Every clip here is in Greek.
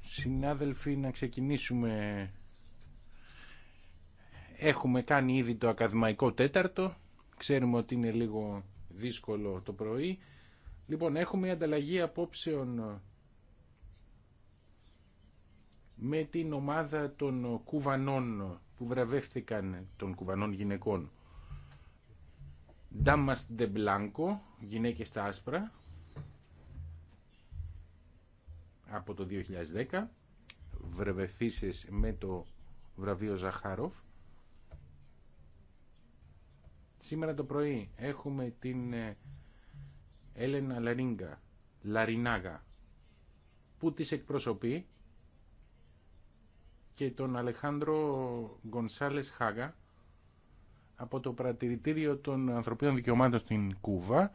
Συνάδελφοι, να ξεκινήσουμε. Έχουμε κάνει ήδη το ακαδημαϊκό τέταρτο. Ξέρουμε ότι είναι λίγο δύσκολο το πρωί. Λοιπόν, έχουμε ανταλλαγή απόψεων με την ομάδα των κουβανών που βραβεύτηκαν των κουβανών γυναικών. de Ντεμπλάνκο, γυναίκες στα άσπρα, από το 2010 βρεβεθήσεις με το βραβείο Ζαχάροφ σήμερα το πρωί έχουμε την ε, Έλενα Λαρίνγκα Λαρινάγα που τις εκπροσωπεί και τον Αλεχάνδρο Γκονσάλες Χάγα από το Πρατηρητήριο των Ανθρωπίνων Δικαιωμάτων στην Κούβα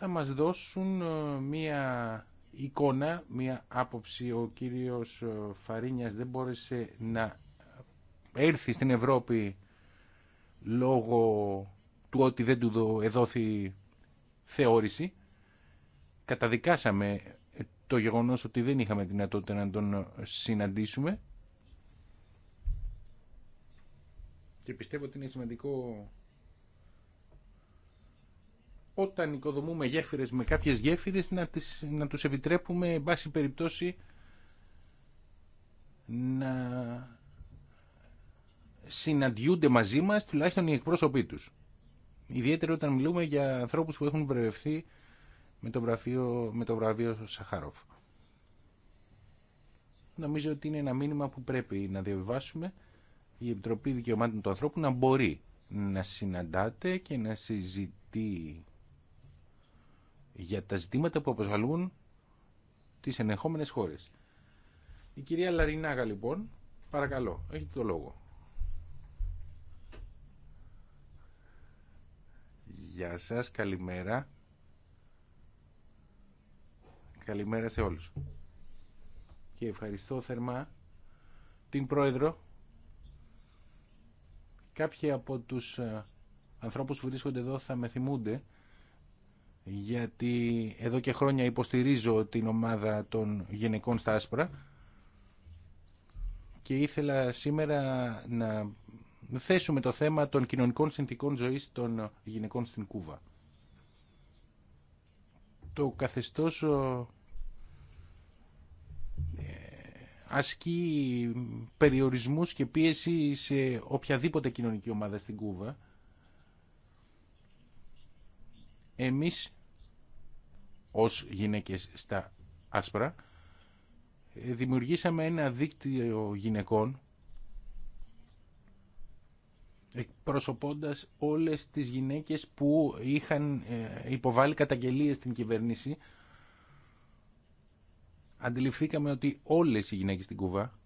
θα μας δώσουν ε, μία εικόνα, μία άποψη. Ο κύριος ε, Φαρίνιας δεν μπόρεσε να έρθει στην Ευρώπη λόγω του ότι δεν του εδόθη θεώρηση. Καταδικάσαμε ε, το γεγονός ότι δεν είχαμε δυνατότητα να τον συναντήσουμε. Και πιστεύω ότι είναι σημαντικό όταν οικοδομούμε γέφυρες με κάποιες γέφυρες να, τις, να τους επιτρέπουμε εν πάση περιπτώσει να συναντιούνται μαζί μας τουλάχιστον οι εκπρόσωποι τους. Ιδιαίτερα όταν μιλούμε για ανθρώπους που έχουν βρεβευθεί με το, βραβείο, με το βραβείο Σαχάροφ. Νομίζω ότι είναι ένα μήνυμα που πρέπει να διαβιβάσουμε η Επιτροπή Δικαιωμάτων του Ανθρώπου να μπορεί να συναντάται και να συζητεί για τα ζητήματα που αποσχαλούν τις ενεχόμενες χώρες. Η κυρία Λαρινάγα λοιπόν, παρακαλώ, έχετε το λόγο. Γεια σας, καλημέρα. Καλημέρα σε όλους. Και ευχαριστώ θερμά την Πρόεδρο. Κάποιοι από τους ε, ανθρώπους που βρίσκονται εδώ θα με θυμούνται γιατί εδώ και χρόνια υποστηρίζω την ομάδα των γυναικών στα άσπρα και ήθελα σήμερα να θέσουμε το θέμα των κοινωνικών συνθήκων ζωής των γυναικών στην Κούβα. Το καθεστώς ε, ασκεί περιορισμούς και πίεση σε οποιαδήποτε κοινωνική ομάδα στην Κούβα. Εμείς ως γυναίκες στα άσπρα, ε, δημιουργήσαμε ένα δίκτυο γυναικών εκπροσωπώντας όλες τις γυναίκες που είχαν ε, υποβάλει καταγγελίες στην κυβέρνηση. Αντιληφθήκαμε ότι όλες οι γυναίκες στην Κουβά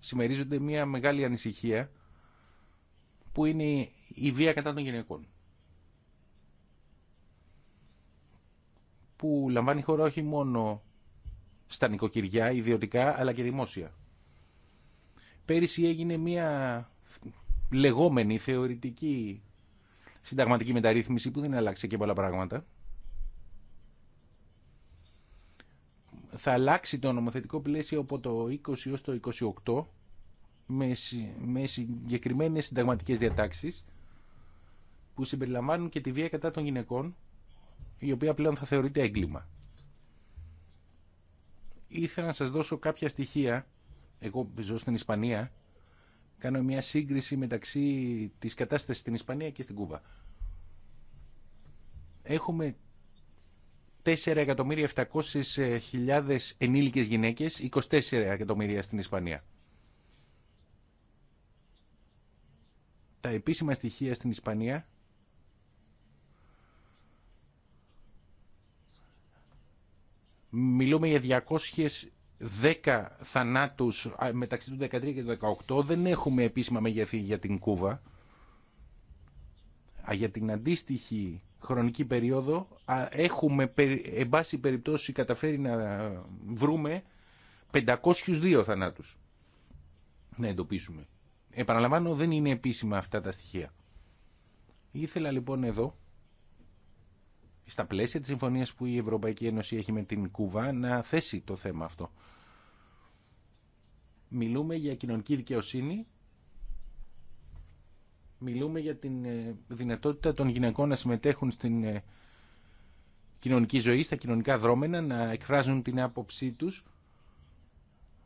συμμερίζονται μια μεγάλη ανησυχία που είναι η βία κατά των γυναικών. που λαμβάνει χώρα όχι μόνο στα νοικοκυριά, ιδιωτικά, αλλά και δημόσια. Πέρυσι έγινε μια λεγόμενη θεωρητική συνταγματική μεταρρύθμιση που δεν αλλάξε και πολλά πράγματα. Θα αλλάξει το νομοθετικό πλαίσιο από το 20 έως το 28 με, με συγκεκριμένες συνταγματικές διατάξεις που συμπεριλαμβάνουν και τη βία κατά των γυναικών η οποία πλέον θα θεωρείται έγκλημα. Ήθελα να σας δώσω κάποια στοιχεία. Εγώ ζω στην Ισπανία. Κάνω μια σύγκριση μεταξύ της κατάστασης στην Ισπανία και στην Κούβα. Έχουμε 4.700.000 ενήλικες γυναίκες, 24 εκατομμύρια στην Ισπανία. Τα επίσημα στοιχεία στην Ισπανία Μιλούμε για 210 θανάτους μεταξύ του 2013 και του 2018. Δεν έχουμε επίσημα μεγεθή για την Κούβα. Α, για την αντίστοιχη χρονική περίοδο έχουμε, εν πάση περιπτώσει, καταφέρει να βρούμε 502 θανάτους να εντοπίσουμε. Επαναλαμβάνω, δεν είναι επίσημα αυτά τα στοιχεία. Ήθελα λοιπόν εδώ στα πλαίσια της συμφωνίας που η Ευρωπαϊκή Ένωση έχει με την Κούβα να θέσει το θέμα αυτό. Μιλούμε για κοινωνική δικαιοσύνη, μιλούμε για την ε, δυνατότητα των γυναικών να συμμετέχουν στην ε, κοινωνική ζωή, στα κοινωνικά δρόμενα, να εκφράζουν την άποψή τους,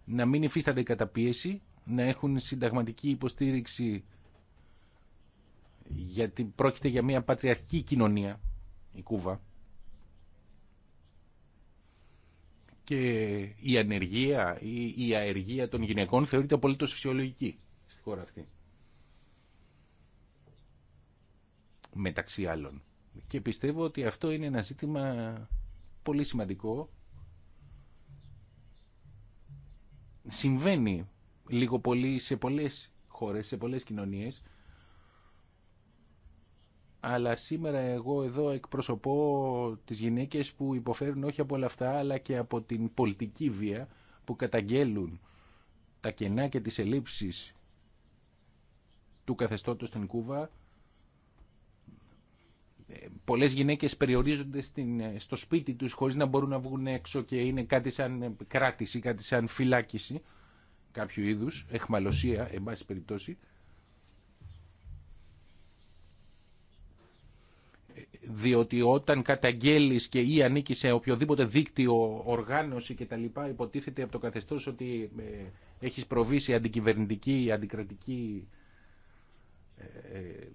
να μην υφίστανται καταπίεση, να έχουν συνταγματική υποστήριξη γιατί πρόκειται για μια πατριαρχική κοινωνία η Κούβα και η ανεργία ή η αεργία των γυναικών θεωρείται απολύτως φυσιολογική στη χώρα αυτή. Μεταξύ άλλων. Και πιστεύω ότι αυτό είναι ένα ζήτημα πολύ σημαντικό. Συμβαίνει λίγο πολύ σε πολλές χώρες, σε πολλές κοινωνίες αλλά σήμερα εγώ εδώ εκπροσωπώ τις γυναίκες που υποφέρουν όχι από όλα αυτά αλλά και από την πολιτική βία που καταγγέλουν τα κενά και τις ελλείψεις του καθεστώτος στην Κούβα. Ε, πολλές γυναίκες περιορίζονται στην, ε, στο σπίτι τους χωρίς να μπορούν να βγουν έξω και είναι κάτι σαν ε, κράτηση, κάτι σαν φυλάκιση κάποιου είδους, εχμαλωσία, εν πάση περιπτώσει. διότι όταν καταγγέλεις και ή ανήκει σε οποιοδήποτε δίκτυο, οργάνωση λοιπά, υποτίθεται από το καθεστώς ότι ε, έχεις προβήσει αντικυβερνητική, αντικρατική ε, ε,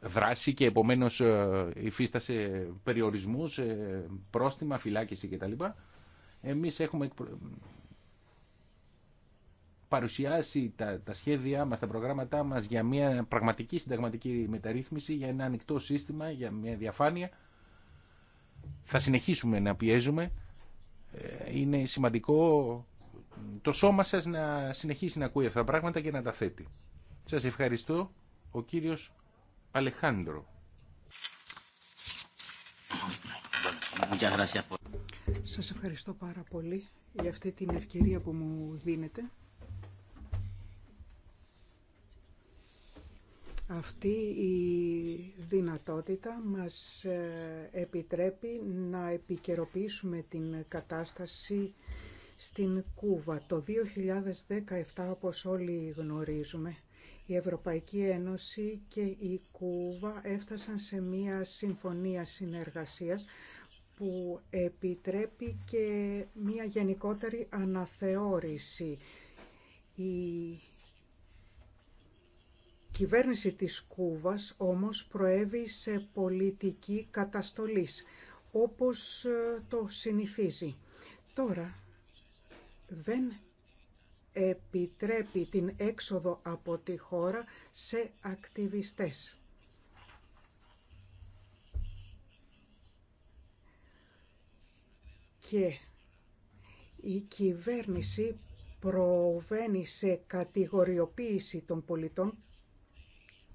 δράση και επομένως υφίστασε περιορισμούς, πρόστιμα, φυλάκιση λοιπά. Εμείς έχουμε παρουσιάσει τα, τα σχέδιά μας, τα προγράμματά μας για μια πραγματική συνταγματική μεταρρύθμιση, για ένα ανοιχτό σύστημα, για μια διαφάνεια. Θα συνεχίσουμε να πιέζουμε. Ε, είναι σημαντικό το σώμα σας να συνεχίσει να ακούει αυτά τα πράγματα και να τα θέτει. Σας ευχαριστώ. Ο κύριος Αλεχάνδρο. Σας ευχαριστώ πάρα πολύ για αυτή την ευκαιρία που μου δίνετε Αυτή η δυνατότητα μας ε, επιτρέπει να επικαιροποιήσουμε την κατάσταση στην Κούβα. Το 2017, όπως όλοι γνωρίζουμε, η Ευρωπαϊκή Ένωση και η Κούβα έφτασαν σε μία συμφωνία συνεργασίας που επιτρέπει και μία γενικότερη αναθεώρηση κυβέρνηση της Κούβας όμως προέβη σε πολιτική καταστολής, όπως ε, το συνηθίζει. Τώρα δεν επιτρέπει την έξοδο από τη χώρα σε ακτιβιστές. Και η κυβέρνηση προβαίνει σε κατηγοριοποίηση των πολιτών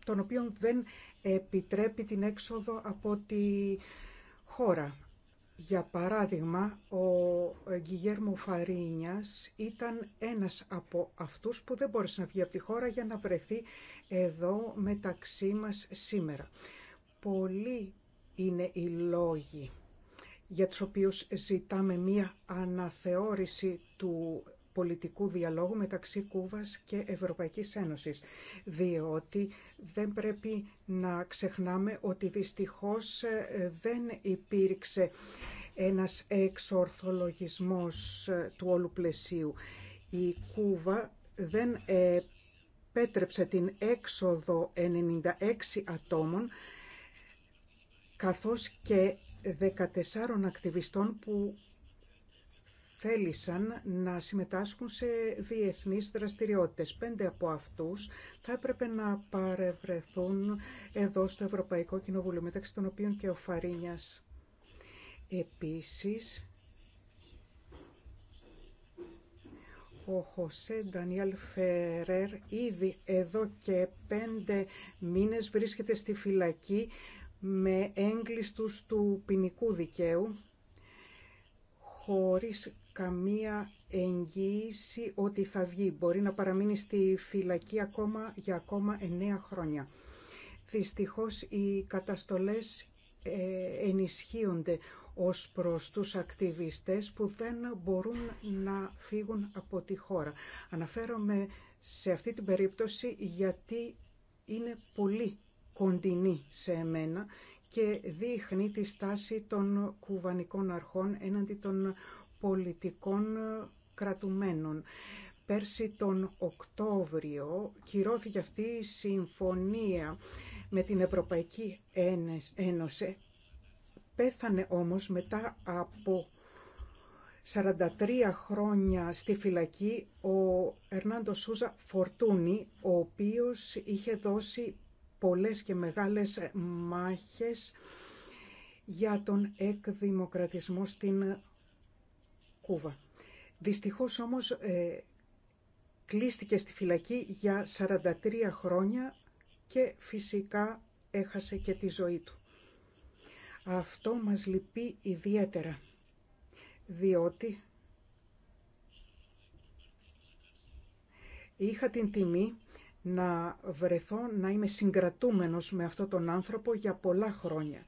τον οποίο δεν επιτρέπει την έξοδο από τη χώρα. Για παράδειγμα, ο Γκυγέρμο Φαρίνιας ήταν ένας από αυτούς που δεν μπόρεσε να βγει από τη χώρα για να βρεθεί εδώ μεταξύ μας σήμερα. Πολλοί είναι οι λόγοι για τους οποίους ζητάμε μία αναθεώρηση του πολιτικού διαλόγου μεταξύ Κούβας και Ευρωπαϊκής Ένωσης, διότι δεν πρέπει να ξεχνάμε ότι δυστυχώς ε, δεν υπήρξε ένας εξορθολογισμός ε, του όλου πλαισίου. Η Κούβα δεν πέτρεψε την έξοδο 96 ατόμων, καθώς και 14 ακτιβιστών που θέλησαν να συμμετάσχουν σε διεθνείς δραστηριότητες. Πέντε από αυτούς θα έπρεπε να παρευρεθούν εδώ στο Ευρωπαϊκό Κοινοβούλιο, μεταξύ των οποίων και ο Φαρίνιας. Επίσης, ο Χωσέ Ντανιέλ Φερέρ ήδη εδώ και πέντε μήνες βρίσκεται στη φυλακή με έγκλειστους του ποινικού δικαίου χωρίς καμία εγγύηση ότι θα βγει. Μπορεί να παραμείνει στη φυλακή ακόμα για ακόμα εννέα χρόνια. Δυστυχώς οι καταστολές ε, ενισχύονται ως προς τους ακτιβιστές που δεν μπορούν να φύγουν από τη χώρα. Αναφέρομαι σε αυτή την περίπτωση γιατί είναι πολύ κοντινή σε εμένα και δείχνει τη στάση των κουβανικών αρχών έναντι των πολιτικών ε, κρατουμένων. Πέρσι τον Οκτώβριο κυρώθηκε αυτή η συμφωνία με την Ευρωπαϊκή Ένωση. Πέθανε όμως μετά από 43 χρόνια στη φυλακή ο Ερνάντο Σούζα Φορτούνη, ο οποίος είχε δώσει πολλές και μεγάλες μάχες για τον εκδημοκρατισμό στην Κούβα. Δυστυχώς όμως ε, κλείστηκε στη φυλακή για 43 χρόνια και φυσικά έχασε και τη ζωή του. Αυτό μας λυπεί ιδιαίτερα, διότι είχα την τιμή να βρεθώ να είμαι συγκρατούμενος με αυτόν τον άνθρωπο για πολλά χρόνια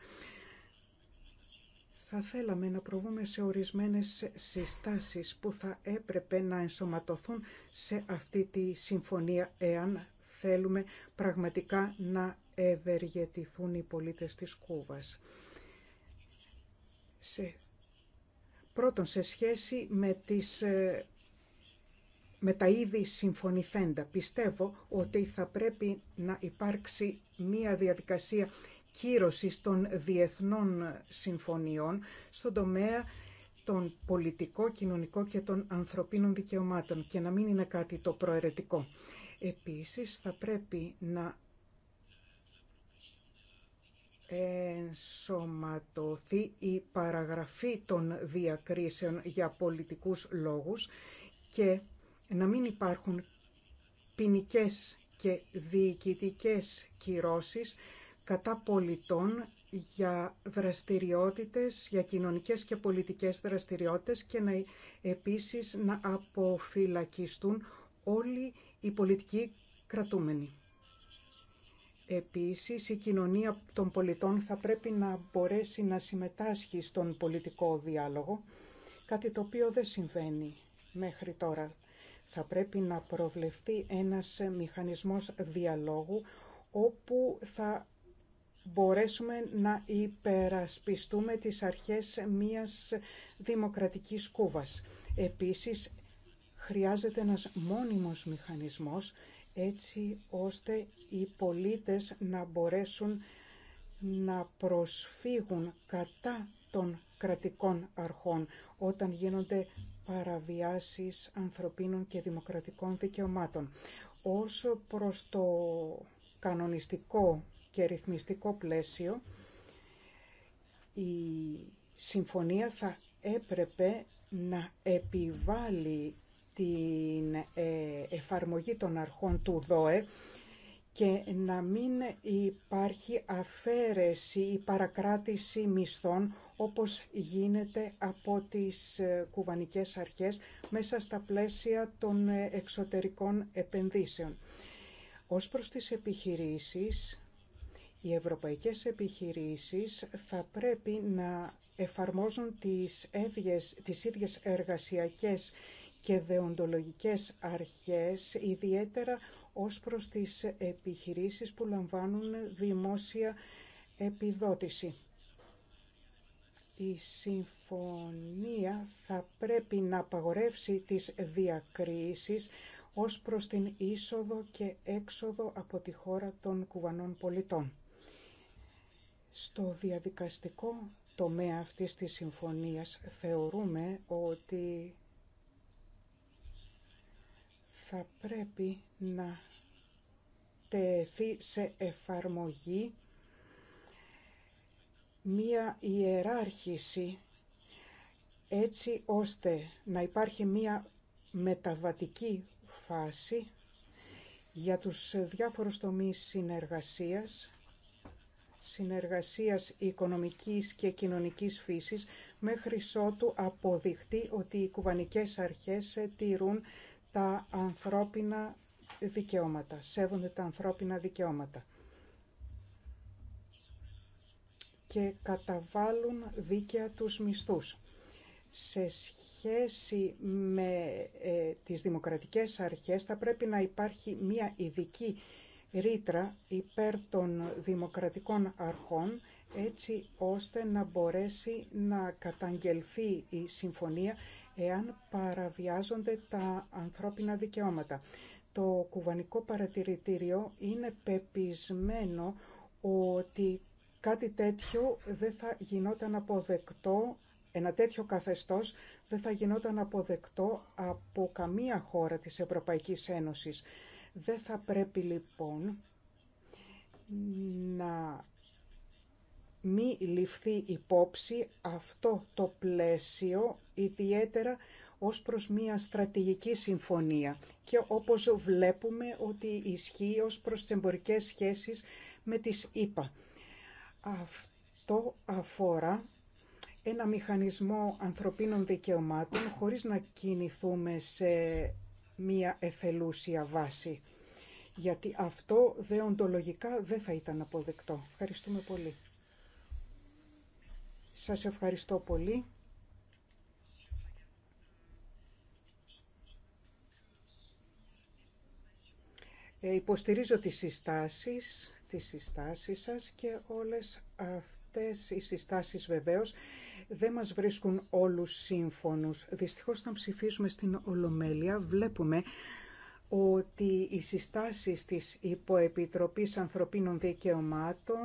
θα θέλαμε να προβούμε σε ορισμένες συστάσεις που θα έπρεπε να ενσωματωθούν σε αυτή τη συμφωνία εάν θέλουμε πραγματικά να ευεργετηθούν οι πολίτες της Κούβας. Σε... Πρώτον, σε σχέση με, τις, ε, με τα είδη συμφωνηθέντα, πιστεύω ότι θα πρέπει να υπάρξει μία διαδικασία κύρωσης των διεθνών συμφωνιών στον τομέα των πολιτικών, κοινωνικών και των ανθρωπίνων δικαιωμάτων και να μην είναι κάτι το προαιρετικό. Επίσης θα πρέπει να ενσωματωθεί η παραγραφή των διακρίσεων για πολιτικούς λόγους και να μην υπάρχουν ποινικέ και διοικητικές κυρώσεις κατά πολιτών για δραστηριότητες, για κοινωνικές και πολιτικές δραστηριότητες και να, επίσης να αποφυλακιστούν όλοι οι πολιτικοί κρατούμενοι. Επίσης, η κοινωνία των πολιτών θα πρέπει να μπορέσει να συμμετάσχει στον πολιτικό διάλογο, κάτι το οποίο δεν συμβαίνει μέχρι τώρα. Θα πρέπει να προβλεφθεί ένας μηχανισμός διαλόγου όπου θα μπορέσουμε να υπερασπιστούμε τις αρχές μιας δημοκρατικής Κούβας. Επίσης, χρειάζεται ένας μόνιμος μηχανισμός έτσι ώστε οι πολίτες να μπορέσουν να προσφύγουν κατά των κρατικών αρχών όταν γίνονται παραβιάσεις ανθρωπίνων και δημοκρατικών δικαιωμάτων. Όσο προς το κανονιστικό και ρυθμιστικό πλαίσιο, η συμφωνία θα έπρεπε να επιβάλλει την ε, εφαρμογή των αρχών του ΔΟΕ και να μην υπάρχει αφαίρεση ή παρακράτηση μισθών όπως γίνεται από τις ε, κουβανικές αρχές μέσα στα πλαίσια των ε, εξωτερικών επενδύσεων. Ως προς τις επιχειρήσεις, οι ευρωπαϊκές επιχειρήσεις θα πρέπει να εφαρμόζουν τις, έβγες, τις ίδιες εργασιακές και δεοντολογικές αρχές, ιδιαίτερα ως προς τις επιχειρήσεις που λαμβάνουν δημόσια επιδότηση. Η συμφωνία θα πρέπει να απαγορεύσει τις διακρίσεις ως προς την είσοδο και έξοδο από τη χώρα των κουβανών πολιτών. Στο διαδικαστικό τομέα αυτής της συμφωνίας θεωρούμε ότι θα πρέπει να τεθεί σε εφαρμογή μία ιεράρχηση έτσι ώστε να υπάρχει μία μεταβατική φάση για τους διάφορους τομείς συνεργασίας συνεργασίας οικονομικής και κοινωνικής φύσης μέχρι ότου αποδειχτεί ότι οι κουβανικές αρχές τηρούν τα ανθρώπινα δικαιώματα, σέβονται τα ανθρώπινα δικαιώματα και καταβάλουν δίκαια τους μισθούς. Σε σχέση με ε, τις δημοκρατικές αρχές θα πρέπει να υπάρχει μία ειδική ρήτρα υπέρ των δημοκρατικών αρχών έτσι ώστε να μπορέσει να καταγγελθεί η συμφωνία εάν παραβιάζονται τα ανθρώπινα δικαιώματα. Το κουβανικό παρατηρητήριο είναι πεπισμένο ότι κάτι τέτοιο δεν θα γινόταν αποδεκτό, ένα τέτοιο καθεστώς δεν θα γινόταν αποδεκτό από καμία χώρα της Ευρωπαϊκής Ένωσης δεν θα πρέπει λοιπόν να μη ληφθεί υπόψη αυτό το πλαίσιο ιδιαίτερα ως προς μια στρατηγική συμφωνία και όπως βλέπουμε ότι ισχύει ως προς τις εμπορικές σχέσεις με τις ΗΠΑ. Αυτό αφορά ένα μηχανισμό ανθρωπίνων δικαιωμάτων χωρίς να κινηθούμε σε μία εθελούσια βάση. Γιατί αυτό δεοντολογικά δεν θα ήταν αποδεκτό. Ευχαριστούμε πολύ. Σας ευχαριστώ πολύ. Ε, υποστηρίζω τις συστάσεις, τις συστάσεις σας και όλες αυτές οι συστάσεις βεβαίως δεν μας βρίσκουν όλους σύμφωνους. Δυστυχώς, όταν ψηφίζουμε στην Ολομέλεια, βλέπουμε ότι οι συστάσεις της Υποεπιτροπής Ανθρωπίνων Δικαιωμάτων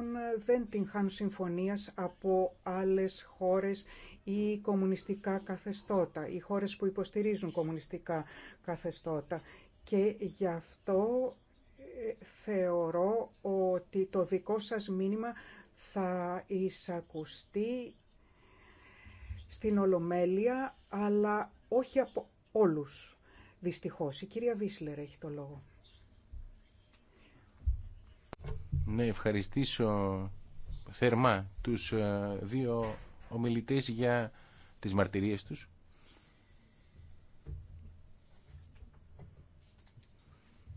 δεν την χάνουν συμφωνίας από άλλες χώρες ή κομμουνιστικά καθεστώτα, οι χώρες που υποστηρίζουν κομμουνιστικά καθεστώτα. Και γι' αυτό ε, θεωρώ ότι το δικό σας μήνυμα θα εισακουστεί στην Ολομέλεια, αλλά όχι από όλους, δυστυχώς. Η κυρία Βίσλερ έχει το λόγο. Ναι, ευχαριστήσω θερμά τους ε, δύο ομιλητές για τις μαρτυρίες τους.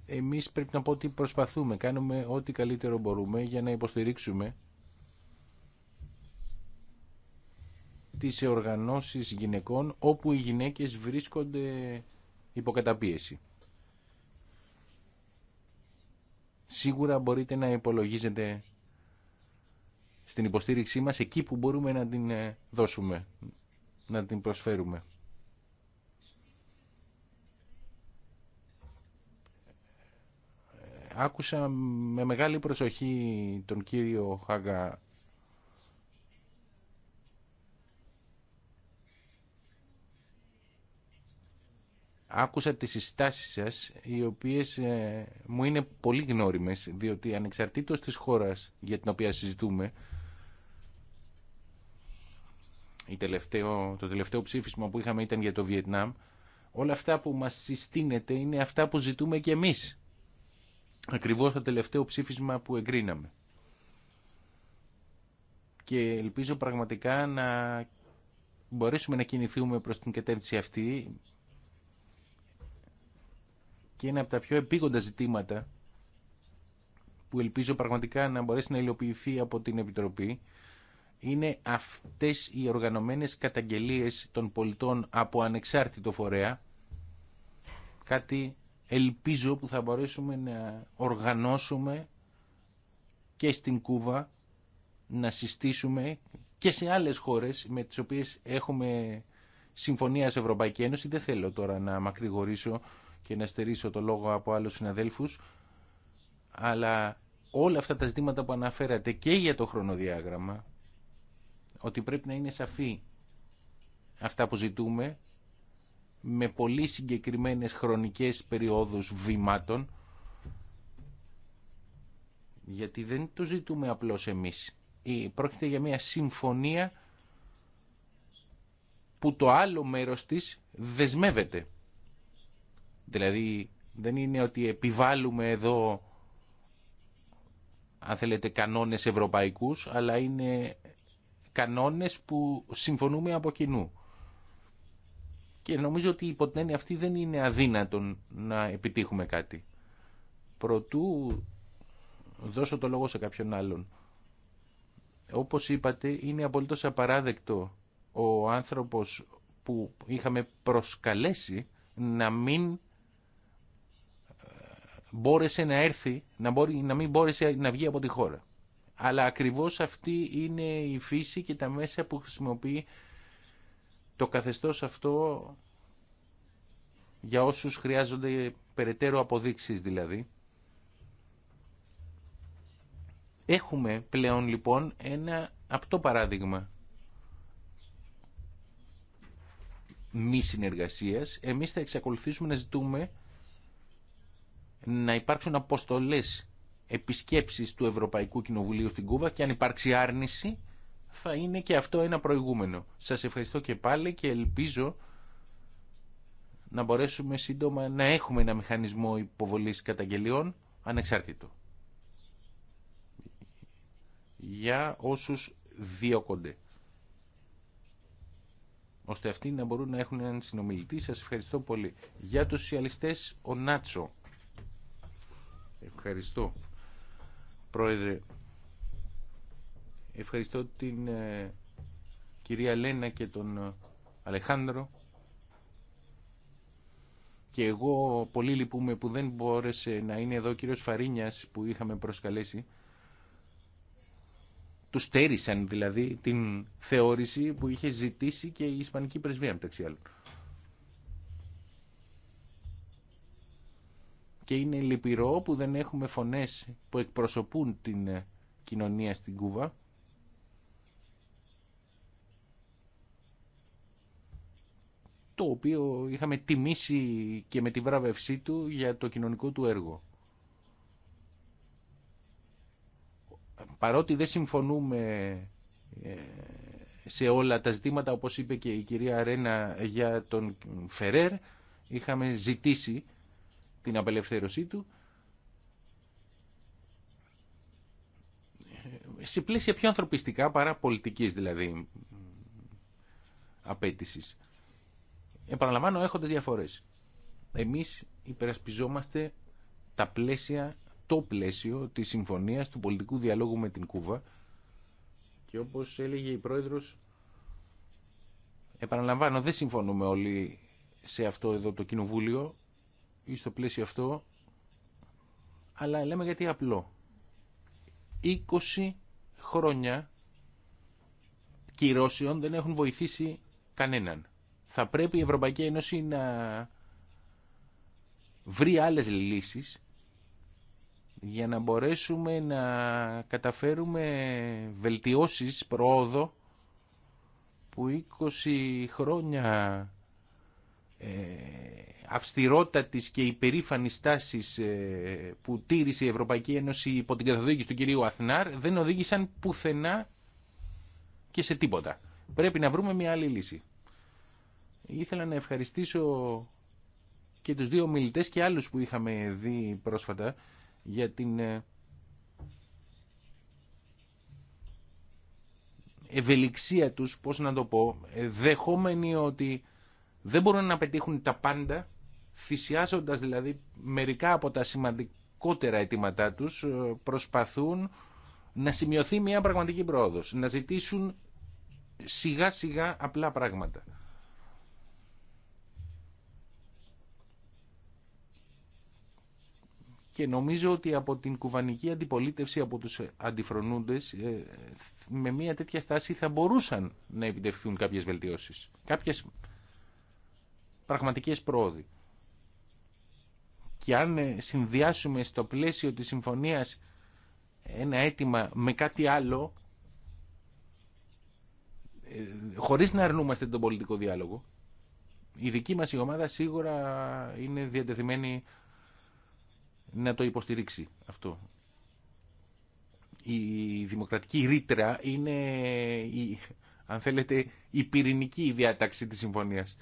Εμείς πρέπει να πω ότι προσπαθούμε, κάνουμε ό,τι καλύτερο μπορούμε για να υποστηρίξουμε τις οργανώσεις γυναικών όπου οι γυναίκες βρίσκονται υποκαταπίεση. Σίγουρα μπορείτε να υπολογίζετε στην υποστήριξή μας εκεί που μπορούμε να την ε, δώσουμε, να την προσφέρουμε. Ε, άκουσα με μεγάλη προσοχή τον κύριο Χάγα άκουσα τις συστάσεις σας οι οποίες ε, μου είναι πολύ γνώριμες διότι ανεξαρτήτως της χώρας για την οποία συζητούμε η τελευταίο, το τελευταίο ψήφισμα που είχαμε ήταν για το Βιετνάμ όλα αυτά που μας συστήνεται είναι αυτά που ζητούμε και εμείς ακριβώς το τελευταίο ψήφισμα που εγκρίναμε και ελπίζω πραγματικά να μπορέσουμε να κινηθούμε προς την κατεύθυνση αυτή και ένα από τα πιο επίγοντα ζητήματα που ελπίζω πραγματικά να μπορέσει να υλοποιηθεί από την Επιτροπή είναι αυτές οι οργανωμένες καταγγελίες των πολιτών από ανεξάρτητο φορέα κάτι ελπίζω που θα μπορέσουμε να οργανώσουμε και στην Κούβα να συστήσουμε και σε άλλες χώρες με τις οποίες έχουμε συμφωνία σε Ευρωπαϊκή Ένωση δεν θέλω τώρα να μακρηγορήσω και να στερήσω το λόγο από άλλους συναδέλφους, αλλά όλα αυτά τα ζητήματα που αναφέρατε και για το χρονοδιάγραμμα, ότι πρέπει να είναι σαφή αυτά που ζητούμε, με πολύ συγκεκριμένες χρονικές περιόδους βημάτων, γιατί δεν το ζητούμε απλώς εμείς. Ε, πρόκειται για μια συμφωνία που το άλλο μέρος της δεσμεύεται. Δηλαδή δεν είναι ότι επιβάλλουμε εδώ αν θέλετε κανόνες ευρωπαϊκούς αλλά είναι κανόνες που συμφωνούμε από κοινού. Και νομίζω ότι υπό την αυτή δεν είναι αδύνατον να επιτύχουμε κάτι. Προτού δώσω το λόγο σε κάποιον άλλον. Όπως είπατε είναι απολύτως απαράδεκτο ο άνθρωπος που είχαμε προσκαλέσει να μην μπόρεσε να έρθει, να, μην μπόρεσε να βγει από τη χώρα. Αλλά ακριβώς αυτή είναι η φύση και τα μέσα που χρησιμοποιεί το καθεστώς αυτό για όσους χρειάζονται περαιτέρω αποδείξεις δηλαδή. Έχουμε πλέον λοιπόν ένα απτό παράδειγμα μη συνεργασίας. Εμείς θα εξακολουθήσουμε να ζητούμε να υπάρξουν αποστολέ επισκέψεις του Ευρωπαϊκού Κοινοβουλίου στην Κούβα και αν υπάρξει άρνηση θα είναι και αυτό ένα προηγούμενο. Σα ευχαριστώ και πάλι και ελπίζω να μπορέσουμε σύντομα να έχουμε ένα μηχανισμό υποβολής καταγγελιών ανεξάρτητο. Για όσους διώκονται. Ώστε αυτοί να μπορούν να έχουν έναν συνομιλητή. Σας ευχαριστώ πολύ. Για τους σοσιαλιστές, ο Νάτσο. Ευχαριστώ. Πρόεδρε, ευχαριστώ την ε, κυρία Λένα και τον ε, Αλεχάνδρο και εγώ πολύ λυπούμε που δεν μπόρεσε να είναι εδώ ο κύριος Φαρίνιας που είχαμε προσκαλέσει του στέρισαν δηλαδή την θεώρηση που είχε ζητήσει και η Ισπανική Πρεσβεία μεταξύ άλλων. και είναι λυπηρό που δεν έχουμε φωνές που εκπροσωπούν την ε, κοινωνία στην Κούβα. το οποίο είχαμε τιμήσει και με τη βράβευσή του για το κοινωνικό του έργο. Παρότι δεν συμφωνούμε ε, σε όλα τα ζητήματα, όπως είπε και η κυρία Αρένα για τον Φερέρ, είχαμε ζητήσει την απελευθέρωσή του σε πλαίσια πιο ανθρωπιστικά παρά πολιτικής δηλαδή απέτησης. Επαναλαμβάνω έχοντας διαφορές. Εμείς υπερασπιζόμαστε τα πλαίσια, το πλαίσιο της συμφωνίας του πολιτικού διαλόγου με την Κούβα και όπως έλεγε η πρόεδρος επαναλαμβάνω δεν συμφωνούμε όλοι σε αυτό εδώ το κοινοβούλιο ή στο πλαίσιο αυτό, αλλά λέμε γιατί απλό. 20 χρόνια κυρώσεων δεν έχουν βοηθήσει κανέναν. Θα πρέπει η Ευρωπαϊκή Ένωση να βρει άλλες λύσεις για να μπορέσουμε να καταφέρουμε βελτιώσεις πρόοδο που 20 χρόνια ε, αυστηρότατης και υπερήφανης στάσης ε, που τήρησε η Ευρωπαϊκή Ένωση υπό την καθοδήγηση του κυρίου Αθνάρ δεν οδήγησαν πουθενά και σε τίποτα. Πρέπει να βρούμε μια άλλη λύση. Ήθελα να ευχαριστήσω και τους δύο μιλητές και άλλους που είχαμε δει πρόσφατα για την ε, ευελιξία τους, πώς να το πω, δεχόμενοι ότι δεν μπορούν να πετύχουν τα πάντα, θυσιάζοντας δηλαδή μερικά από τα σημαντικότερα αιτήματά τους, ε, προσπαθούν να σημειωθεί μια πραγματική πρόοδος, να ζητήσουν σιγά σιγά απλά πράγματα. Και νομίζω ότι από την κουβανική αντιπολίτευση από τους αντιφρονούντες ε, με μια τέτοια στάση θα μπορούσαν να επιτευχθούν κάποιες βελτιώσεις. Κάποιες πραγματικές πρόοδοι. Και αν ε, συνδυάσουμε στο πλαίσιο της συμφωνίας ένα αίτημα με κάτι άλλο, ε, χωρίς να αρνούμαστε τον πολιτικό διάλογο, η δική μας η ομάδα σίγουρα είναι διατεθειμένη να το υποστηρίξει αυτό. Η δημοκρατική ρήτρα είναι, αν θέλετε, η πυρηνική διάταξη της συμφωνίας.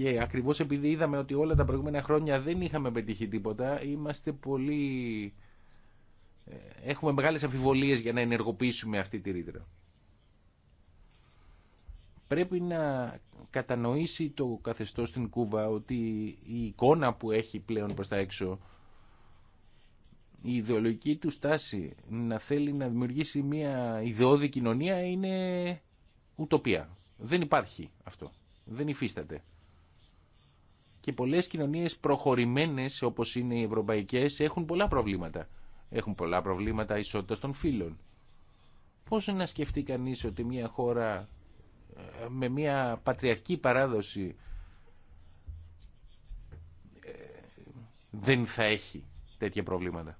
Και ακριβώς επειδή είδαμε ότι όλα τα προηγούμενα χρόνια δεν είχαμε πετύχει τίποτα, είμαστε πολύ... Ε, έχουμε μεγάλες αμφιβολίες για να ενεργοποιήσουμε αυτή τη ρήτρα. Πρέπει να κατανοήσει το καθεστώς στην Κούβα ότι η εικόνα που έχει πλέον προς τα έξω, η ιδεολογική του στάση να θέλει να δημιουργήσει μια ιδεώδη κοινωνία είναι ουτοπία. Δεν υπάρχει αυτό. Δεν υφίσταται και πολλές κοινωνίες προχωρημένες όπως είναι οι ευρωπαϊκές έχουν πολλά προβλήματα. Έχουν πολλά προβλήματα ισότητας των φύλων. Πώς να σκεφτεί κανείς ότι μια χώρα ε, με μια πατριαρχική παράδοση ε, δεν θα έχει τέτοια προβλήματα.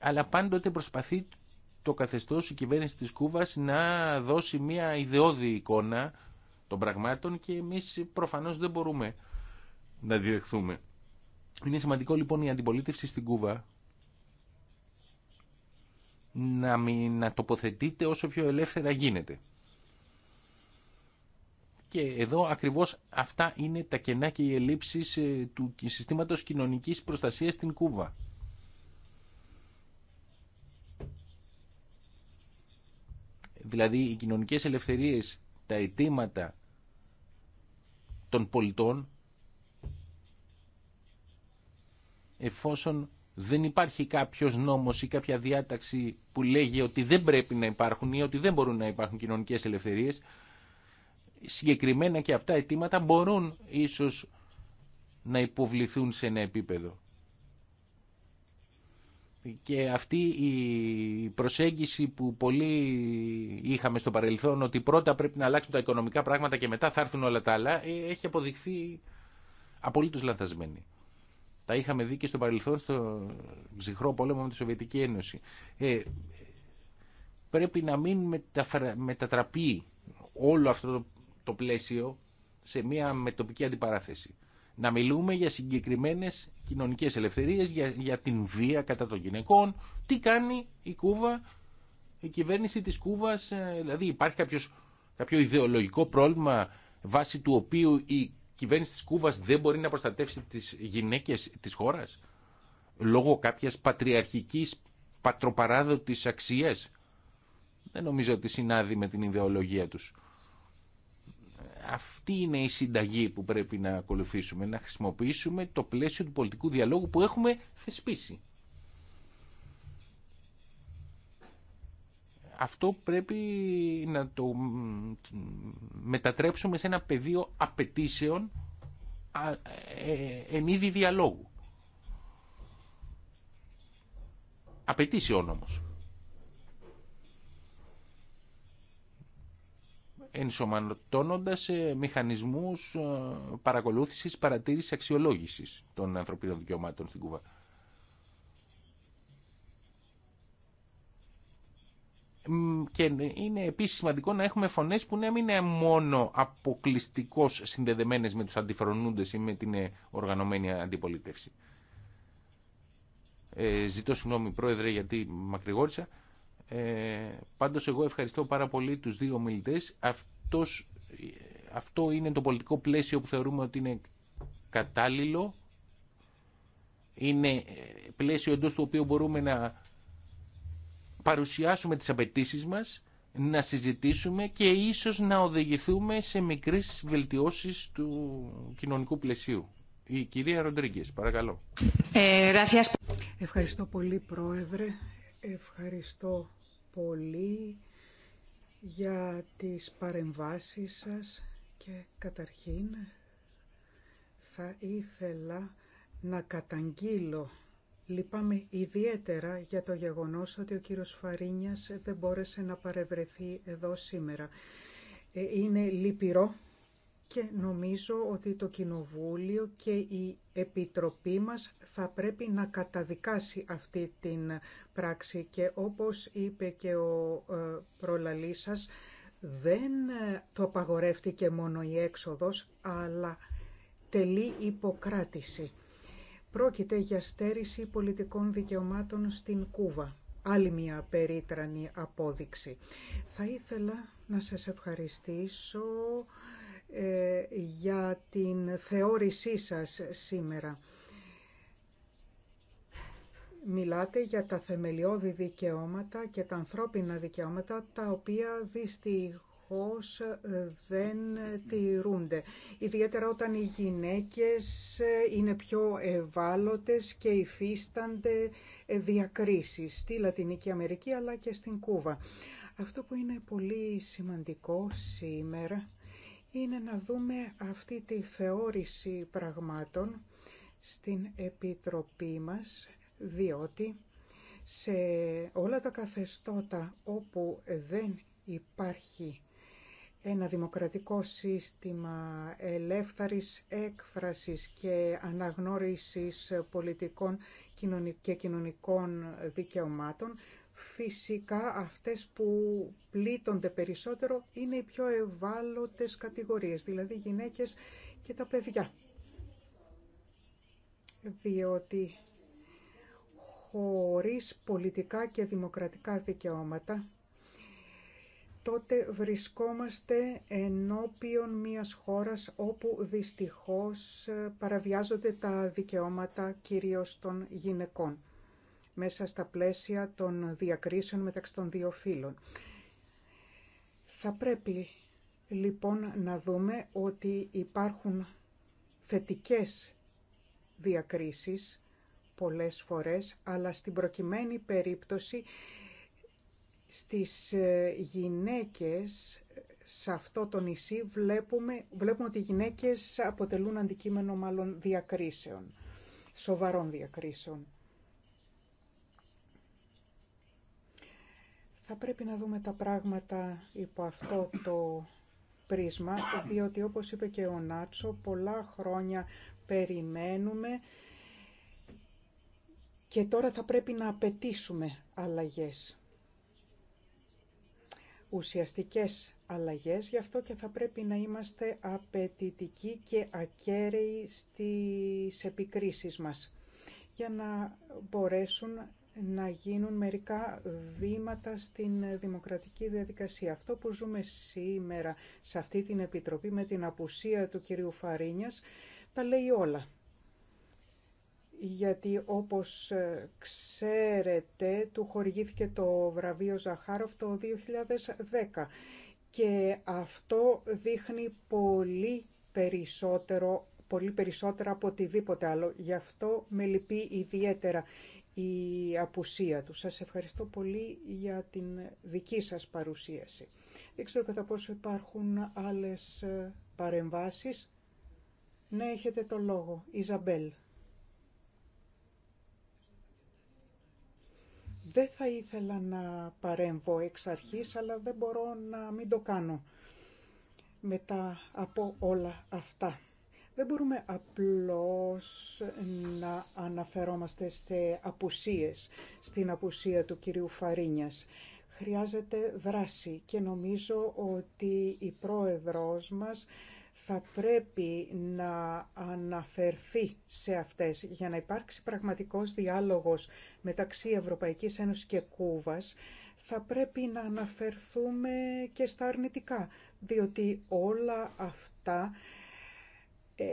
Αλλά πάντοτε προσπαθεί το καθεστώς η κυβέρνηση της Κούβας να δώσει μια ιδεώδη εικόνα των πραγμάτων και εμείς προφανώς δεν μπορούμε να διδεχθούμε. Είναι σημαντικό λοιπόν η αντιπολίτευση στην Κούβα να, μην, να τοποθετείται όσο πιο ελεύθερα γίνεται. Και εδώ ακριβώς αυτά είναι τα κενά και οι ελλείψεις ε, του συστήματος κοινωνικής προστασίας στην Κούβα. Δηλαδή οι κοινωνικές ελευθερίες, τα αιτήματα των πολιτών εφόσον δεν υπάρχει κάποιος νόμος ή κάποια διάταξη που λέγει ότι δεν πρέπει να υπάρχουν ή ότι δεν μπορούν να υπάρχουν κοινωνικές ελευθερίες, συγκεκριμένα και αυτά αιτήματα μπορούν ίσως να υποβληθούν σε ένα επίπεδο και αυτή η προσέγγιση που πολλοί είχαμε στο παρελθόν ότι πρώτα πρέπει να αλλάξουν τα οικονομικά πράγματα και μετά θα έρθουν όλα τα άλλα ε, έχει αποδειχθεί απολύτως λανθασμένη. Τα είχαμε δει και στο παρελθόν στο ψυχρό πόλεμο με τη Σοβιετική Ένωση. Ε, πρέπει να μην μετατραπεί όλο αυτό το, το πλαίσιο σε μια μετοπική αντιπαράθεση. Να μιλούμε για συγκεκριμένες κοινωνικές ελευθερίες, για, για την βία κατά των γυναικών. Τι κάνει η Κούβα, η κυβέρνηση της Κούβας, ε, δηλαδή υπάρχει κάποιος, κάποιο ιδεολογικό πρόβλημα βάσει του οποίου η κυβέρνηση της Κούβας δεν μπορεί να προστατεύσει τις γυναίκες της χώρας λόγω κάποιας πατριαρχικής πατροπαράδοτης αξίας. Δεν νομίζω ότι συνάδει με την ιδεολογία τους αυτή είναι η συνταγή που πρέπει να ακολουθήσουμε, να χρησιμοποιήσουμε το πλαίσιο του πολιτικού διαλόγου που έχουμε θεσπίσει. Αυτό πρέπει να το μετατρέψουμε σε ένα πεδίο απαιτήσεων ε, εν είδη διαλόγου. Απαιτήσεων όμως. ενσωματώνοντας ε, μηχανισμούς ε, παρακολούθησης, παρατήρησης, αξιολόγησης των ανθρωπίνων δικαιωμάτων στην Κούβα. Και είναι επίσης σημαντικό να έχουμε φωνές που να μην είναι μόνο αποκλειστικώς συνδεδεμένες με τους αντιφρονούντες ή με την ε, οργανωμένη αντιπολίτευση. Ε, ζητώ συγγνώμη πρόεδρε γιατί μακρηγόρησα. Ε, πάντως εγώ ευχαριστώ πάρα πολύ τους δύο μιλητές. Αυτός, αυτό είναι το πολιτικό πλαίσιο που θεωρούμε ότι είναι κατάλληλο. Είναι ε, πλαίσιο εντός του οποίου μπορούμε να παρουσιάσουμε τις απαιτήσει μας, να συζητήσουμε και ίσως να οδηγηθούμε σε μικρές βελτιώσεις του κοινωνικού πλαισίου. Η κυρία Ροντρίγκε, παρακαλώ. Ε, Ευχαριστώ πολύ, Πρόεδρε. Ευχαριστώ πολύ για τις παρεμβάσεις σας και καταρχήν θα ήθελα να καταγγείλω. Λυπάμαι ιδιαίτερα για το γεγονός ότι ο κύριος Φαρίνιας δεν μπόρεσε να παρευρεθεί εδώ σήμερα. Ε, είναι λυπηρό και νομίζω ότι το Κοινοβούλιο και η Επιτροπή μας θα πρέπει να καταδικάσει αυτή την πράξη και όπως είπε και ο ε, προλαλής σας, δεν ε, το απαγορεύτηκε μόνο η έξοδος, αλλά τελεί υποκράτηση. Πρόκειται για στέρηση πολιτικών δικαιωμάτων στην Κούβα. Άλλη μια περίτρανη απόδειξη. Θα ήθελα να σας ευχαριστήσω ε, για την θεώρησή σας σήμερα. Μιλάτε για τα θεμελιώδη δικαιώματα και τα ανθρώπινα δικαιώματα, τα οποία δυστυχώς ε, δεν τηρούνται. Ιδιαίτερα όταν οι γυναίκες ε, είναι πιο ευάλωτες και υφίστανται διακρίσεις στη Λατινική Αμερική αλλά και στην Κούβα. Αυτό που είναι πολύ σημαντικό σήμερα είναι να δούμε αυτή τη θεώρηση πραγμάτων στην Επιτροπή μας, διότι σε όλα τα καθεστώτα όπου δεν υπάρχει ένα δημοκρατικό σύστημα ελεύθερης έκφρασης και αναγνώρισης πολιτικών και κοινωνικών δικαιωμάτων, Φυσικά αυτές που πλήττονται περισσότερο είναι οι πιο ευάλωτες κατηγορίες, δηλαδή γυναίκες και τα παιδιά. Διότι χωρίς πολιτικά και δημοκρατικά δικαιώματα, τότε βρισκόμαστε ενώπιον μιας χώρας όπου δυστυχώς παραβιάζονται τα δικαιώματα κυρίως των γυναικών μέσα στα πλαίσια των διακρίσεων μεταξύ των δύο φύλων. Θα πρέπει λοιπόν να δούμε ότι υπάρχουν θετικές διακρίσεις πολλές φορές, αλλά στην προκειμένη περίπτωση στις ε, γυναίκες σε αυτό το νησί βλέπουμε, βλέπουμε ότι οι γυναίκες αποτελούν αντικείμενο μάλλον διακρίσεων, σοβαρών διακρίσεων. Θα πρέπει να δούμε τα πράγματα υπό αυτό το πρίσμα, διότι όπως είπε και ο Νάτσο, πολλά χρόνια περιμένουμε και τώρα θα πρέπει να απαιτήσουμε αλλαγές. Ουσιαστικές αλλαγές, γι' αυτό και θα πρέπει να είμαστε απαιτητικοί και ακέραιοι στις επικρίσεις μας για να μπορέσουν να γίνουν μερικά βήματα στην δημοκρατική διαδικασία. Αυτό που ζούμε σήμερα σε αυτή την Επιτροπή με την απουσία του κυρίου Φαρίνιας τα λέει όλα. Γιατί όπως ε, ξέρετε του χορηγήθηκε το βραβείο Ζαχάροφ το 2010 και αυτό δείχνει πολύ περισσότερο πολύ περισσότερα από οτιδήποτε άλλο. Γι' αυτό με λυπεί ιδιαίτερα η απουσία του. Σας ευχαριστώ πολύ για την δική σας παρουσίαση. Δεν ξέρω κατά πόσο υπάρχουν άλλες ε, παρεμβάσεις. Ναι, έχετε το λόγο. Ιζαμπέλ. Δεν θα ήθελα να παρέμβω εξ αρχής, αλλά δεν μπορώ να μην το κάνω μετά από όλα αυτά δεν μπορούμε απλώς να αναφερόμαστε σε απουσίες, στην απουσία του κυρίου Φαρίνιας. Χρειάζεται δράση και νομίζω ότι η πρόεδρός μας θα πρέπει να αναφερθεί σε αυτές για να υπάρξει πραγματικός διάλογος μεταξύ Ευρωπαϊκής Ένωσης και Κούβας θα πρέπει να αναφερθούμε και στα αρνητικά, διότι όλα αυτά ε,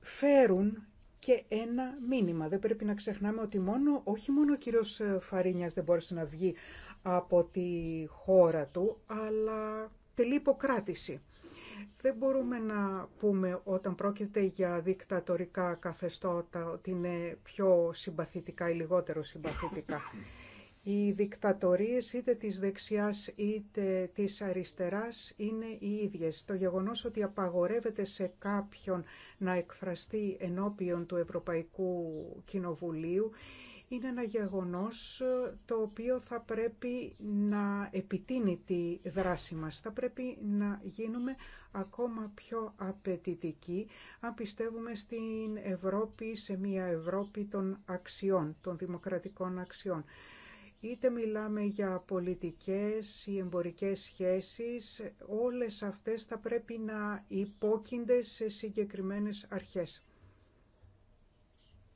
φέρουν και ένα μήνυμα. Δεν πρέπει να ξεχνάμε ότι μόνο, όχι μόνο ο κύριος ε, Φαρίνιας δεν μπόρεσε να βγει από τη χώρα του, αλλά τελεί υποκράτηση. Δεν μπορούμε να πούμε όταν πρόκειται για δικτατορικά καθεστώτα ότι είναι πιο συμπαθητικά ή λιγότερο συμπαθητικά. Οι δικτατορίες είτε της δεξιάς είτε της αριστεράς είναι οι ίδιες. Το γεγονός ότι απαγορεύεται σε κάποιον να εκφραστεί ενώπιον του Ευρωπαϊκού Κοινοβουλίου είναι ένα γεγονός το οποίο θα πρέπει να επιτείνει τη δράση μας. Θα πρέπει να γίνουμε ακόμα πιο απαιτητικοί αν πιστεύουμε στην Ευρώπη, σε μια Ευρώπη των αξιών, των δημοκρατικών αξιών. Είτε μιλάμε για πολιτικές ή εμπορικές σχέσεις, όλες αυτές θα πρέπει να υπόκεινται σε συγκεκριμένες αρχές.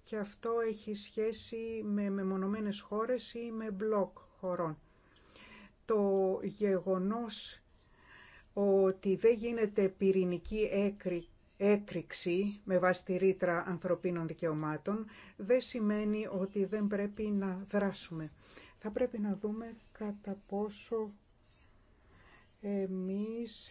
Και αυτό έχει σχέση με μεμονωμένες χώρες ή με μπλοκ χωρών. Το γεγονός ότι δεν γίνεται πυρηνική έκρη, έκρηξη με βάση ρήτρα ανθρωπίνων δικαιωμάτων δεν σημαίνει ότι δεν πρέπει να δράσουμε. Θα πρέπει να δούμε κατά πόσο εμείς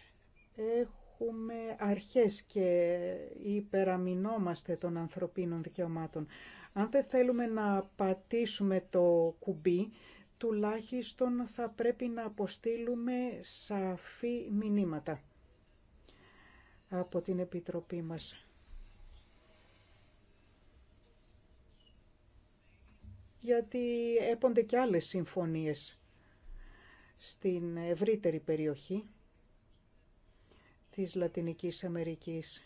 έχουμε αρχές και υπεραμεινόμαστε των ανθρωπίνων δικαιωμάτων. Αν δεν θέλουμε να πατήσουμε το κουμπί, τουλάχιστον θα πρέπει να αποστείλουμε σαφή μηνύματα από την Επιτροπή μας. γιατί έπονται και άλλες συμφωνίες στην ευρύτερη περιοχή της Λατινικής Αμερικής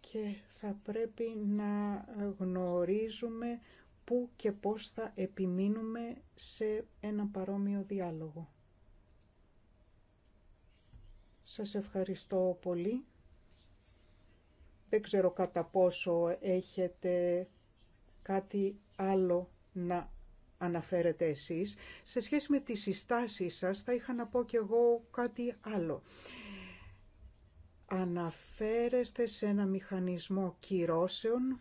και θα πρέπει να γνωρίζουμε πού και πώς θα επιμείνουμε σε ένα παρόμοιο διάλογο. Σας ευχαριστώ πολύ. Δεν ξέρω κατά πόσο έχετε κάτι άλλο να αναφέρετε εσείς. Σε σχέση με τις συστάσεις σας θα είχα να πω κι εγώ κάτι άλλο. Αναφέρεστε σε ένα μηχανισμό κυρώσεων,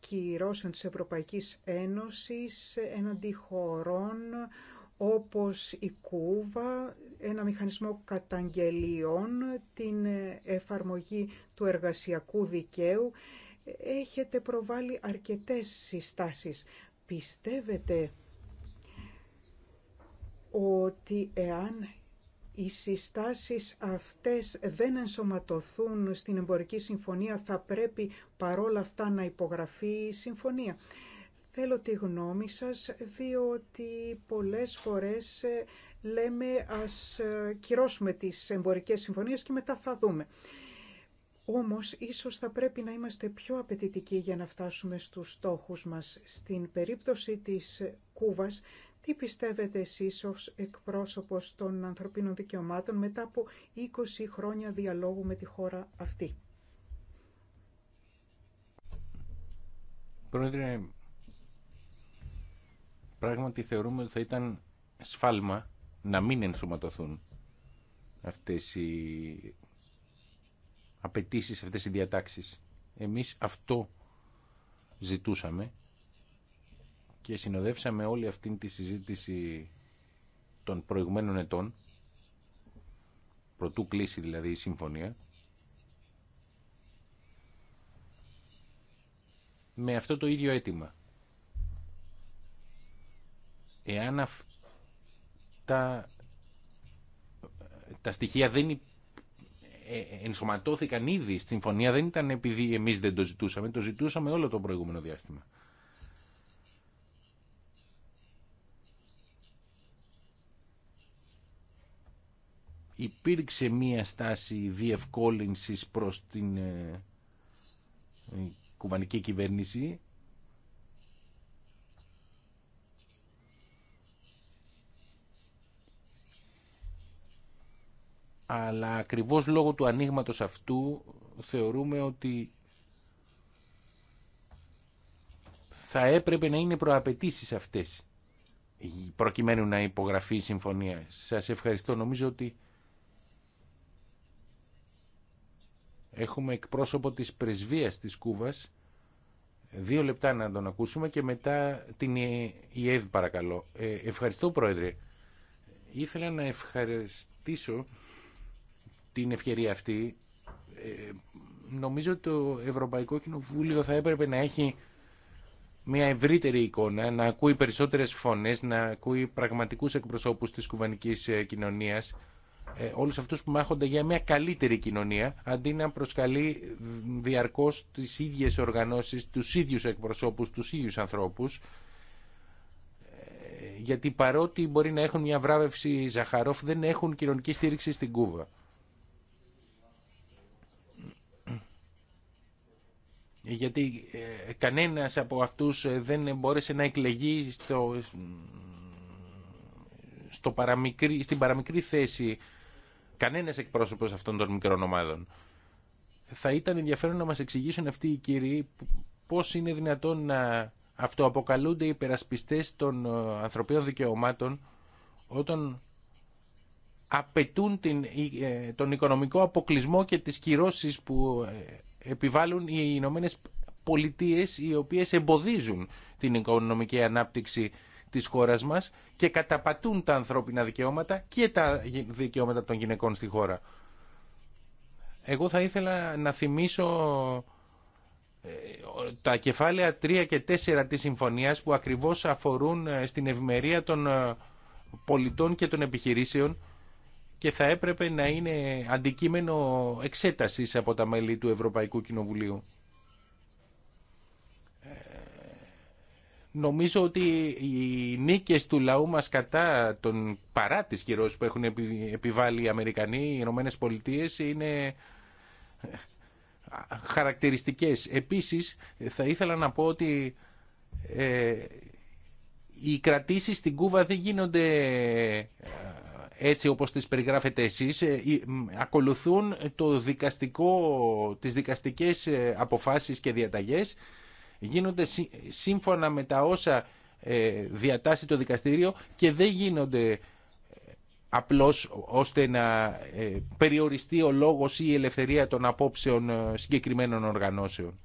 κυρώσεων της Ευρωπαϊκής Ένωσης εναντί χωρών όπως η Κούβα, ένα μηχανισμό καταγγελιών, την εφαρμογή του εργασιακού δικαίου έχετε προβάλει αρκετές συστάσεις. Πιστεύετε ότι εάν οι συστάσεις αυτές δεν ενσωματωθούν στην εμπορική συμφωνία, θα πρέπει παρόλα αυτά να υπογραφεί η συμφωνία. Θέλω τη γνώμη σας, διότι πολλές φορές ε, λέμε ας ε, κυρώσουμε τις εμπορικές συμφωνίες και μετά θα δούμε. Όμως, ίσως θα πρέπει να είμαστε πιο απαιτητικοί για να φτάσουμε στους στόχους μας. Στην περίπτωση της Κούβας, τι πιστεύετε εσείς ως εκπρόσωπος των ανθρωπίνων δικαιωμάτων μετά από 20 χρόνια διαλόγου με τη χώρα αυτή. Πρόεδρε, πράγματι θεωρούμε ότι θα ήταν σφάλμα να μην ενσωματωθούν αυτές οι απαιτήσεις αυτές οι διατάξεις. Εμείς αυτό ζητούσαμε και συνοδεύσαμε όλη αυτή τη συζήτηση των προηγουμένων ετών, προτού κλείσει δηλαδή η συμφωνία, με αυτό το ίδιο αίτημα. Εάν αυτά τα στοιχεία δεν ε, ε, ενσωματώθηκαν ήδη στην συμφωνία δεν ήταν επειδή εμείς δεν το ζητούσαμε, το ζητούσαμε όλο το προηγούμενο διάστημα. Υπήρξε μία στάση διευκόλυνσης προς την ε, κουβανική κυβέρνηση αλλά ακριβώς λόγω του ανοίγματο αυτού θεωρούμε ότι θα έπρεπε να είναι προαπαιτήσεις αυτές προκειμένου να υπογραφεί η συμφωνία. Σας ευχαριστώ. Νομίζω ότι έχουμε εκπρόσωπο της πρεσβείας της Κούβας. Δύο λεπτά να τον ακούσουμε και μετά την ΙΕΒ παρακαλώ. Ε, ευχαριστώ Πρόεδρε. Ήθελα να ευχαριστήσω την ευκαιρία αυτή. Ε, νομίζω ότι το Ευρωπαϊκό Κοινοβούλιο θα έπρεπε να έχει μια ευρύτερη εικόνα, να ακούει περισσότερες φωνές, να ακούει πραγματικούς εκπροσώπους της κουβανικής ε, κοινωνίας, ε, όλους αυτούς που μάχονται για μια καλύτερη κοινωνία, αντί να προσκαλεί διαρκώς τις ίδιες οργανώσεις, τους ίδιους εκπροσώπους, τους ίδιους ανθρώπους, γιατί παρότι μπορεί να έχουν μια βράβευση Ζαχαρόφ, δεν έχουν κοινωνική στήριξη στην Κούβα. γιατί ε, κανένας από αυτούς ε, δεν μπόρεσε να εκλεγεί στο, στο παραμικρή, στην παραμικρή θέση κανένας εκπρόσωπος αυτών των μικρών ομάδων. Θα ήταν ενδιαφέρον να μας εξηγήσουν αυτοί οι κύριοι πώς είναι δυνατόν να αυτοαποκαλούνται οι υπερασπιστές των ε, ανθρωπιών δικαιωμάτων όταν απαιτούν την, τον οικονομικό αποκλεισμό και τις κυρώσεις που επιβάλλουν οι Ηνωμένε Πολιτείε οι οποίες εμποδίζουν την οικονομική ανάπτυξη της χώρας μας και καταπατούν τα ανθρώπινα δικαιώματα και τα δικαιώματα των γυναικών στη χώρα. Εγώ θα ήθελα να θυμίσω ε, τα κεφάλαια 3 και 4 της συμφωνίας που ακριβώς αφορούν ε, στην ευημερία των ε, πολιτών και των επιχειρήσεων και θα έπρεπε να είναι αντικείμενο εξέτασης από τα μέλη του Ευρωπαϊκού Κοινοβουλίου. Ε, νομίζω ότι οι νίκες του λαού μας κατά τον παρά τις που έχουν επιβάλει οι Αμερικανοί, οι Ηνωμένε Πολιτείε είναι ε, χαρακτηριστικές. Επίσης θα ήθελα να πω ότι ε, οι κρατήσεις στην Κούβα δεν γίνονται ε, έτσι όπως τις περιγράφετε εσείς, ε, ακολουθούν το δικαστικό, τις δικαστικές ε, αποφάσεις και διαταγές, γίνονται σύμφωνα με τα όσα ε, διατάσσει το δικαστήριο και δεν γίνονται απλώς ώστε να περιοριστεί ο λόγος ή η ελευθερία των απόψεων συγκεκριμένων οργανώσεων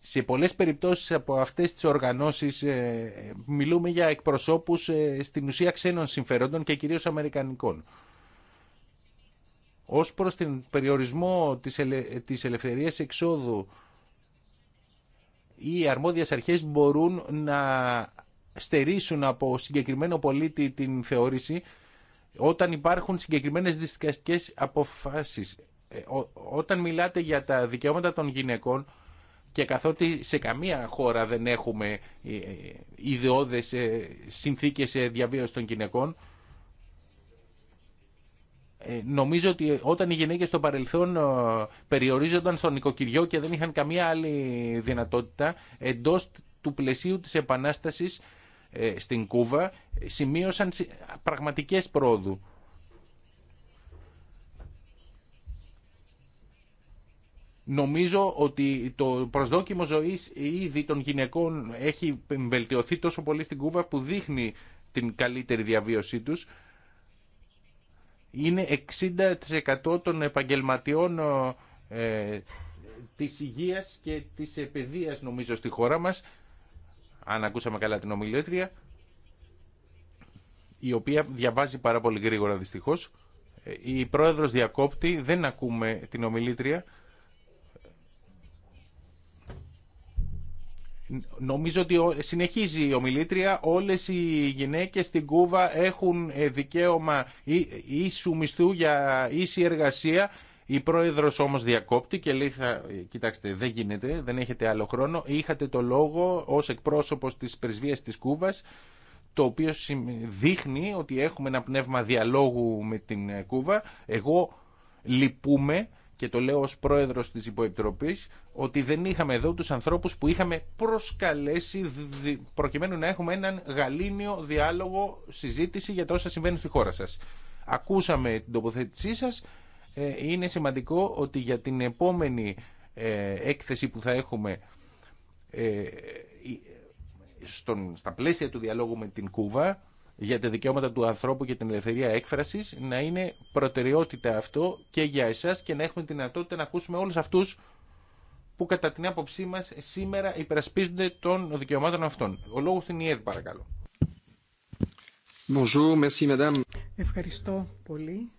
σε πολλές περιπτώσεις από αυτές τις οργανώσεις ε, ε, μιλούμε για εκπροσώπους ε, στην ουσία ξένων συμφερόντων και κυρίως αμερικανικών. Ως προς την περιορισμό της, ελε... ελευθερίας εξόδου οι αρμόδιες αρχές μπορούν να στερήσουν από συγκεκριμένο πολίτη την θεώρηση όταν υπάρχουν συγκεκριμένες δικαστικές αποφάσεις. όταν μιλάτε για τα δικαιώματα των γυναικών και καθότι σε καμία χώρα δεν έχουμε ε, ιδεώδες ε, συνθήκες ε, διαβίωσης των γυναικών, νομίζω ότι όταν οι γυναίκες στο παρελθόν περιορίζονταν στον νοικοκυριό και δεν είχαν καμία άλλη δυνατότητα, εντός του πλαισίου της Επανάστασης στην Κούβα σημείωσαν πραγματικές πρόοδου. Νομίζω ότι το προσδόκιμο ζωής ήδη των γυναικών έχει βελτιωθεί τόσο πολύ στην Κούβα που δείχνει την καλύτερη διαβίωσή τους. Είναι 60% των επαγγελματιών ε, της υγείας και της επαιδείας νομίζω στη χώρα μας, αν ακούσαμε καλά την ομιλήτρια, η οποία διαβάζει πάρα πολύ γρήγορα δυστυχώς. Ε, η πρόεδρος διακόπτη, δεν ακούμε την ομιλήτρια. Νομίζω ότι συνεχίζει η ομιλήτρια, όλες οι γυναίκες στην Κούβα έχουν ε, δικαίωμα ίσου μισθού για ίση εργασία. Η πρόεδρος όμως διακόπτει και λέει, θα... κοιτάξτε δεν γίνεται, δεν έχετε άλλο χρόνο. Είχατε το λόγο ως εκπρόσωπος της πρεσβεία της Κούβας, το οποίο δείχνει ότι έχουμε ένα πνεύμα διαλόγου με την ε, Κούβα. Εγώ λυπούμε και το λέω ως πρόεδρος της υποεπιτροπής ότι δεν είχαμε εδώ τους ανθρώπους που είχαμε προσκαλέσει προκειμένου να έχουμε έναν γαλήνιο διάλογο συζήτηση για το όσα συμβαίνουν στη χώρα σας. Ακούσαμε την τοποθέτησή σας. Ε, είναι σημαντικό ότι για την επόμενη ε, έκθεση που θα έχουμε ε, στον, στα πλαίσια του διαλόγου με την Κούβα για τα δικαιώματα του ανθρώπου και την ελευθερία έκφρασης να είναι προτεραιότητα αυτό και για εσάς και να έχουμε τη δυνατότητα να ακούσουμε όλους αυτούς που κατά την άποψή μας σήμερα υπερασπίζονται των δικαιωμάτων αυτών. Ο λόγος στην ΙΕΔ παρακαλώ. Bonjour, merci, Ευχαριστώ πολύ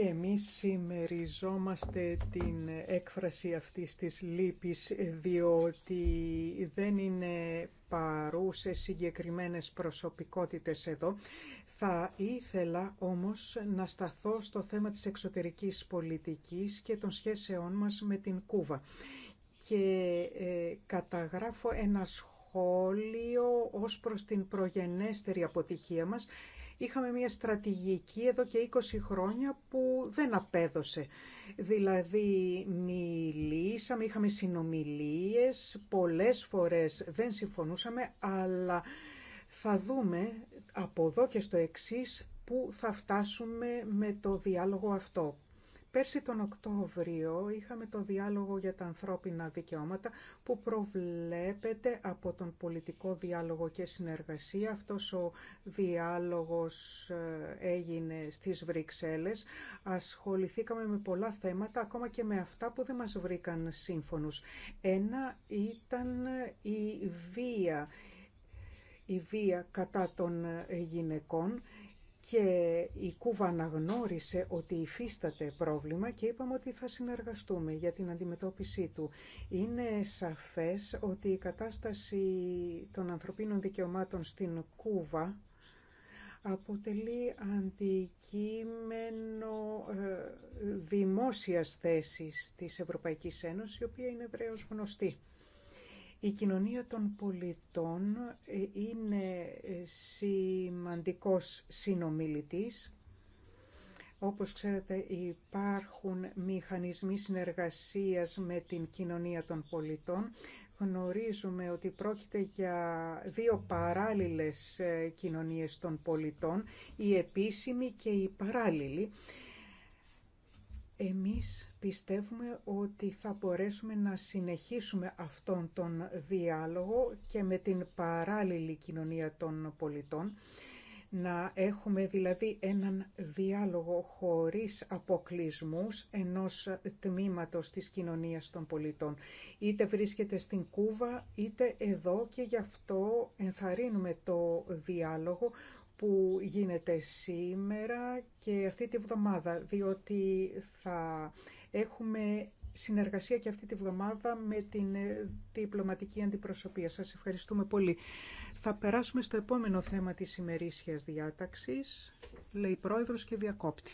και εμείς συμμεριζόμαστε την έκφραση αυτής της λύπης διότι δεν είναι παρούσε συγκεκριμένες προσωπικότητες εδώ. Θα ήθελα όμως να σταθώ στο θέμα της εξωτερικής πολιτικής και των σχέσεών μας με την Κούβα. Και ε, καταγράφω ένα σχόλιο ως προς την προγενέστερη αποτυχία μας Είχαμε μια στρατηγική εδώ και 20 χρόνια που δεν απέδωσε. Δηλαδή μιλήσαμε, είχαμε συνομιλίες, πολλές φορές δεν συμφωνούσαμε, αλλά θα δούμε από εδώ και στο εξής που θα φτάσουμε με το διάλογο αυτό. Πέρσι τον Οκτώβριο είχαμε το διάλογο για τα ανθρώπινα δικαιώματα που προβλέπεται από τον πολιτικό διάλογο και συνεργασία. Αυτός ο διάλογος ε, έγινε στις Βρυξέλλες. Ασχοληθήκαμε με πολλά θέματα, ακόμα και με αυτά που δεν μας βρήκαν σύμφωνους. Ένα ήταν ε, η βία, η βία κατά των γυναικών και η Κούβα αναγνώρισε ότι υφίσταται πρόβλημα και είπαμε ότι θα συνεργαστούμε για την αντιμετώπιση του. Είναι σαφές ότι η κατάσταση των ανθρωπίνων δικαιωμάτων στην Κούβα αποτελεί αντικείμενο ε, δημόσιας θέσης της Ευρωπαϊκής Ένωσης, η οποία είναι βρέως γνωστή. Η κοινωνία των πολιτών ε, είναι ε, σημαντικός συνομιλητής. Όπως ξέρετε υπάρχουν μηχανισμοί συνεργασίας με την κοινωνία των πολιτών. Γνωρίζουμε ότι πρόκειται για δύο παράλληλες ε, κοινωνίες των πολιτών, η επίσημη και η παράλληλη εμείς πιστεύουμε ότι θα μπορέσουμε να συνεχίσουμε αυτόν τον διάλογο και με την παράλληλη κοινωνία των πολιτών, να έχουμε δηλαδή έναν διάλογο χωρίς αποκλισμούς ενός τμήματος της κοινωνίας των πολιτών. Είτε βρίσκεται στην Κούβα, είτε εδώ και γι' αυτό ενθαρρύνουμε το διάλογο που γίνεται σήμερα και αυτή τη βδομάδα, διότι θα έχουμε συνεργασία και αυτή τη βδομάδα με την διπλωματική αντιπροσωπεία. Σας ευχαριστούμε πολύ. Θα περάσουμε στο επόμενο θέμα της ημερήσιας διάταξης, λέει πρόεδρος και διακόπτη.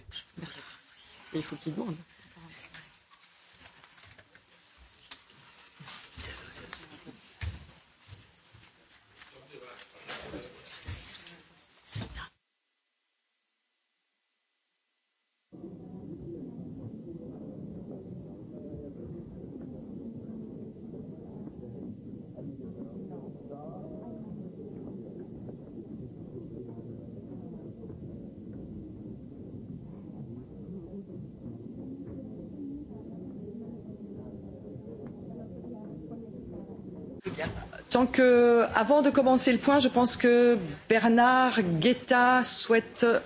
Euh, avant de commencer le que Bernard Guetta souhaite euh,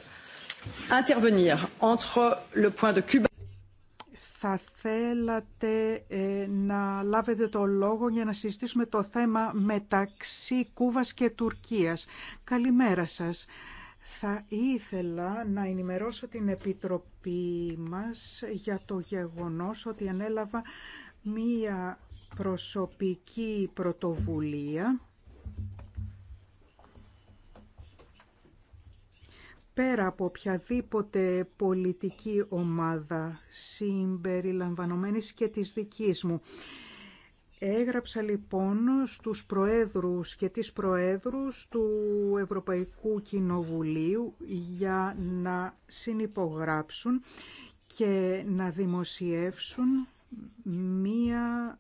intervenir entre le Θα θέλατε ε, να λάβετε το λόγο για να συζητήσουμε το θέμα μεταξύ Κούβας και Τουρκίας. Καλημέρα σας. Θα ήθελα να ενημερώσω την Επιτροπή μας για το γεγονός ότι ανέλαβα μία προσωπική πρωτοβουλία πέρα από οποιαδήποτε πολιτική ομάδα συμπεριλαμβανομένης και της δικής μου. Έγραψα λοιπόν στους προέδρους και τις προέδρους του Ευρωπαϊκού Κοινοβουλίου για να συνυπογράψουν και να δημοσιεύσουν μία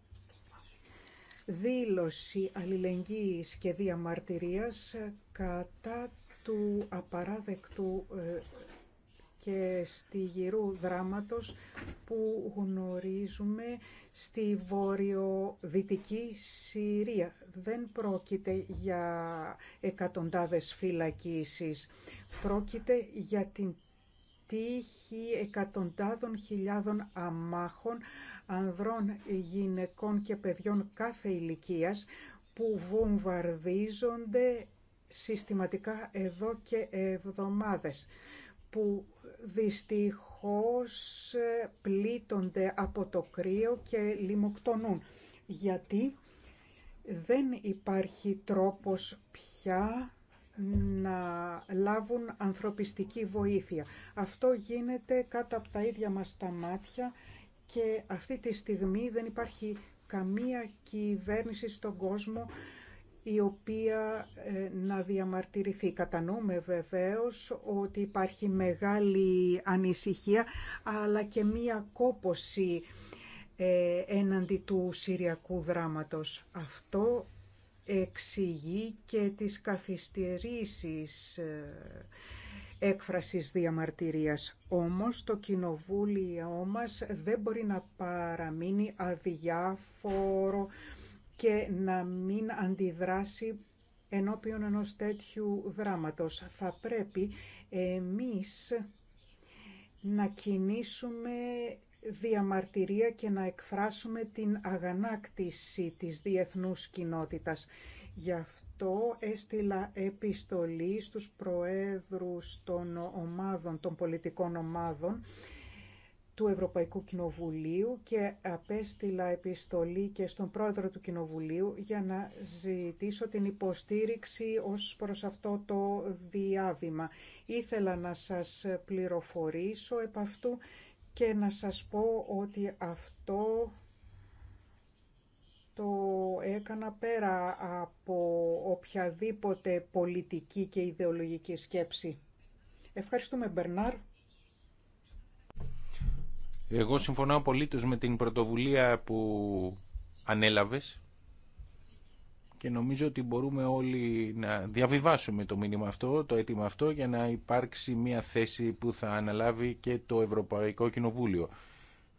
δήλωση αλληλεγγύης και διαμαρτυρίας κατά του απαράδεκτου ε, και στη γυρού δράματος που γνωρίζουμε στη βορειοδυτική Συρία. Δεν πρόκειται για εκατοντάδες φυλακίσεις, πρόκειται για την τύχη εκατοντάδων χιλιάδων αμάχων ανδρών, γυναικών και παιδιών κάθε ηλικίας που βομβαρδίζονται συστηματικά εδώ και εβδομάδες που δυστυχώς ε, πλήττονται από το κρύο και λιμοκτονούν γιατί δεν υπάρχει τρόπος πια να λάβουν ανθρωπιστική βοήθεια. Αυτό γίνεται κάτω από τα ίδια μας τα μάτια και αυτή τη στιγμή δεν υπάρχει καμία κυβέρνηση στον κόσμο η οποία ε, να διαμαρτυρηθεί. Κατανοούμε βεβαίως ότι υπάρχει μεγάλη ανησυχία αλλά και μία κόποση ε, έναντι του Συριακού δράματος. Αυτό εξηγεί και τις καθυστερήσεις ε, έκφρασης διαμαρτυρίας. Όμως το κοινοβούλιο μας δεν μπορεί να παραμείνει αδιάφορο και να μην αντιδράσει ενώπιον ενός τέτοιου δράματος. Θα πρέπει εμείς να κινήσουμε διαμαρτυρία και να εκφράσουμε την αγανάκτηση της διεθνούς κοινότητας. Γι' αυτό αυτό έστειλα επιστολή στους προέδρους των ομάδων, των πολιτικών ομάδων του Ευρωπαϊκού Κοινοβουλίου και απέστειλα επιστολή και στον πρόεδρο του Κοινοβουλίου για να ζητήσω την υποστήριξη ως προς αυτό το διάβημα. Ήθελα να σας πληροφορήσω επ' αυτού και να σας πω ότι αυτό το έκανα πέρα από οποιαδήποτε πολιτική και ιδεολογική σκέψη. Ευχαριστούμε Μπερνάρ. Εγώ συμφωνώ απολύτως με την πρωτοβουλία που ανέλαβες και νομίζω ότι μπορούμε όλοι να διαβιβάσουμε το μήνυμα αυτό, το αίτημα αυτό για να υπάρξει μια θέση που θα αναλάβει και το Ευρωπαϊκό Κοινοβούλιο.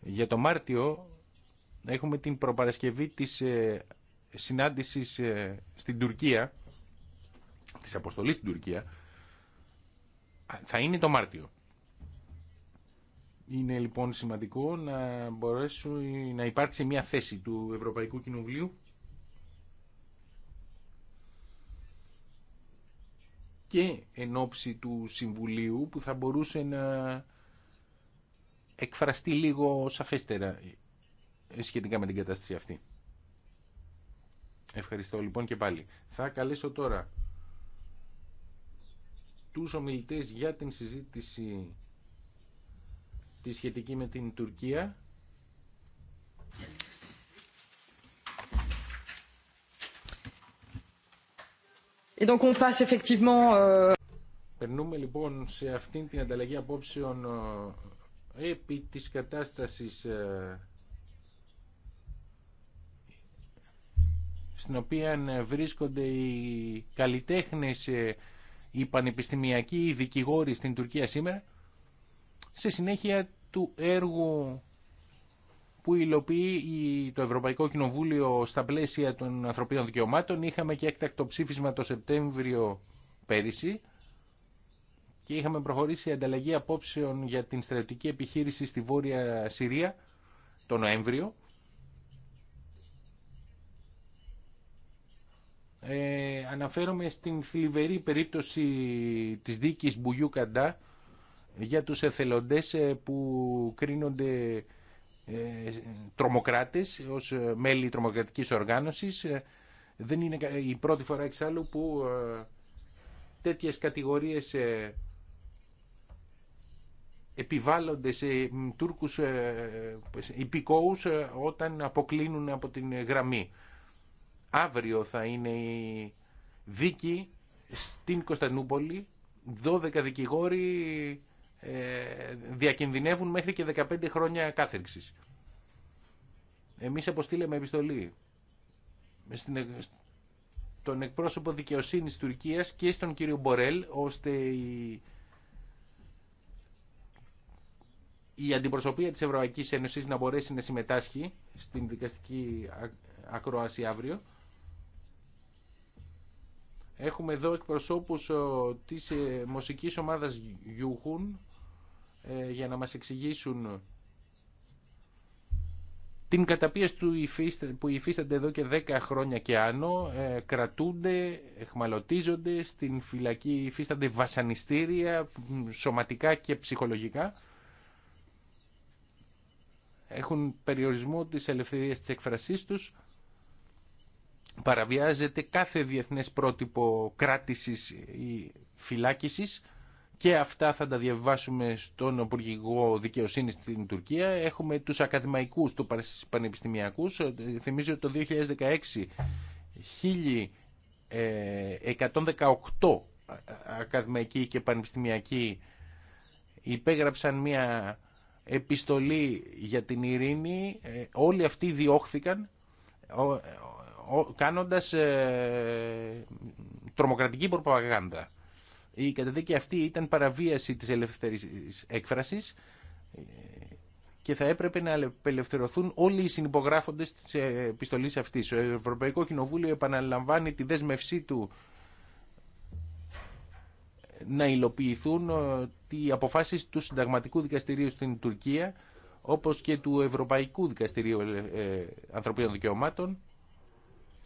Για το Μάρτιο έχουμε την προπαρασκευή της ε, συνάντησης ε, στην Τουρκία, της αποστολής στην Τουρκία, θα είναι το Μάρτιο. Είναι λοιπόν σημαντικό να μπορέσει να υπάρξει μια θέση του Ευρωπαϊκού Κοινοβουλίου και εν ώψη του Συμβουλίου που θα μπορούσε να εκφραστεί λίγο σαφέστερα σχετικά με την κατάσταση αυτή. Ευχαριστώ λοιπόν και πάλι. Θα καλέσω τώρα τους ομιλητές για την συζήτηση τη σχετική με την Τουρκία. Et donc on passe effectivement... Euh, Περνούμε λοιπόν σε αυτήν την ανταλλαγή απόψεων ε, επί της κατάστασης ε, στην οποία βρίσκονται οι καλλιτέχνες, ε, οι πανεπιστημιακοί, οι δικηγόροι στην Τουρκία σήμερα, σε συνέχεια του έργου που υλοποιεί το Ευρωπαϊκό Κοινοβούλιο στα πλαίσια των ανθρωπίνων δικαιωμάτων. Είχαμε και έκτακτο ψήφισμα το Σεπτέμβριο πέρυσι και είχαμε προχωρήσει η ανταλλαγή απόψεων για την στρατιωτική επιχείρηση στη Βόρεια Συρία το Νοέμβριο. Ε, αναφέρομαι στην θλιβερή περίπτωση της δίκης Μπουγιού Καντά για τους εθελοντές ε, που κρίνονται ε, τρομοκράτες ως ε, μέλη τρομοκρατικής οργάνωσης. Δεν είναι η πρώτη φορά εξάλλου που τέτοιες κατηγορίες επιβάλλονται σε Τούρκους υπηκόους όταν αποκλίνουν από την γραμμή. Αύριο θα είναι η δίκη στην Κωνσταντινούπολη. 12 δικηγόροι ε, διακινδυνεύουν μέχρι και 15 χρόνια κάθερξης. Εμείς αποστήλαμε επιστολή στον εκπρόσωπο δικαιοσύνης Τουρκίας και στον κύριο Μπορέλ, ώστε η, η αντιπροσωπεία της Ευρωπαϊκής Ένωσης να μπορέσει να συμμετάσχει στην δικαστική ακρόαση αύριο. Έχουμε εδώ εκπροσώπους ε, της ε, μουσικής ομάδας Γιούχουν ε, για να μας εξηγήσουν την καταπίεση που υφίστανται εδώ και 10 χρόνια και άνω, κρατούνται, εχμαλωτίζονται, στην φυλακή υφίστανται βασανιστήρια, σωματικά και ψυχολογικά. Έχουν περιορισμό της ελευθερίας της εκφρασής τους παραβιάζεται κάθε διεθνές πρότυπο κράτησης ή φυλάκισης και αυτά θα τα διαβάσουμε στον Υπουργηγό Δικαιοσύνη στην Τουρκία. Έχουμε τους ακαδημαϊκούς, του πανεπιστημιακούς. Θυμίζω ότι το 2016 1118 ε, ακαδημαϊκοί και πανεπιστημιακοί υπέγραψαν μια επιστολή για την ειρήνη. Ε, όλοι αυτοί διώχθηκαν κάνοντας ε, τρομοκρατική προπαγάνδα. Η καταδίκη αυτή ήταν παραβίαση της ελευθερής έκφρασης ε, και θα έπρεπε να απελευθερωθούν όλοι οι συνυπογράφοντες της επιστολής αυτής. Ο Ευρωπαϊκό Κοινοβούλιο επαναλαμβάνει τη δέσμευσή του να υλοποιηθούν οι ε, αποφάσεις του Συνταγματικού Δικαστηρίου στην Τουρκία όπως και του Ευρωπαϊκού Δικαστηρίου Ανθρωπίνων Δικαιωμάτων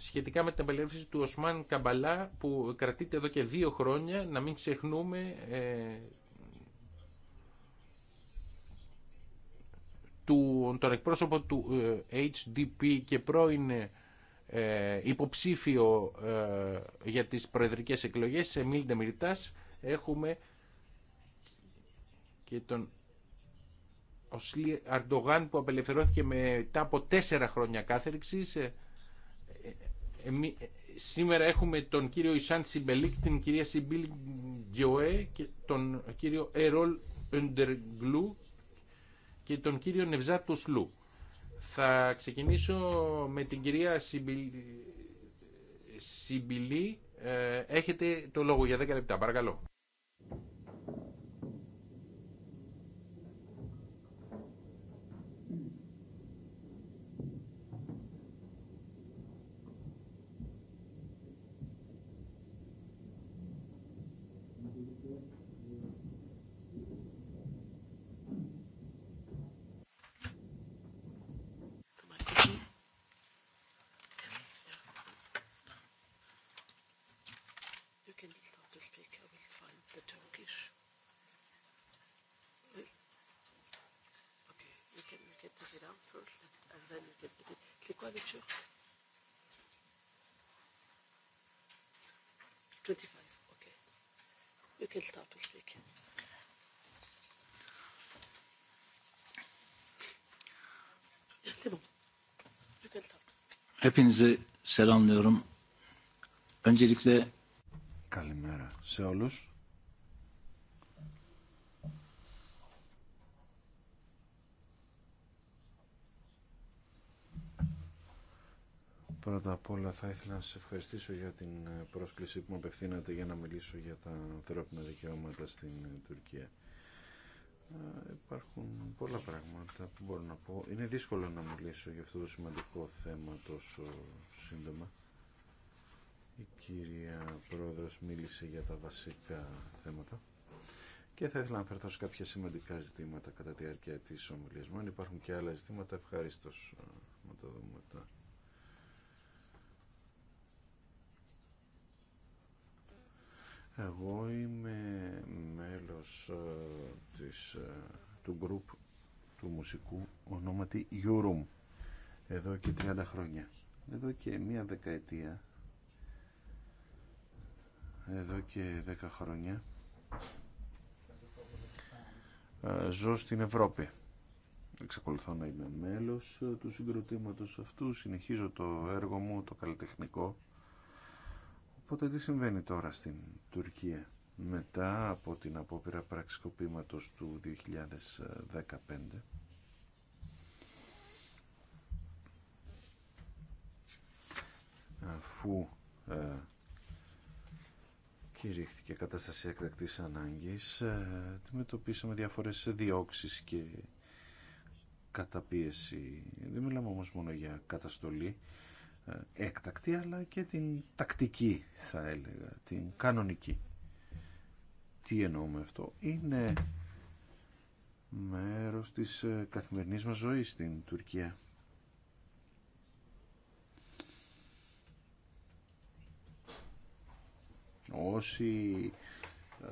σχετικά με την απελευθέρωση του Οσμάν Καμπαλά που κρατείται εδώ και δύο χρόνια, να μην ξεχνούμε ε, του, τον εκπρόσωπο του ε, HDP και πρώην ε, υποψήφιο ε, για τις προεδρικές εκλογές σε Μίλντε έχουμε και τον ο Αρντογάν που απελευθερώθηκε μετά από τέσσερα χρόνια κάθεριξης σήμερα έχουμε τον κύριο Ισάν Σιμπελίκ, την κυρία Σιμπίλ Γκιοέ και τον κύριο Ερόλ Εντεργλού και τον κύριο Νευζά Τουσλού. Θα ξεκινήσω με την κυρία Σιμπιλ... Σιμπιλή. Ε, έχετε το λόγο για 10 λεπτά, παρακαλώ. Hepinizi selamlıyorum. Öncelikle Καλημέρα σε όλους. Πρώτα απ' όλα θα ήθελα να σας ευχαριστήσω για την ε, πρόσκληση που μου απευθύνατε για να μιλήσω για τα ανθρώπινα δικαιώματα στην ε, Τουρκία. Ε, υπάρχουν πολλά πράγματα που μπορώ να πω. Είναι δύσκολο να μιλήσω για αυτό το σημαντικό θέμα τόσο σύντομα. Η κυρία Πρόεδρος μίλησε για τα βασικά θέματα και θα ήθελα να αναφερθώ σε κάποια σημαντικά ζητήματα κατά τη διάρκεια της ομιλίας μου. Αν υπάρχουν και άλλα ζητήματα, ευχαριστώ ε, να το δούμε μετά. Εγώ είμαι μέλος ε, της, ε, του γκρουπ του μουσικού ονόματι Eurum εδώ και 30 χρόνια. Εδώ και μία δεκαετία εδώ και 10 χρόνια ε, ζω στην Ευρώπη. Εξακολουθώ να είμαι μέλος του συγκροτήματος αυτού, συνεχίζω το έργο μου, το καλλιτεχνικό Οπότε τι συμβαίνει τώρα στην Τουρκία μετά από την απόπειρα πραξικοπήματος του 2015 αφού ε, κηρύχθηκε κατάσταση εκτακτής ανάγκης ε, αντιμετωπίσαμε διάφορες διώξεις και καταπίεση δεν μιλάμε όμως μόνο για καταστολή ε, έκτακτη αλλά και την τακτική θα έλεγα, την κανονική. Τι εννοούμε αυτό. Είναι μέρος της ε, καθημερινής μας ζωής στην Τουρκία. Όσοι ε,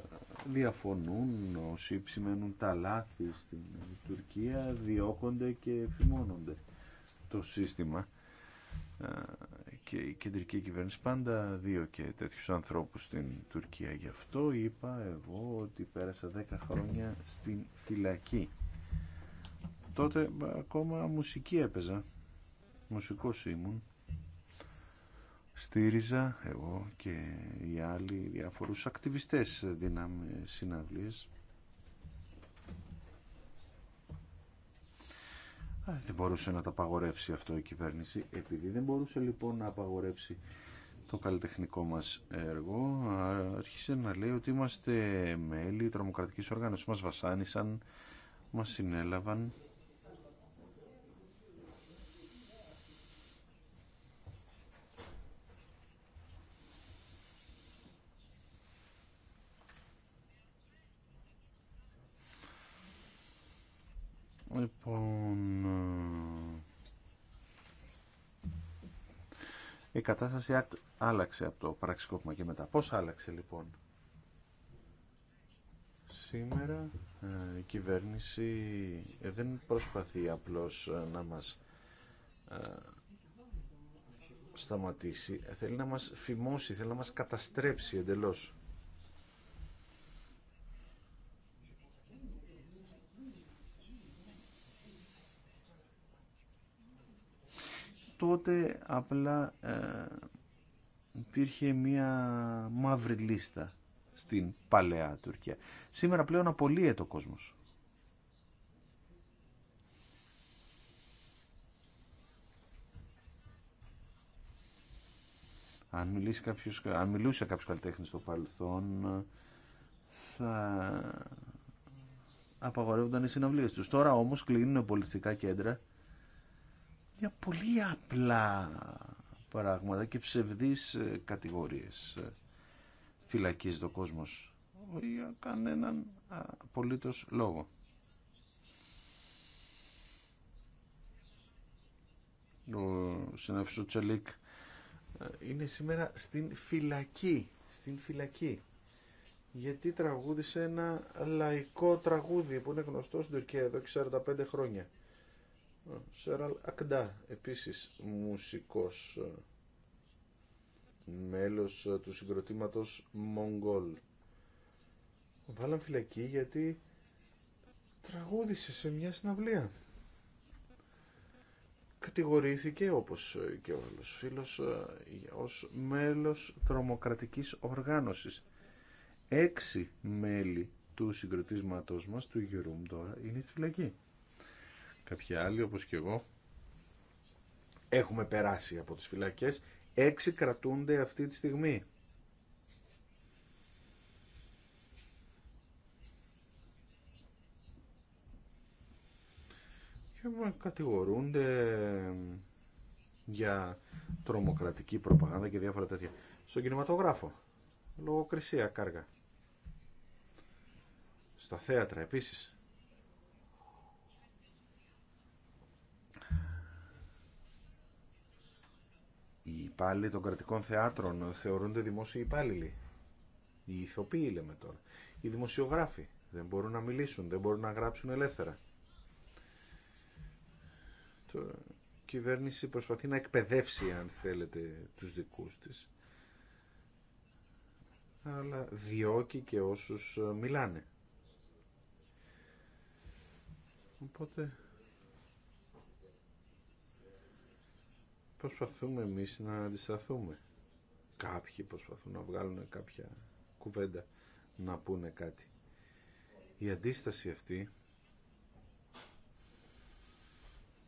διαφωνούν, όσοι ψημένουν τα λάθη στην Τουρκία διώκονται και φημώνονται. Το σύστημα και η κεντρική κυβέρνηση πάντα δύο και τέτοιους ανθρώπους στην Τουρκία. Γι' αυτό είπα εγώ ότι πέρασα 10 χρόνια στην φυλακή. Τότε ακόμα μουσική έπαιζα, μουσικός ήμουν. Στήριζα εγώ και οι άλλοι διάφορους ακτιβιστές δύναμη συναυλίες Δεν μπορούσε να το απαγορεύσει αυτό η κυβέρνηση. Επειδή δεν μπορούσε λοιπόν να απαγορεύσει το καλλιτεχνικό μας έργο, άρχισε να λέει ότι είμαστε μέλη τρομοκρατικής οργάνωσης. Μας βασάνισαν, μας συνέλαβαν η κατάσταση άλλαξε από το πραξικόπημα και μετά. Πώς άλλαξε λοιπόν. Σήμερα ε, η κυβέρνηση ε, δεν προσπαθεί απλώς ε, να μας σταματήσει. Θέλει να μας φημώσει, θέλει να μας καταστρέψει εντελώς. τότε απλά ε, υπήρχε μία μαύρη λίστα στην παλαιά Τουρκία. Σήμερα πλέον απολύεται ο κόσμος. Αν, μιλήσει κάποιος, αν μιλούσε κάποιος καλλιτέχνης στο παρελθόν θα απαγορεύονταν οι συναυλίες τους. Τώρα όμως κλείνουν πολιτιστικά κέντρα για πολύ απλά πράγματα και ψευδείς ε, κατηγορίες. Ε, Φυλακίζεται το κόσμος για κανέναν απολύτως λόγο. Ο ο Τσελίκ ε, είναι σήμερα στην φυλακή. Στην φυλακή. Γιατί τραγούδισε ένα λαϊκό τραγούδι που είναι γνωστό στην Τουρκία εδώ και 45 χρόνια. Σεραλ Ακντά, επίσης μουσικός, ε, μέλος ε, του συγκροτήματος Μογγόλ. Βάλαν φυλακή γιατί τραγούδησε σε μια συναυλία. Κατηγορήθηκε, όπως ε, και ο άλλος φίλος, ως μέλος τρομοκρατικής οργάνωσης. Έξι μέλη του συγκροτήματός μας, του Γιουρούμ τώρα, είναι φυλακή. Κάποιοι άλλοι, όπως και εγώ, έχουμε περάσει από τις φυλακές. Έξι κρατούνται αυτή τη στιγμή. Και κατηγορούνται για τρομοκρατική προπαγάνδα και διάφορα τέτοια. Στον κινηματογράφο, λογοκρισία κάργα. Στα θέατρα επίσης. υπάλληλοι των κρατικών θεάτρων θεωρούνται δημόσιοι υπάλληλοι. Οι ηθοποιοί λέμε τώρα. Οι δημοσιογράφοι δεν μπορούν να μιλήσουν, δεν μπορούν να γράψουν ελεύθερα. Η κυβέρνηση προσπαθεί να εκπαιδεύσει, αν θέλετε, τους δικούς της. Αλλά διώκει και όσους ε, μιλάνε. Οπότε προσπαθούμε εμείς να αντισταθούμε. Κάποιοι προσπαθούν να βγάλουν κάποια κουβέντα να πούνε κάτι. Η αντίσταση αυτή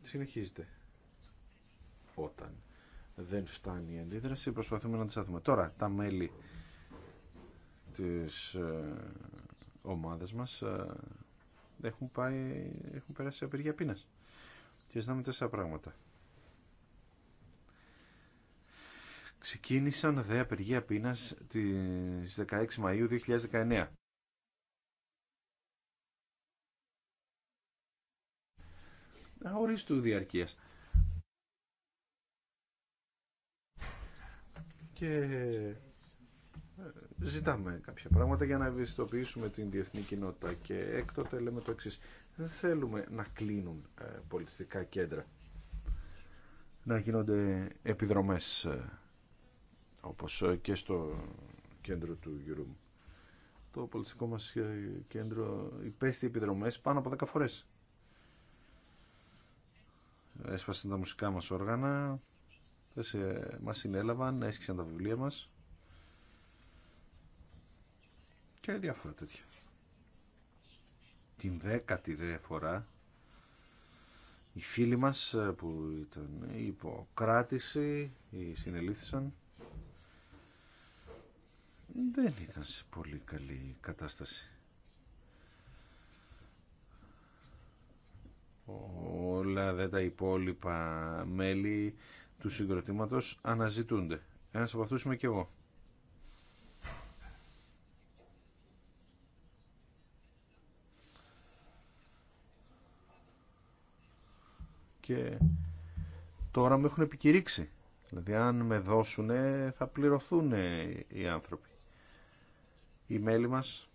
συνεχίζεται. Όταν δεν φτάνει η αντίδραση προσπαθούμε να αντισταθούμε. Τώρα τα μέλη της ε, ομάδας μας ε, έχουν, πάει, έχουν περάσει απεργία πείνας. Και ζητάμε τέσσερα πράγματα. Ξεκίνησαν δε απεργία πείνας στις 16 Μαΐου 2019. Ορίστου διαρκείας. Και ε, ζητάμε κάποια πράγματα για να ευαισθητοποιήσουμε την διεθνή κοινότητα και έκτοτε λέμε το εξής. Δεν θέλουμε να κλείνουν ε, πολιτιστικά κέντρα, να γίνονται επιδρομές ε, όπως ε, και στο κέντρο του Γιουρουμ. Το πολιτικό μας ε, κέντρο υπέστη επιδρομές πάνω από 10 φορές. Έσπασαν τα μουσικά μας όργανα, ε, μας συνέλαβαν, έσκησαν τα βιβλία μας και διάφορα τέτοια. Την δέκατη δε φορά οι φίλοι μας που ήταν υποκράτηση, η συνελήφθησαν δεν ήταν σε πολύ καλή κατάσταση. Όλα δε τα υπόλοιπα μέλη του συγκροτήματος αναζητούνται. Ένας από αυτούς είμαι και εγώ. Και τώρα με έχουν επικηρύξει. Δηλαδή αν με δώσουνε θα πληρωθούν οι άνθρωποι. Η μέλη μας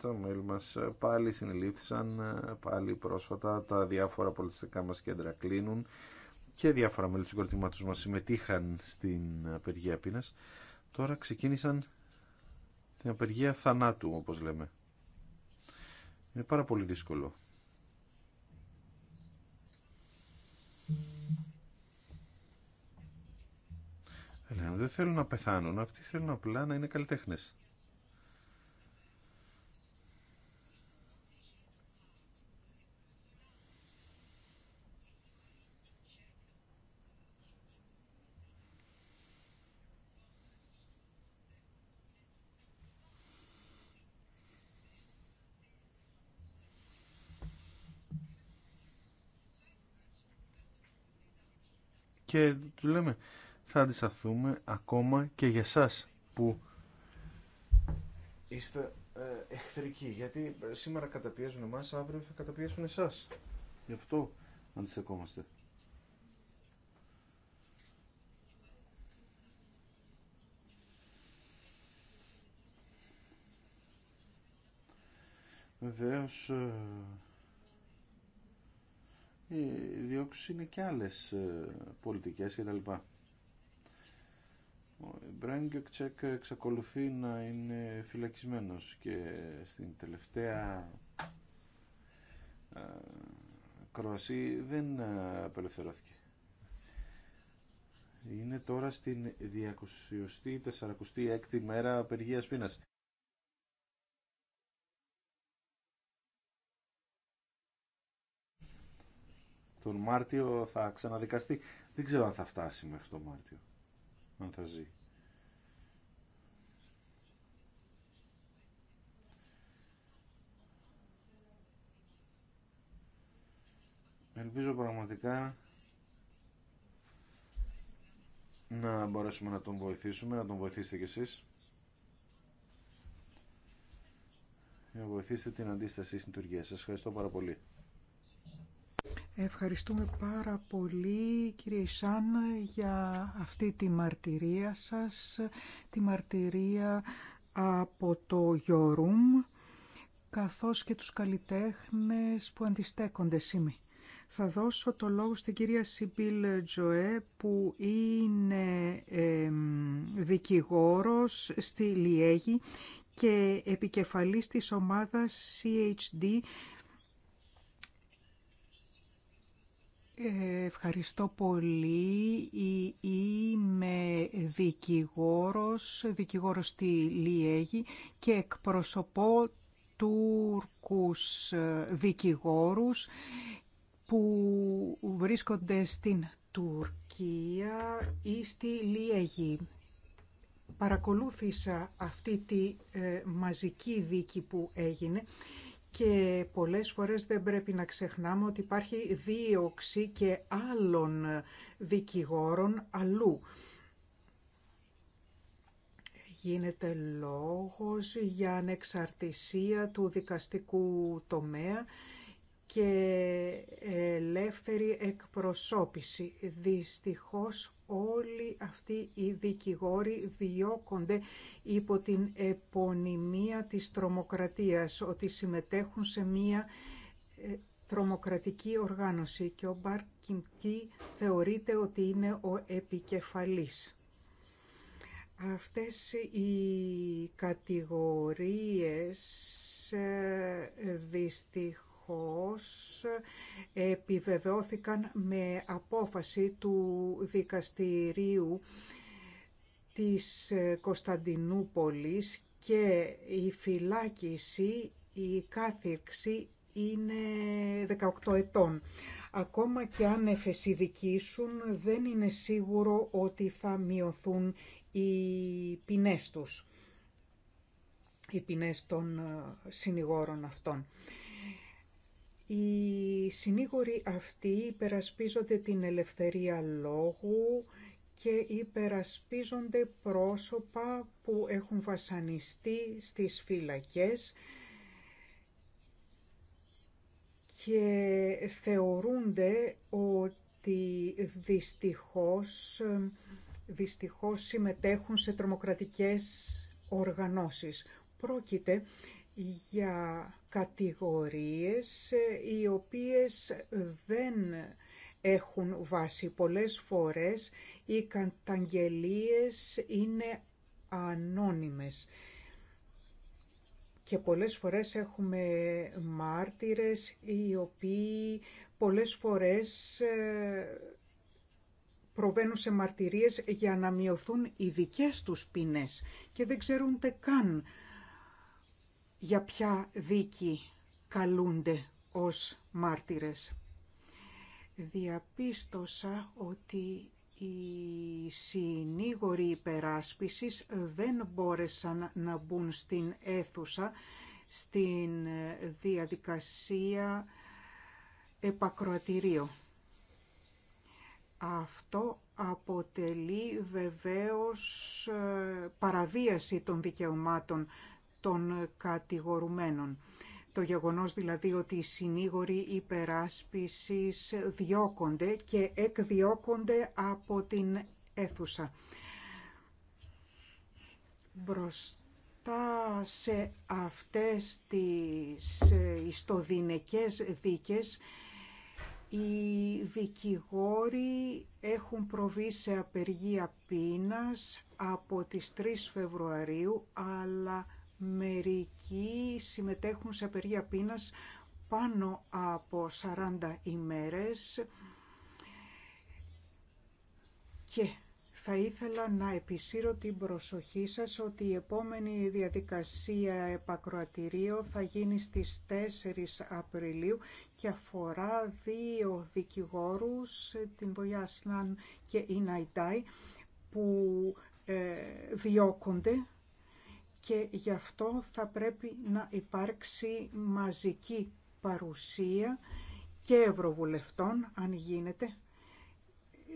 τα, μέλη μας πάλι συνελήφθησαν πάλι πρόσφατα τα διάφορα πολιτιστικά μας κέντρα κλείνουν και διάφορα μέλη του συγκροτήματος μας συμμετείχαν στην απεργία πείνας τώρα ξεκίνησαν την απεργία θανάτου όπως λέμε είναι πάρα πολύ δύσκολο δεν θέλουν να πεθάνουν, αυτοί θέλουν απλά να είναι καλλιτέχνες. Και του λέμε, θα αντισταθούμε ακόμα και για σας που είστε ε, εχθρικοί. Γιατί ε, σήμερα καταπιέζουν εμάς, αύριο θα καταπιέσουν εσάς. Γι' αυτό αντιστακόμαστε. Βεβαίω. Ε, οι διώξεις είναι και άλλες πολιτικές λοιπά. Ο Μπρένγκοκτσέκ εξακολουθεί να είναι φυλακισμένος και στην τελευταία κρόαση δεν απελευθερώθηκε. Είναι τώρα στην 246η μέρα απεργίας πείνας. Τον Μάρτιο θα ξαναδικαστεί. Δεν ξέρω αν θα φτάσει μέχρι τον Μάρτιο αν Ελπίζω πραγματικά να μπορέσουμε να τον βοηθήσουμε, να τον βοηθήσετε κι εσείς. Να βοηθήσετε την αντίσταση στην Τουρκία. Σας ευχαριστώ πάρα πολύ. Ευχαριστούμε πάρα πολύ κύριε Ισάν για αυτή τη μαρτυρία σας, τη μαρτυρία από το Γιορούμ, καθώς και τους καλλιτέχνες που αντιστέκονται σήμερα. Θα δώσω το λόγο στην κυρία Σιμπίλ Τζοέ που είναι δικηγόρος στη Λιέγη και επικεφαλής της ομάδας CHD Ευχαριστώ πολύ. Είμαι δικηγόρος, δικηγόρος στη Λιέγη και εκπροσωπώ Τούρκους ε, δικηγόρους που βρίσκονται στην Τουρκία ή στη Λιέγη. Παρακολούθησα αυτή τη ε, μαζική δίκη που έγινε και πολλές φορές δεν πρέπει να ξεχνάμε ότι υπάρχει δίωξη και άλλων δικηγόρων αλλού. Γίνεται λόγος για ανεξαρτησία του δικαστικού τομέα και ελεύθερη εκπροσώπηση. Δυστυχώς όλοι αυτοί οι δικηγόροι διώκονται υπό την επωνυμία της τρομοκρατίας, ότι συμμετέχουν σε μία ε, τρομοκρατική οργάνωση και ο Μπαρ Κιμκί θεωρείται ότι είναι ο επικεφαλής. Αυτές οι κατηγορίες ε, δυστυχώς δυστυχώς επιβεβαιώθηκαν με απόφαση του δικαστηρίου της Κωνσταντινούπολης και η φυλάκιση, η κάθυρξη είναι 18 ετών. Ακόμα και αν εφεσιδικήσουν δεν είναι σίγουρο ότι θα μειωθούν οι ποινές τους, οι ποινές των συνηγόρων αυτών. Οι συνήγοροι αυτοί υπερασπίζονται την ελευθερία λόγου και υπερασπίζονται πρόσωπα που έχουν βασανιστεί στις φυλακές και θεωρούνται ότι δυστυχώς, δυστυχώς συμμετέχουν σε τρομοκρατικές οργανώσεις. Πρόκειται για κατηγορίες ε, οι οποίες δεν έχουν βάση. Πολλές φορές οι καταγγελίες είναι ανώνυμες και πολλές φορές έχουμε μάρτυρες οι οποίοι πολλές φορές ε, προβαίνουν σε μαρτυρίες για να μειωθούν οι δικές τους πίνες και δεν ξέρουν καν για ποια δίκη καλούνται ως μάρτυρες. Διαπίστωσα ότι οι συνήγοροι υπεράσπισης δεν μπόρεσαν να μπουν στην αίθουσα στην διαδικασία επακροατηρίου. Αυτό αποτελεί βεβαίως ε, παραβίαση των δικαιωμάτων των κατηγορουμένων. Το γεγονός δηλαδή ότι οι συνήγοροι υπεράσπισης διώκονται και εκδιώκονται από την αίθουσα. Μπροστά σε αυτές τις ιστοδυναικές δίκες, οι δικηγόροι έχουν προβεί σε απεργία πείνας από τις 3 Φεβρουαρίου, αλλά Μερικοί συμμετέχουν σε απεργία πείνας πάνω από 40 ημέρες και θα ήθελα να επισύρω την προσοχή σας ότι η επόμενη διαδικασία επακροατηρίου θα γίνει στις 4 Απριλίου και αφορά δύο δικηγόρους, την Βοιάσναν και η Ναϊτάι, που ε, διώκονται και γι' αυτό θα πρέπει να υπάρξει μαζική παρουσία και ευρωβουλευτών, αν γίνεται.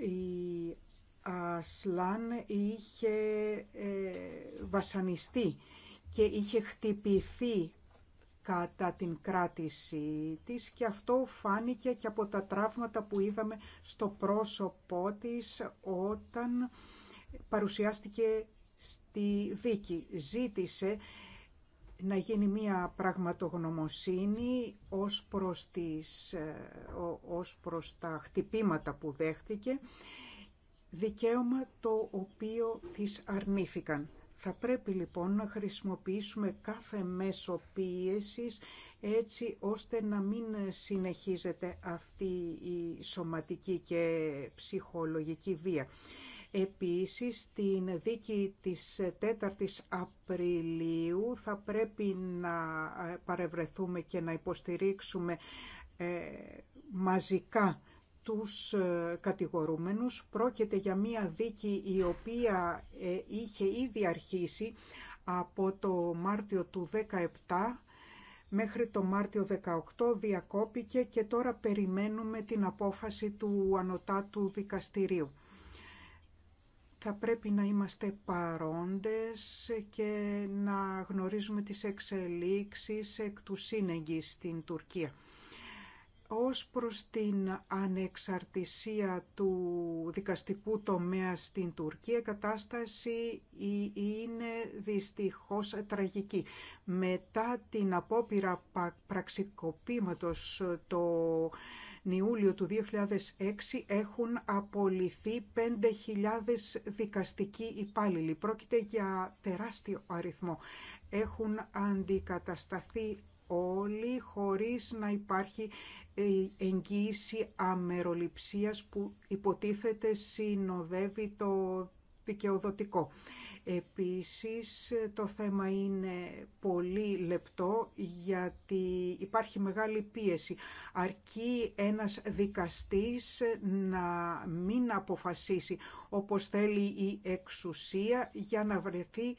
Η Ασλάν είχε ε, βασανιστεί και είχε χτυπηθεί κατά την κράτησή της και αυτό φάνηκε και από τα τραύματα που είδαμε στο πρόσωπό της όταν παρουσιάστηκε στη δίκη. Ζήτησε να γίνει μια πραγματογνωμοσύνη ως προς, τις, ε, ως προς τα χτυπήματα που δέχτηκε, δικαίωμα το οποίο της αρνήθηκαν. Θα πρέπει λοιπόν να χρησιμοποιήσουμε κάθε μέσο πίεσης έτσι ώστε να μην συνεχίζεται αυτή η σωματική και ψυχολογική βία. Επίσης, στην δίκη της 4ης Απριλίου θα πρέπει να παρευρεθούμε και να υποστηρίξουμε ε, μαζικά τους ε, κατηγορούμενους. Πρόκειται για μία δίκη η οποία ε, είχε ήδη αρχίσει από το Μάρτιο του 17 μέχρι το Μάρτιο 18 διακόπηκε και τώρα περιμένουμε την απόφαση του Ανωτάτου Δικαστηρίου θα πρέπει να είμαστε παρόντες και να γνωρίζουμε τις εξελίξεις εκ του σύνεγγυ στην Τουρκία. Ως προς την ανεξαρτησία του δικαστικού τομέα στην Τουρκία, η κατάσταση είναι δυστυχώς τραγική. Μετά την απόπειρα πραξικοπήματος το Ιούλιο του 2006 έχουν απολυθεί 5.000 δικαστικοί υπάλληλοι. Πρόκειται για τεράστιο αριθμό. Έχουν αντικατασταθεί όλοι χωρίς να υπάρχει ε, εγγύηση αμεροληψίας που υποτίθεται συνοδεύει το δικαιοδοτικό. Επίσης το θέμα είναι πολύ λεπτό γιατί υπάρχει μεγάλη πίεση. Αρκεί ένας δικαστής να μην αποφασίσει όπως θέλει η εξουσία για να βρεθεί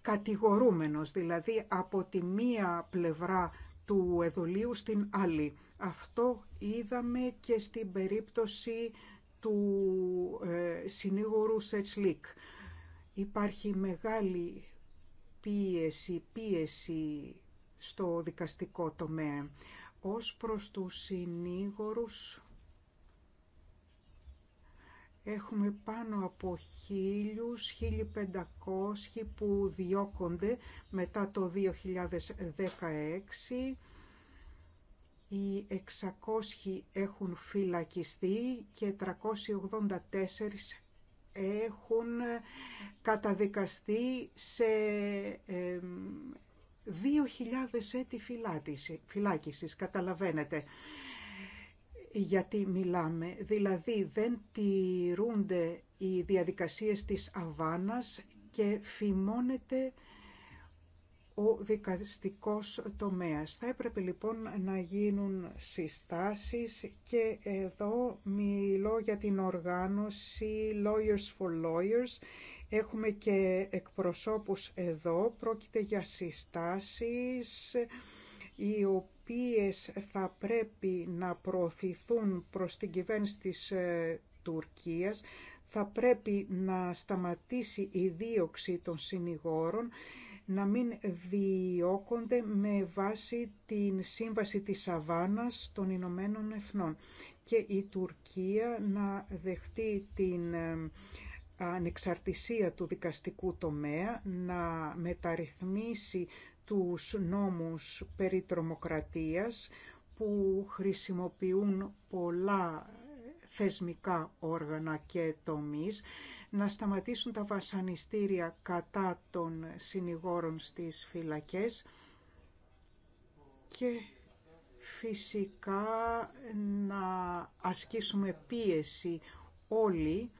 κατηγορούμενος, δηλαδή από τη μία πλευρά του εδωλίου στην άλλη. Αυτό είδαμε και στην περίπτωση του ε, συνήγορου Σετσλίκ Υπάρχει μεγάλη πίεση, πίεση στο δικαστικό τομέα. Ως προς τους συνήγορους έχουμε πάνω από χίλιους, 1500 που διώκονται μετά το 2016. Οι 600 έχουν φυλακιστεί και 384 έχουν καταδικαστεί σε 2.000 έτη φυλάκισης, καταλαβαίνετε. Γιατί μιλάμε, δηλαδή δεν τηρούνται οι διαδικασίες της Αβάνας και φημώνεται ο δικαστικός τομέας. Θα έπρεπε λοιπόν να γίνουν συστάσεις και εδώ μιλώ για την οργάνωση Lawyers for Lawyers. Έχουμε και εκπροσώπους εδώ. Πρόκειται για συστάσεις οι οποίες θα πρέπει να προωθηθούν προς την κυβέρνηση της ε, Τουρκίας. Θα πρέπει να σταματήσει η δίωξη των συνηγόρων να μην διώκονται με βάση την σύμβαση της Σαβάνας των Ηνωμένων Εθνών και η Τουρκία να δεχτεί την ε, ανεξαρτησία του δικαστικού τομέα, να μεταρρυθμίσει τους νόμους περί τρομοκρατίας που χρησιμοποιούν πολλά θεσμικά όργανα και τομείς να σταματήσουν τα βασανιστήρια κατά των συνηγόρων στις φυλακές και φυσικά να ασκήσουμε πίεση όλοι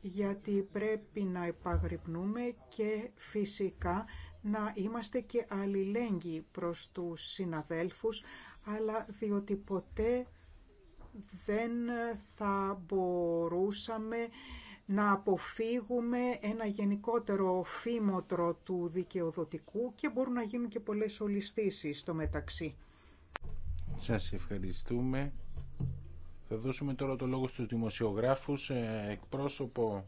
γιατί πρέπει να επαγρυπνούμε και φυσικά να είμαστε και αλληλέγγυοι προς τους συναδέλφους, αλλά διότι ποτέ δεν θα μπορούσαμε να αποφύγουμε ένα γενικότερο φήμοτρο του δικαιοδοτικού και μπορούν να γίνουν και πολλές ολιστήσεις στο μεταξύ. Σας ευχαριστούμε. Θα δώσουμε τώρα το λόγο στους δημοσιογράφους, ε, εκπρόσωπο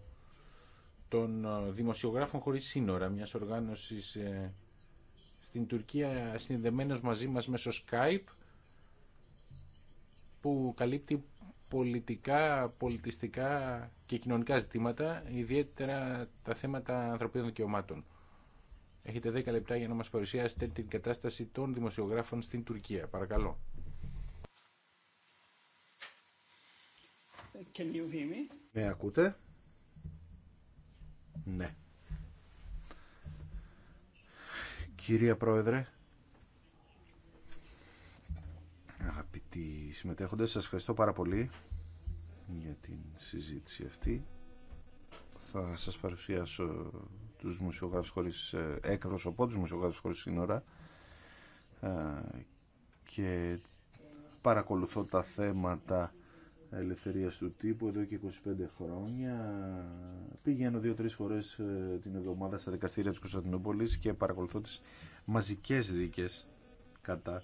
των ε, δημοσιογράφων χωρίς σύνορα, μιας οργάνωσης ε, στην Τουρκία συνδεμένος μαζί μας μέσω Skype που καλύπτει πολιτικά, πολιτιστικά και κοινωνικά ζητήματα, ιδιαίτερα τα θέματα ανθρωπίνων δικαιωμάτων. Έχετε 10 λεπτά για να μας παρουσιάσετε την κατάσταση των δημοσιογράφων στην Τουρκία. Παρακαλώ. Can you hear me? Με ναι, ακούτε? Ναι. Κυρία Πρόεδρε, Αγαπητοί συμμετέχοντες, σας ευχαριστώ πάρα πολύ για την συζήτηση αυτή. Θα σας παρουσιάσω τους μουσιογράφους χωρίς ε, εκπροσωπό, τους μουσιογράφους χωρίς σύνορα ε, και παρακολουθώ τα θέματα ελευθερίας του τύπου εδώ και 25 χρόνια. Πηγαίνω δύο-τρεις φορές ε, την εβδομάδα στα δικαστήρια της Κωνσταντινούπολης και παρακολουθώ τις μαζικές δίκες κατά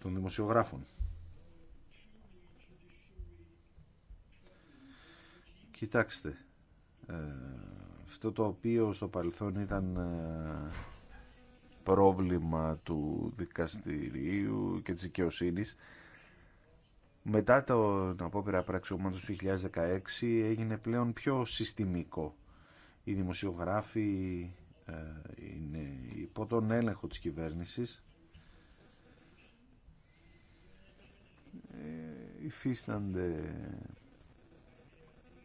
των δημοσιογράφων. Κοιτάξτε, ε, αυτό το οποίο στο παρελθόν ήταν ε, πρόβλημα του δικαστηρίου και της δικαιοσύνη. μετά το απόπειρα πραξιωμάτων του 2016 έγινε πλέον πιο συστημικό. Οι δημοσιογράφοι ε, είναι υπό τον έλεγχο της κυβέρνησης υφίστανται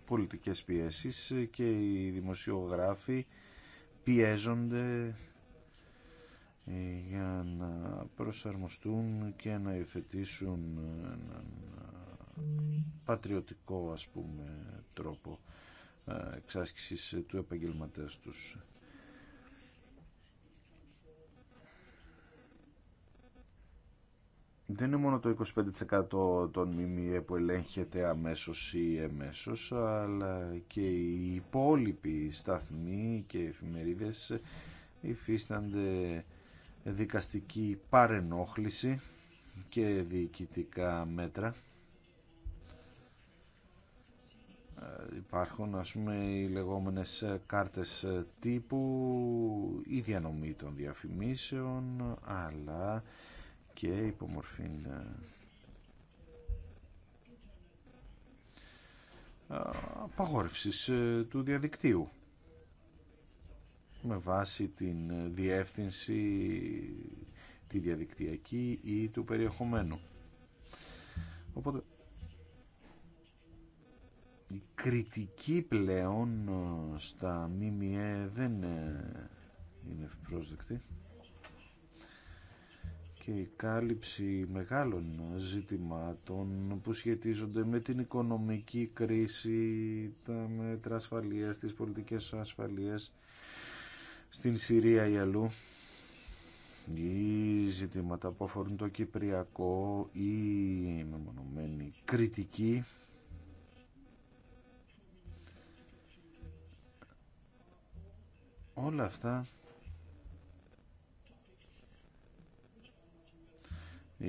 πολιτικές πιέσεις και οι δημοσιογράφοι πιέζονται ε, για να προσαρμοστούν και να υφετήσουν έναν ε, πατριωτικό ας πούμε τρόπο ε, εξάσκησης του επαγγελματές τους. δεν είναι μόνο το 25% των ΜΜΕ που ελέγχεται αμέσως ή εμέσως, αλλά και οι υπόλοιποι σταθμοί και εφημερίδες υφίστανται δικαστική παρενόχληση και διοικητικά μέτρα. Ε, υπάρχουν ας πούμε οι λεγόμενες κάρτες τύπου, η διανομή των διαφημίσεων, αλλά και υπομορφή απαγόρευσης ε, του διαδικτύου με βάση την ε, διεύθυνση τη διαδικτυακή ή του περιεχομένου. Οπότε η κριτική πλέον ε, στα ΜΜΕ δεν είναι ευπρόσδεκτη και η κάλυψη μεγάλων ζητημάτων που σχετίζονται με την οικονομική κρίση, τα μέτρα ασφαλείας, τις πολιτικές ασφαλείας στην Συρία ή αλλού ή ζητήματα που αφορούν το Κυπριακό ή μεμονωμένη κριτική όλα αυτά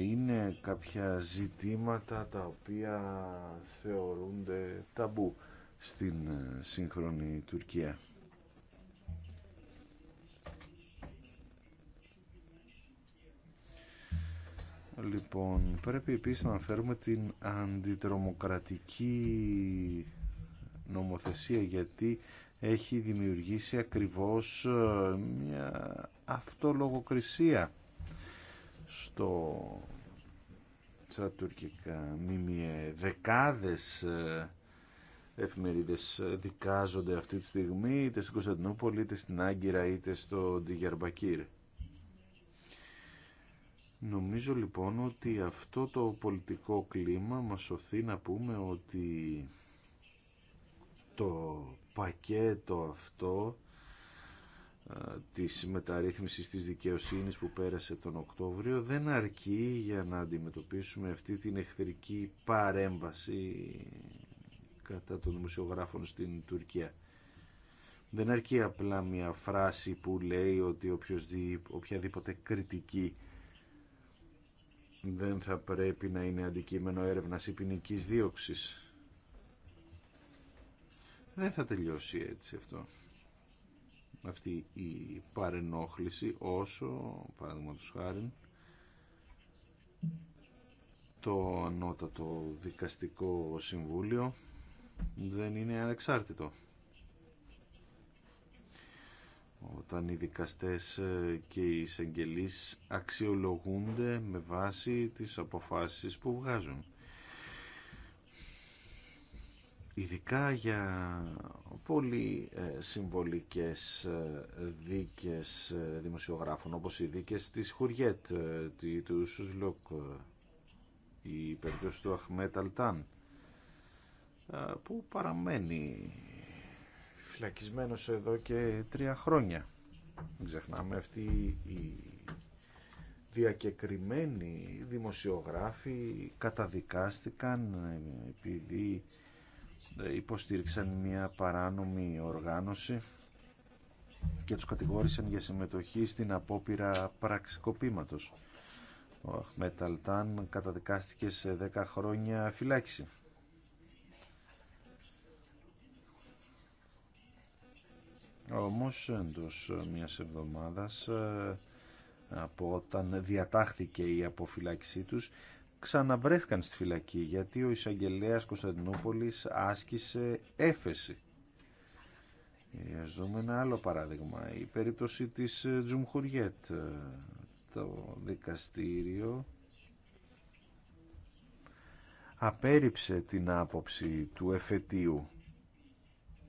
είναι κάποια ζητήματα τα οποία θεωρούνται ταμπού στην ε, σύγχρονη Τουρκία. Λοιπόν, πρέπει επίσης να αναφέρουμε την αντιτρομοκρατική νομοθεσία γιατί έχει δημιουργήσει ακριβώς ε, μια αυτολογοκρισία στο τσατουρκικά τουρκικά μήμυε δεκάδες ε, εφημερίδες δικάζονται αυτή τη στιγμή είτε στην Κωνσταντινούπολη είτε στην Άγκυρα είτε στο Ντιγιαρμπακύρ. Νομίζω λοιπόν ότι αυτό το πολιτικό κλίμα μας σωθεί να πούμε ότι το πακέτο αυτό της μεταρρύθμισης της δικαιοσύνης που πέρασε τον Οκτώβριο δεν αρκεί για να αντιμετωπίσουμε αυτή την εχθρική παρέμβαση κατά των δημοσιογράφων στην Τουρκία. Δεν αρκεί απλά μια φράση που λέει ότι οποιαδήποτε κριτική δεν θα πρέπει να είναι αντικείμενο έρευνας ή ποινική δίωξης. Δεν θα τελειώσει έτσι αυτό αυτή η παρενόχληση όσο, παραδείγματος χάρη, το ανώτατο δικαστικό συμβούλιο δεν είναι ανεξάρτητο. Όταν οι δικαστές ε, και οι εισαγγελείς αξιολογούνται με βάση τις αποφάσεις που βγάζουν ειδικά για πολύ ε, συμβολικές ε, δίκες ε, δημοσιογράφων όπως οι δίκες της Χουριέτ, του Σουσλοκ, η περίπτωση του Αχμέτ Αλτάν που παραμένει φυλακισμένος εδώ και τρία χρόνια. Μην ξεχνάμε αυτή η διακεκριμένοι δημοσιογράφοι καταδικάστηκαν επειδή υποστήριξαν μια παράνομη οργάνωση και τους κατηγόρησαν για συμμετοχή στην απόπειρα πραξικοπήματος. Ο Αχμεταλτάν καταδικάστηκε σε 10 χρόνια φυλάκιση. Όμως εντός μιας εβδομάδας ε, από όταν διατάχθηκε η αποφυλάξη τους ξαναβρέθηκαν στη φυλακή γιατί ο εισαγγελέα Κωνσταντινούπολη άσκησε έφεση. Ας ε, δούμε ένα άλλο παράδειγμα, η περίπτωση της ε, Τζουμχουριέτ. Ε, το δικαστήριο απέριψε την άποψη του εφετίου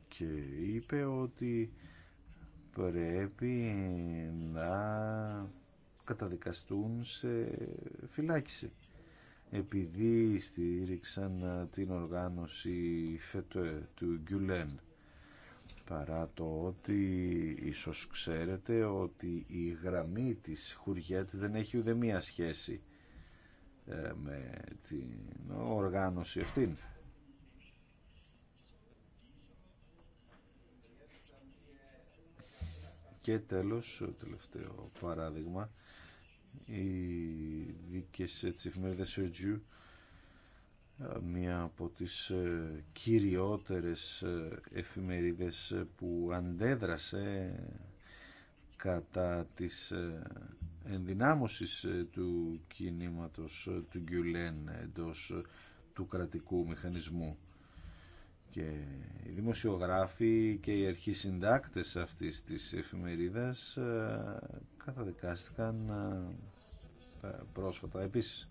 και είπε ότι πρέπει να καταδικαστούν σε φυλάκιση επειδή στήριξαν ε, την οργάνωση ΦΕΤΟΕ του Γκιουλέν παρά το ότι ίσως ξέρετε ότι η γραμμή της Χουριέτ δεν έχει ούτε μία σχέση ε, με την οργάνωση αυτήν. Και τέλος, το τελευταίο παράδειγμα, οι δίκες της εφημερίδας Σιωτζιού μία από τις ε, κυριότερες ε, εφημερίδες που αντέδρασε κατά της ε, ενδυνάμωσης του κινήματος του Γκιουλέν εντός του κρατικού μηχανισμού και οι δημοσιογράφοι και οι αρχισυντάκτες αυτής της εφημερίδας ε, καταδικάστηκαν ε, πρόσφατα επίσης.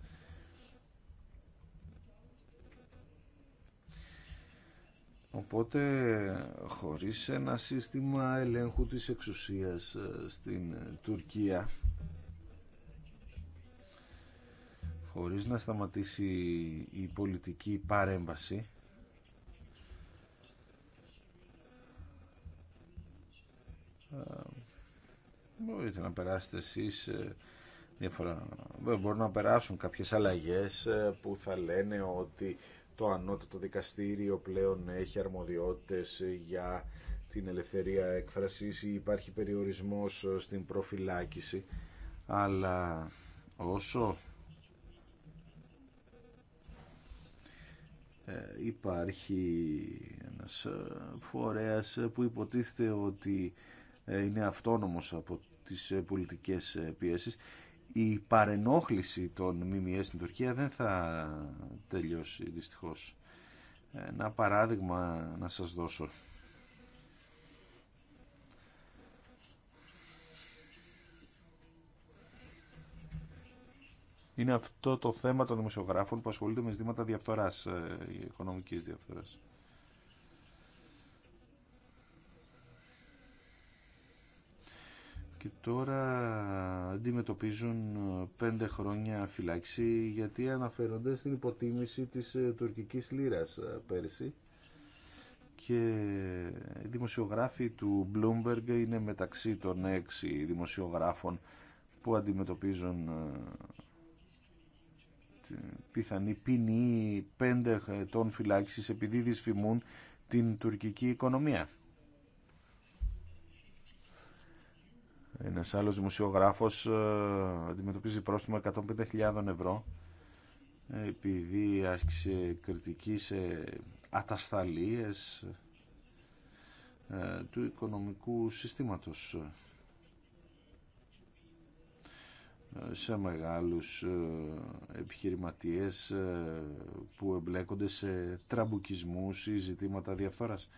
Οπότε χωρίς ένα σύστημα ελέγχου της εξουσίας ε, στην Τουρκία χωρίς να σταματήσει η πολιτική παρέμβαση Ε, μπορείτε να περάσετε εσείς διαφορά. Ε, ε, μπορούν να περάσουν κάποιες αλλαγές που θα λένε ότι το ανώτατο δικαστήριο πλέον έχει αρμοδιότητες για την ελευθερία έκφρασης ή υπάρχει περιορισμός στην προφυλάκηση αλλά όσο υπάρχει ένας φορέας που υποτίθεται ότι ε, είναι αυτόνομος από τις ε, πολιτικές ε, πιέσεις. Η παρενόχληση των ΜΜΕ στην Τουρκία δεν θα τελειώσει δυστυχώς. Ένα παράδειγμα να σας δώσω. Είναι αυτό το θέμα των δημοσιογράφων που ασχολούνται με ζητήματα διαφθοράς, οικονομικής διαφθοράς. και τώρα αντιμετωπίζουν ε, πέντε χρόνια φυλάξη γιατί αναφέρονται στην υποτίμηση της ε, τουρκικής λίρας ε, πέρσι και οι δημοσιογράφοι του Bloomberg είναι μεταξύ των έξι δημοσιογράφων που αντιμετωπίζουν πιθανή ποινή πέντε ετών φυλάξης επειδή δυσφημούν την τουρκική οικονομία. Ένας άλλος δημοσιογράφος ε, αντιμετωπίζει πρόστιμο 150.000 ευρώ ε, επειδή άσκησε κριτική σε ατασταλίες ε, του οικονομικού συστήματος σε μεγάλους επιχειρηματίες που εμπλέκονται σε τραμπουκισμούς ή ζητήματα διαφθόρας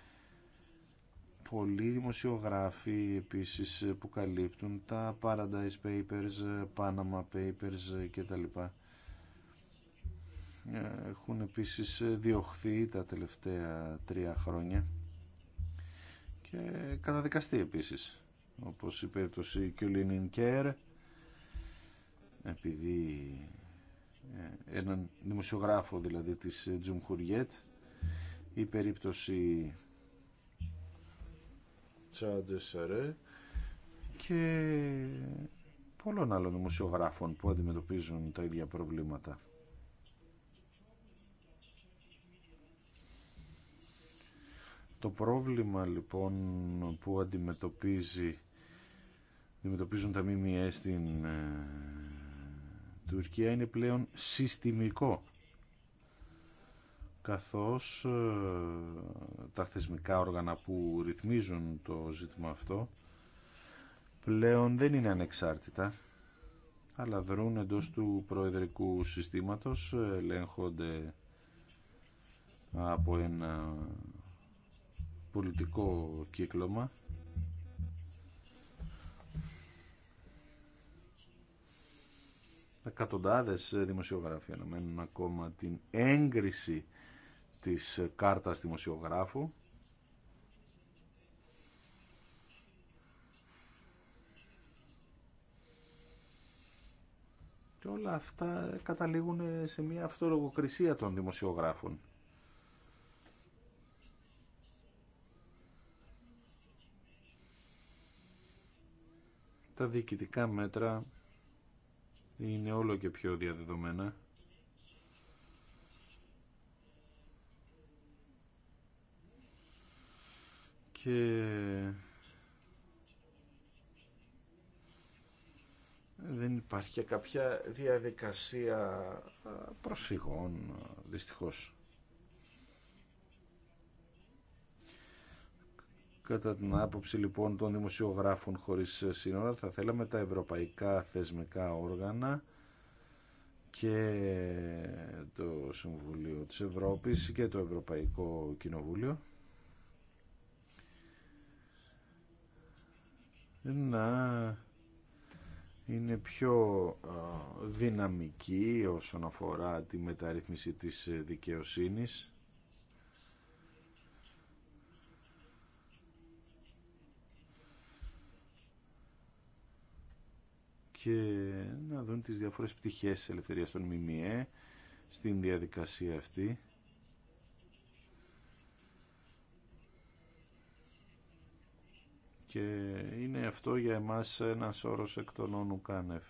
πολλοί δημοσιογράφοι επίσης ε, που καλύπτουν τα Paradise Papers, ε, Panama Papers ε, κτλ. Έχουν επίσης διωχθεί τα τελευταία τρία χρόνια και καταδικαστεί επίσης. Όπως η περίπτωση Κιουλίνιν Κέρ, επειδή έναν δημοσιογράφο δηλαδή της Τζουμχουριέτ, η περίπτωση και πολλών άλλων δημοσιογράφων που αντιμετωπίζουν τα ίδια προβλήματα. Το πρόβλημα λοιπόν που αντιμετωπίζει αντιμετωπίζουν τα ΜΜΕ στην ε, Τουρκία είναι πλέον συστημικό καθώς ε, τα θεσμικά όργανα που ρυθμίζουν το ζήτημα αυτό πλέον δεν είναι ανεξάρτητα αλλά δρούν εντός του προεδρικού συστήματος, ελέγχονται από ένα πολιτικό κύκλωμα εκατοντάδες δημοσιογράφοι αναμένουν ακόμα την έγκριση της κάρτας δημοσιογράφου. Και όλα αυτά καταλήγουν σε μια αυτολογοκρισία των δημοσιογράφων. Τα διοικητικά μέτρα είναι όλο και πιο διαδεδομένα. και δεν υπάρχει και κάποια διαδικασία προσφυγών δυστυχώς. Κατά την άποψη λοιπόν των δημοσιογράφων χωρίς ε, σύνορα θα θέλαμε τα ευρωπαϊκά θεσμικά όργανα και το Συμβουλίο της Ευρώπης και το Ευρωπαϊκό Κοινοβούλιο να είναι πιο δυναμική όσον αφορά τη μεταρρύθμιση της ε, δικαιοσύνης. και να δουν τις διαφορές πτυχές της ελευθερίας των ΜΜΕ στην διαδικασία αυτή. και είναι αυτό για εμάς ένας όρος εκ των όνου κάνευ.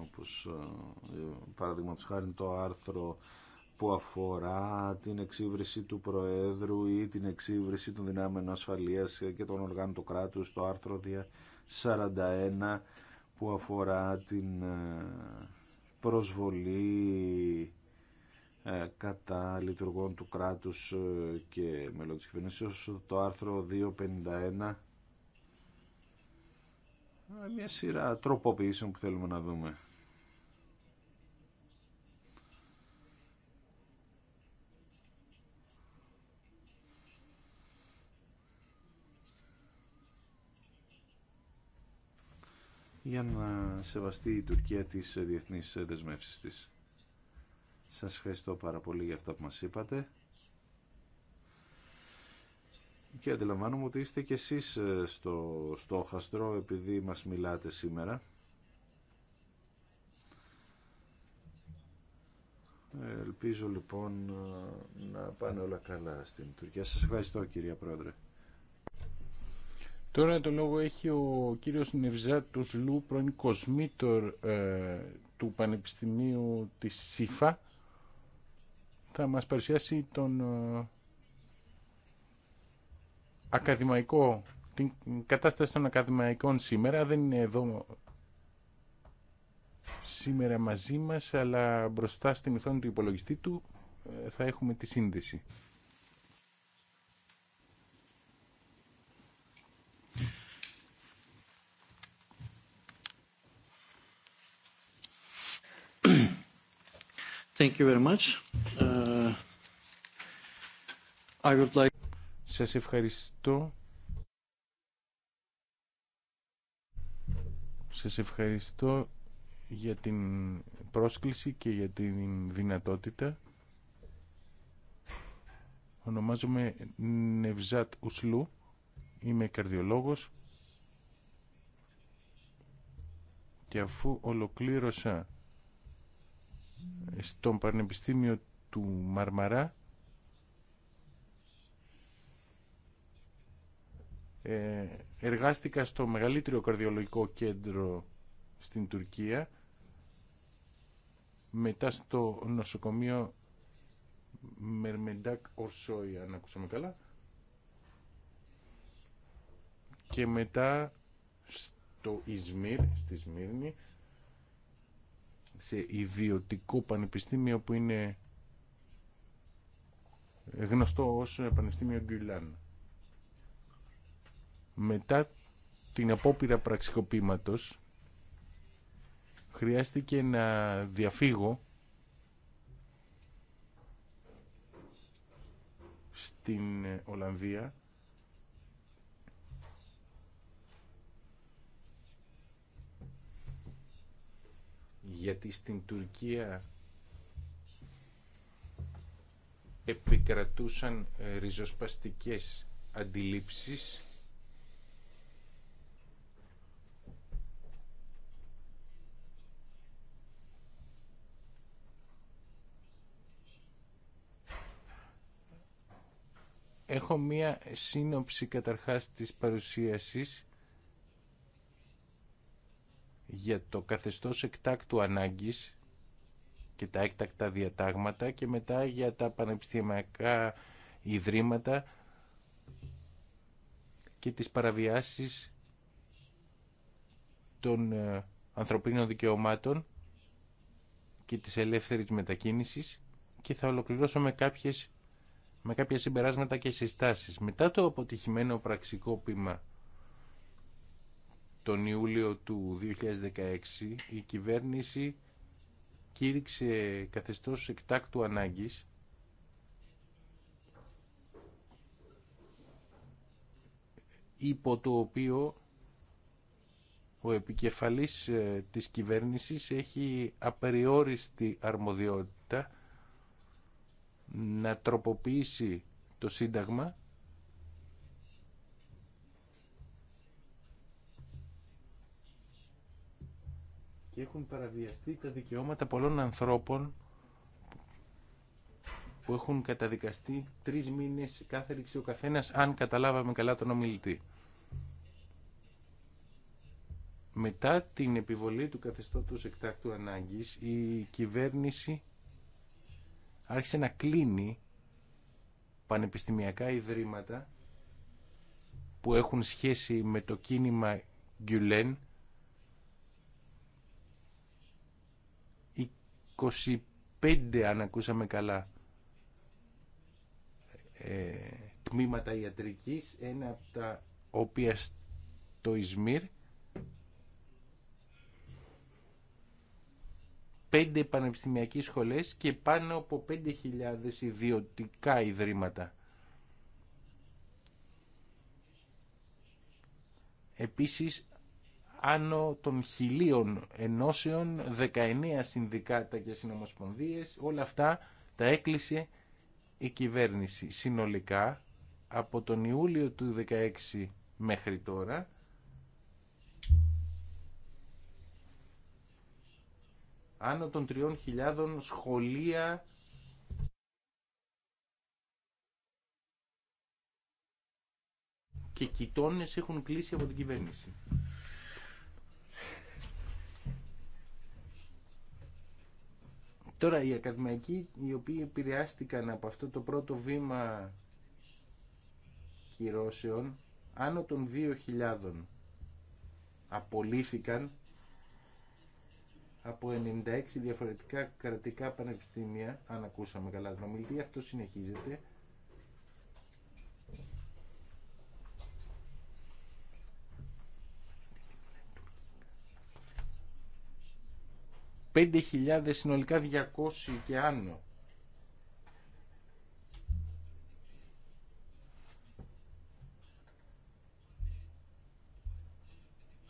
Όπως ε, παραδείγματος χάρη το άρθρο που αφορά την εξύβριση του Προέδρου ή την εξύβριση των δυνάμεων ασφαλείας και των οργάνων του κράτους, το άρθρο 41 που αφορά την ε, προσβολή ε, κατά λειτουργών του κράτους ε, και μελών της κυβερνήσεως το άρθρο 251 μια σειρά τροποποιήσεων που θέλουμε να δούμε για να σεβαστεί η Τουρκία τις ε, διεθνείς ε, δεσμεύσεις της. Σας ευχαριστώ πάρα πολύ για αυτά που μας είπατε. Και αντιλαμβάνομαι ότι είστε και εσείς ε, στο στόχαστρο επειδή μας μιλάτε σήμερα. Ελπίζω λοιπόν να πάνε όλα καλά στην Τουρκία. Σας ευχαριστώ κυρία Πρόεδρε. Τώρα το λόγο έχει ο κύριος Νευζάτος Λου, πρώην κοσμήτορ ε, του Πανεπιστημίου της ΣΥΦΑ. Θα μας παρουσιάσει τον ε, ακαδημαϊκό, την κατάσταση των ακαδημαϊκών σήμερα. Δεν είναι εδώ σήμερα μαζί μας, αλλά μπροστά στην οθόνη του υπολογιστή του ε, θα έχουμε τη σύνδεση. Thank you very much. Uh, Σας ευχαριστώ. Σας ευχαριστώ για την πρόσκληση και για την δυνατότητα. Ονομάζομαι Νευζάτ Ουσλού, είμαι καρδιολόγος και αφού ολοκλήρωσα στον Πανεπιστήμιο του Μαρμαρά ε, εργάστηκα στο μεγαλύτερο καρδιολογικό κέντρο στην Τουρκία μετά στο νοσοκομείο Μερμεντάκ Ορσόη αν ακούσαμε καλά και μετά στο Ισμύρ στη Σμύρνη σε ιδιωτικό πανεπιστήμιο που είναι γνωστό ως Πανεπιστήμιο Γκυλάν. Μετά την απόπειρα πραξικοπήματος χρειάστηκε να διαφύγω στην Ολλανδία γιατί στην Τουρκία επικρατούσαν ε, ριζοσπαστικές αντιλήψεις Έχω μία σύνοψη καταρχάς της παρουσίασης για το καθεστώς εκτάκτου ανάγκης και τα έκτακτα διατάγματα και μετά για τα πανεπιστημιακά ιδρύματα και τις παραβιάσεις των ε, ανθρωπίνων δικαιωμάτων και της ελεύθερης μετακίνησης και θα ολοκληρώσω με, κάποιες, με κάποια συμπεράσματα και συστάσεις. Μετά το αποτυχημένο πραξικόπημα τον Ιούλιο του 2016 η κυβέρνηση κήρυξε καθεστώς εκτάκτου ανάγκης υπό το οποίο ο επικεφαλής ε, της κυβέρνησης έχει απεριόριστη αρμοδιότητα να τροποποιήσει το Σύνταγμα και έχουν παραβιαστεί τα δικαιώματα πολλών ανθρώπων που έχουν καταδικαστεί τρεις μήνες κάθε ρήξη ο καθένας αν καταλάβαμε καλά τον ομιλητή. Μετά την επιβολή του καθεστώτος εκτάκτου ανάγκης η κυβέρνηση άρχισε να κλείνει πανεπιστημιακά ιδρύματα που έχουν σχέση με το κίνημα Γκιουλέν 25 αν ακούσαμε καλά ε, τμήματα ιατρικής, ένα από τα οποία στο Ισμύρ πέντε πανεπιστημιακές σχολές και πάνω από 5.000 ιδιωτικά ιδρύματα. Επίσης άνω των χιλίων ενώσεων, 19 συνδικάτα και συνομοσπονδίες, όλα αυτά τα έκλεισε η κυβέρνηση συνολικά από τον Ιούλιο του 16 μέχρι τώρα άνω των 3.000 σχολεία και κοιτώνες έχουν κλείσει από την κυβέρνηση. Τώρα οι ακαδημαϊκοί οι οποίοι επηρεάστηκαν από αυτό το πρώτο βήμα κυρώσεων άνω των 2.000 απολύθηκαν από 96 διαφορετικά κρατικά πανεπιστήμια αν ακούσαμε καλά τον ομιλητή αυτό συνεχίζεται 5.000 συνολικά 200 και άνω.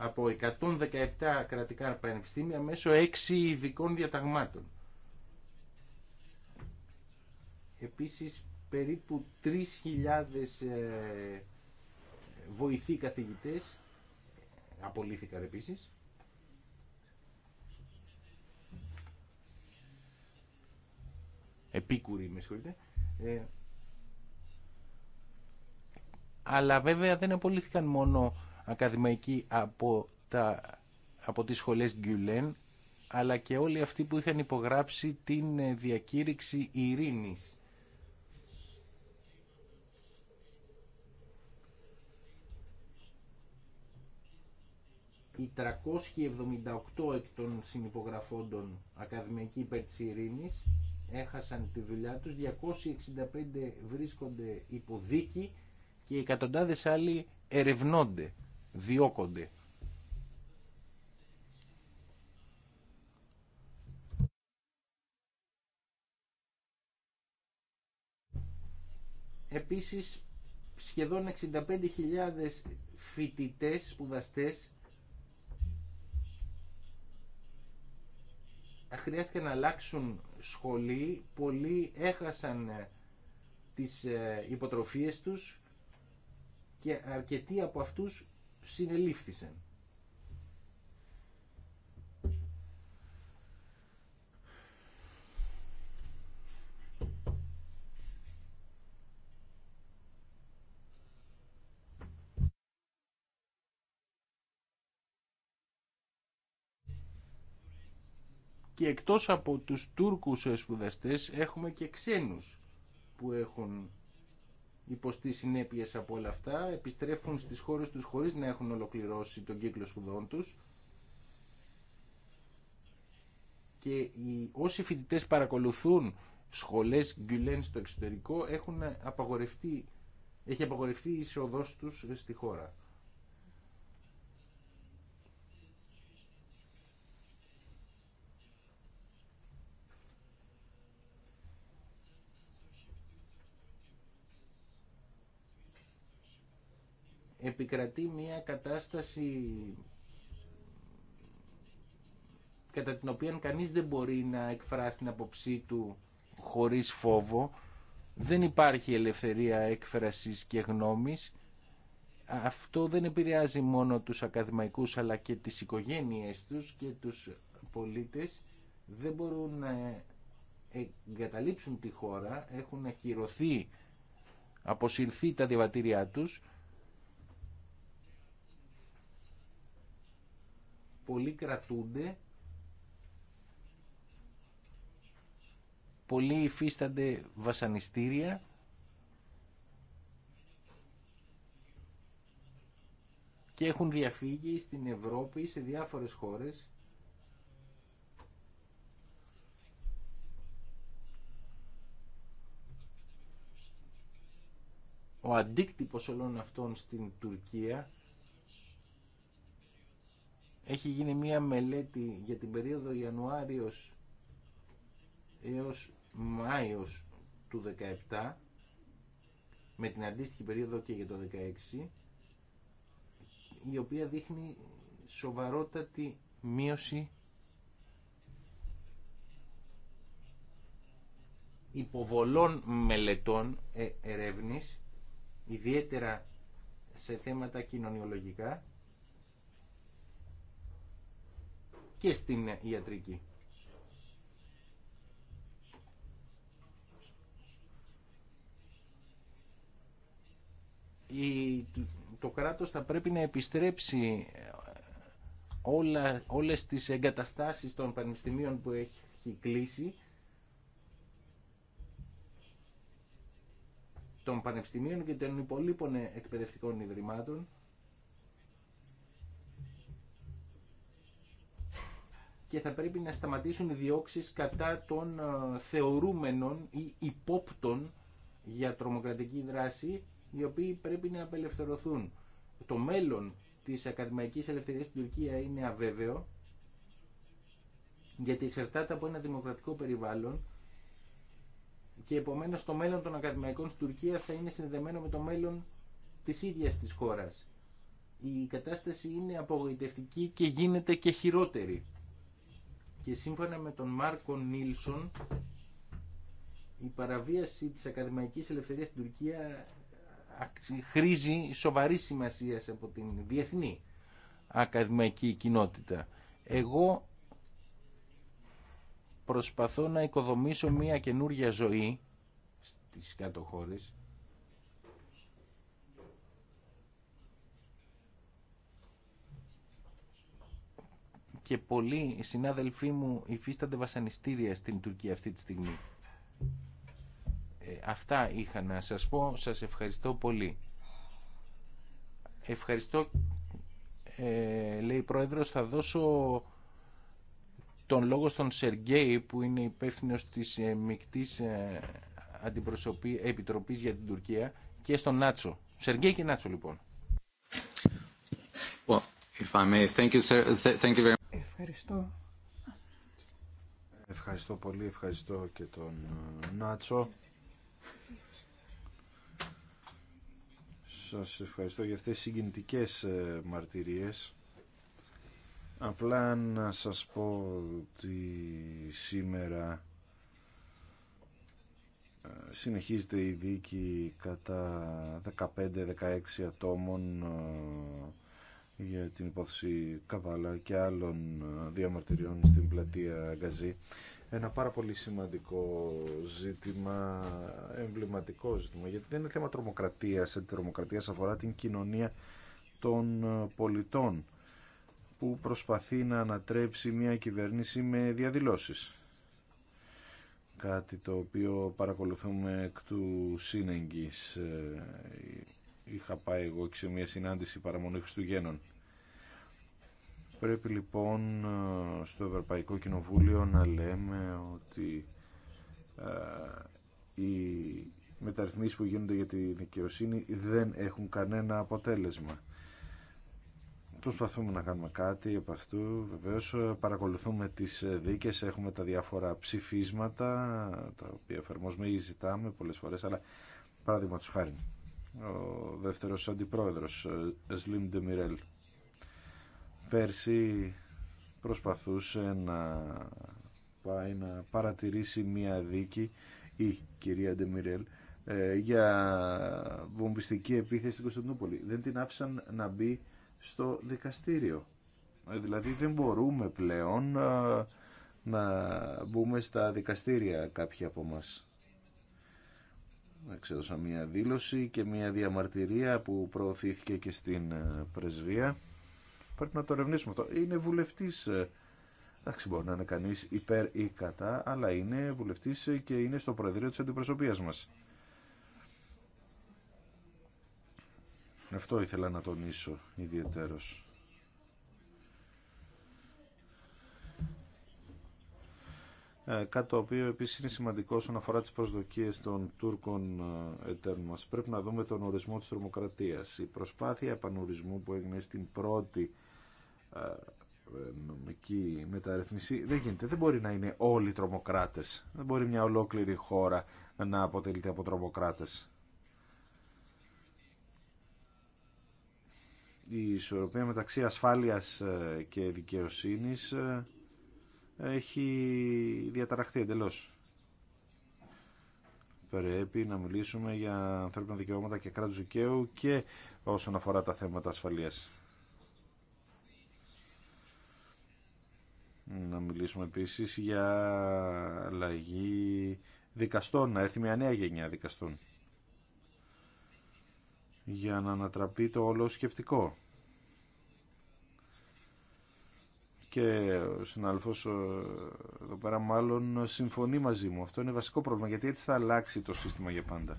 από 117 κρατικά πανεπιστήμια μέσω 6 ειδικών διαταγμάτων. Επίσης περίπου 3.000 ε, βοηθοί καθηγητές απολύθηκαν επίσης επίκουροι με συγχωρείτε, ε, αλλά βέβαια δεν απολύθηκαν μόνο ακαδημαϊκοί από, τα, από τις σχολές Γκιουλέν, αλλά και όλοι αυτοί που είχαν υπογράψει την ε, διακήρυξη ειρήνης. Οι 378 εκ των συνυπογραφόντων ακαδημαϊκοί υπέρ της ειρήνης έχασαν τη δουλειά τους, 265 βρίσκονται υποδίκη και εκατοντάδες άλλοι ερευνώνται, διώκονται. Επίσης, σχεδόν 65.000 φοιτητές, σπουδαστές, χρειάστηκε να αλλάξουν σχολή, πολλοί έχασαν ε, τις ε, υποτροφίες τους και αρκετοί από αυτούς συνελήφθησαν. και εκτός από τους Τούρκους σπουδαστές έχουμε και ξένους που έχουν υποστεί συνέπειες από όλα αυτά, επιστρέφουν στις χώρες τους χωρίς να έχουν ολοκληρώσει τον κύκλο σπουδών τους και οι, όσοι φοιτητέ παρακολουθούν σχολές γκουλέν στο εξωτερικό έχουν απαγορευτεί, έχει απαγορευτεί η εισοδός τους στη χώρα. επικρατεί μια κατάσταση κατά την οποία κανείς δεν μπορεί να εκφράσει την αποψή του χωρίς φόβο. Δεν υπάρχει ελευθερία έκφρασης και γνώμης. Αυτό δεν επηρεάζει μόνο τους ακαδημαϊκούς αλλά και τις οικογένειές τους και τους πολίτες. Δεν μπορούν να εγκαταλείψουν τη χώρα, έχουν ακυρωθεί, αποσυρθεί τα διαβατήριά τους πολλοί κρατούνται, πολλοί υφίστανται βασανιστήρια, και έχουν διαφύγει στην Ευρώπη σε διάφορες χώρες Ο αντίκτυπος όλων αυτών στην Τουρκία έχει γίνει μία μελέτη για την περίοδο Ιανουάριος έως Μάιος του 17 με την αντίστοιχη περίοδο και για το 16 η οποία δείχνει σοβαρότατη μείωση υποβολών μελετών ε, ερεύνης ιδιαίτερα σε θέματα κοινωνιολογικά και στην ιατρική. το κράτος θα πρέπει να επιστρέψει ε, όλα, όλες τις εγκαταστάσεις των πανεπιστημίων που έχει κλείσει των πανεπιστημίων και των υπολείπων εκπαιδευτικών ιδρυμάτων και θα πρέπει να σταματήσουν οι διώξεις κατά των ε, θεωρούμενων ή υπόπτων για τρομοκρατική δράση, οι οποίοι πρέπει να απελευθερωθούν. Το μέλλον της ακαδημαϊκής ελευθερίας στην Τουρκία είναι αβέβαιο, γιατί εξαρτάται από ένα δημοκρατικό περιβάλλον και επομένως το μέλλον των ακαδημαϊκών στην Τουρκία θα είναι συνδεμένο με το μέλλον της ίδιας της χώρας. Η κατάσταση είναι απογοητευτική και γίνεται και χειρότερη και σύμφωνα με τον Μάρκο Νίλσον η παραβίαση της ακαδημαϊκής ελευθερίας στην Τουρκία χρήζει σοβαρή σημασία από την διεθνή ακαδημαϊκή κοινότητα. Εγώ προσπαθώ να οικοδομήσω μια καινούργια ζωή στις κάτω χώρες και πολλοί συνάδελφοί μου υφίστανται βασανιστήρια στην Τουρκία αυτή τη στιγμή. Ε, αυτά είχα να σας πω. Σας ευχαριστώ πολύ. Ευχαριστώ, ε, λέει η Πρόεδρος. Θα δώσω τον λόγο στον Σεργέη που είναι υπεύθυνο της ε, μεικτής ε, Επιτροπής για την Τουρκία και στον Νάτσο. Σεργέη και Νάτσο λοιπόν. Well, if Ευχαριστώ. Ευχαριστώ πολύ, ευχαριστώ και τον ε, Νάτσο. Σας ευχαριστώ για αυτές τις συγκινητικές ε, μαρτυρίες. Απλά να σας πω ότι σήμερα ε, συνεχίζεται η δίκη κατά 15-16 ατόμων για την υπόθεση Καβάλα και άλλων ε, διαμαρτυριών στην πλατεία Γκαζή. Ένα πάρα πολύ σημαντικό ζήτημα, εμβληματικό ζήτημα, γιατί δεν είναι θέμα τρομοκρατίας, η αφορά την κοινωνία των ε, πολιτών που προσπαθεί να ανατρέψει μια κυβέρνηση με διαδηλώσεις. Κάτι το οποίο παρακολουθούμε εκ του σύνεγγης ε, είχα πάει εγώ σε μια συνάντηση παραμονή Χριστουγέννων. Πρέπει λοιπόν ε, στο Ευρωπαϊκό Κοινοβούλιο να λέμε ότι ε, οι μεταρρυθμίσεις που γίνονται για τη δικαιοσύνη δεν έχουν κανένα αποτέλεσμα. Προσπαθούμε να κάνουμε κάτι από αυτού. Βεβαίως ε, παρακολουθούμε τις δίκες, έχουμε τα διάφορα ψηφίσματα τα οποία εφαρμόζουμε ή ζητάμε πολλές φορές, αλλά παράδειγμα τους χάρη ο δεύτερος αντιπρόεδρος ε, Σλίμ Ντεμιρέλ πέρσι προσπαθούσε να πάει να παρατηρήσει μια δίκη η κυρία Ντεμιρέλ ε, για βομβιστική επίθεση στην Κωνσταντινούπολη δεν την άφησαν να μπει στο δικαστήριο ε, δηλαδή δεν μπορούμε πλέον να μπούμε στα δικαστήρια κάποιοι από μας εξέδωσα μια δήλωση και μια διαμαρτυρία που προωθήθηκε και στην ε, πρεσβεία. Πρέπει να το ερευνήσουμε αυτό. Είναι βουλευτή. Ε, εντάξει μπορεί να είναι κανεί υπέρ ή κατά, αλλά είναι βουλευτή ε, και είναι στο Προεδρείο της Αντιπροσωπεία μας. Αυτό ήθελα να τονίσω ιδιαίτερος. Ε, κάτι το οποίο επίσης είναι σημαντικό όσον αφορά τις προσδοκίες των Τούρκων ε, εταίρων μας. Πρέπει να δούμε τον ορισμό της τρομοκρατίας. Η προσπάθεια επανορισμού που έγινε στην πρώτη ε, νομική μεταρρυθμίση δεν γίνεται. Δεν μπορεί να είναι όλοι τρομοκράτες. Δεν μπορεί μια ολόκληρη χώρα να αποτελείται από τρομοκράτες. Η ισορροπία μεταξύ ασφάλειας και δικαιοσύνης έχει διαταραχθεί εντελώ. Πρέπει να μιλήσουμε για ανθρώπινα δικαιώματα και κράτους δικαίου και όσον αφορά τα θέματα ασφαλείας. Να μιλήσουμε επίσης για αλλαγή δικαστών, να έρθει μια νέα γενιά δικαστών. Για να ανατραπεί το όλο σκεπτικό. και ο συναλφός εδώ πέρα μάλλον συμφωνεί μαζί μου. Αυτό είναι βασικό πρόβλημα γιατί έτσι θα αλλάξει το σύστημα για πάντα.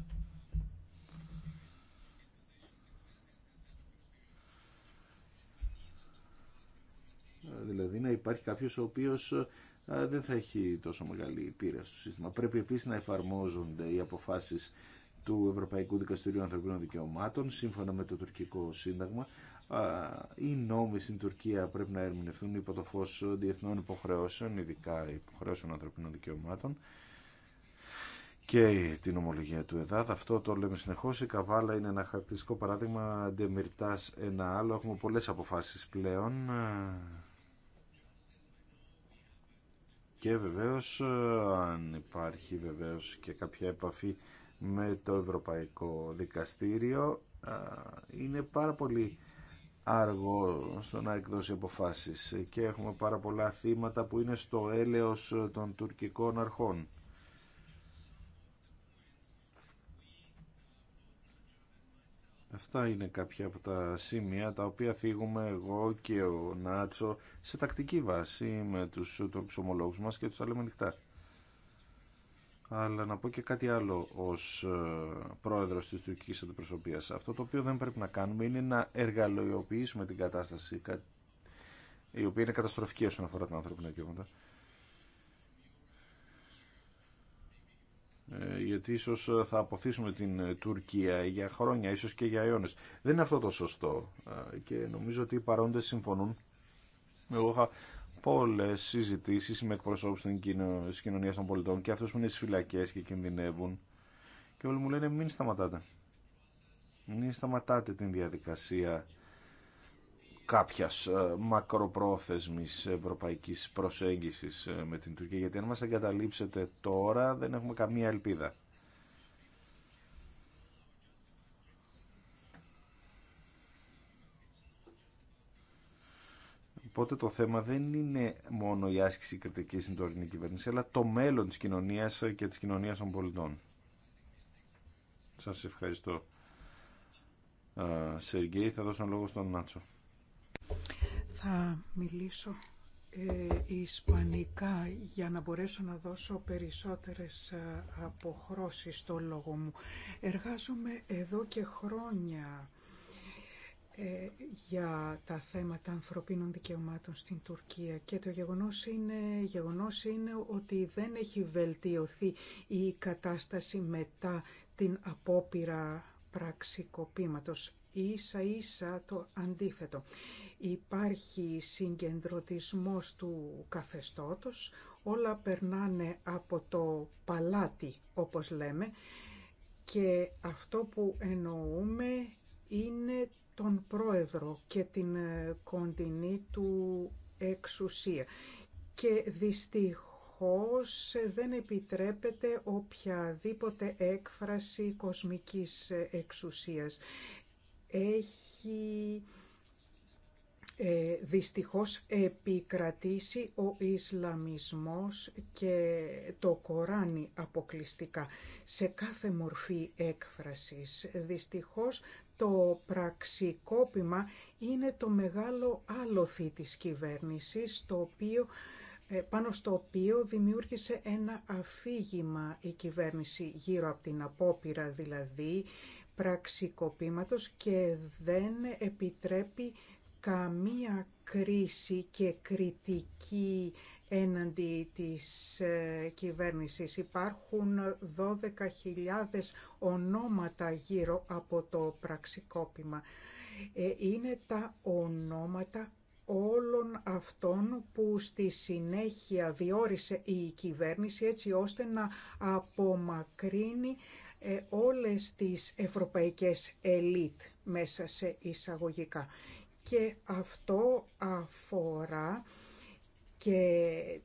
Δηλαδή να υπάρχει κάποιος ο οποίος ε, δεν θα έχει τόσο μεγάλη πείρα στο σύστημα. Πρέπει επίσης να εφαρμόζονται οι αποφάσεις του Ευρωπαϊκού Δικαστηρίου Ανθρωπίνων Δικαιωμάτων σύμφωνα με το τουρκικό σύνταγμα οι νόμοι στην Τουρκία πρέπει να ερμηνευτούν υπό το φως διεθνών υποχρεώσεων, ειδικά υποχρεώσεων ανθρωπίνων δικαιωμάτων και την ομολογία του ΕΔΑΔ. Αυτό το λέμε συνεχώς. Η Καβάλα είναι ένα χαρακτηριστικό παράδειγμα, Ντεμιρτά ένα άλλο. Έχουμε πολλές αποφάσεις πλέον. Και βεβαίω, αν υπάρχει βεβαίω και κάποια επαφή με το Ευρωπαϊκό Δικαστήριο, είναι πάρα πολύ άργο στο να εκδώσει αποφάσεις και έχουμε πάρα πολλά θύματα που είναι στο έλεος των τουρκικών αρχών. Αυτά είναι κάποια από τα σημεία τα οποία θίγουμε εγώ και ο Νάτσο σε τακτική βάση με τους, τους ομολόγους μας και τους τα λέμε αλλά να πω και κάτι άλλο ως ε, πρόεδρος της τουρκικής αντιπροσωπείας. Αυτό το οποίο δεν πρέπει να κάνουμε είναι να εργαλειοποιήσουμε την κατάσταση η οποία είναι καταστροφική όσον αφορά τα ανθρώπινα δικαιώματα. Ε, γιατί ίσως θα αποθήσουμε την ε, Τουρκία για χρόνια, ίσως και για αιώνες. Δεν είναι αυτό το σωστό και νομίζω ότι οι παρόντες συμφωνούν. Εγώ είχα Πολλέ συζητήσει με εκπροσώπου τη κοινωνία των πολιτών και αυτούς που είναι στι φυλακέ και κινδυνεύουν και όλοι μου λένε μην σταματάτε. Μην σταματάτε την διαδικασία κάποιας ε, μακροπρόθεσμης ευρωπαϊκής προσέγγισης ε, με την Τουρκία γιατί αν μα εγκαταλείψετε τώρα δεν έχουμε καμία ελπίδα. Οπότε το θέμα δεν είναι μόνο η άσκηση κριτική στην τωρινή κυβέρνηση, αλλά το μέλλον της κοινωνίας και της κοινωνίας των πολιτών. Σα ευχαριστώ. Σεργέη, θα δώσω λόγο στον Νάτσο. Θα μιλήσω ε, ισπανικά για να μπορέσω να δώσω περισσότερες ε, αποχρώσεις στο λόγο μου. Εργάζομαι εδώ και χρόνια ε, για τα θέματα ανθρωπίνων δικαιωμάτων στην Τουρκία και το γεγονός είναι, γεγονός είναι ότι δεν έχει βελτιωθεί η κατάσταση μετά την απόπειρα πραξικοπήματος. Ίσα ίσα το αντίθετο. Υπάρχει συγκεντρωτισμός του καθεστώτος, όλα περνάνε από το παλάτι όπως λέμε και αυτό που εννοούμε είναι τον πρόεδρο και την ε, κοντινή του εξουσία. Και δυστυχώς ε, δεν επιτρέπεται οποιαδήποτε έκφραση κοσμικής ε, εξουσίας. Έχει δυστυχώς επικρατήσει ο Ισλαμισμός και το Κοράνι αποκλειστικά σε κάθε μορφή έκφρασης. Δυστυχώς το πραξικόπημα είναι το μεγάλο άλοθη της κυβέρνησης, το οποίο, ε, πάνω στο οποίο δημιούργησε ένα αφήγημα η κυβέρνηση γύρω από την απόπειρα δηλαδή πραξικοπήματος και δεν επιτρέπει καμία κρίση και κριτική έναντι της ε, κυβέρνησης. Υπάρχουν 12.000 ονόματα γύρω από το πραξικόπημα. Ε, είναι τα ονόματα όλων αυτών που στη συνέχεια διόρισε η κυβέρνηση έτσι ώστε να απομακρύνει ε, όλες τις ευρωπαϊκές ελίτ μέσα σε εισαγωγικά. Και αυτό αφορά και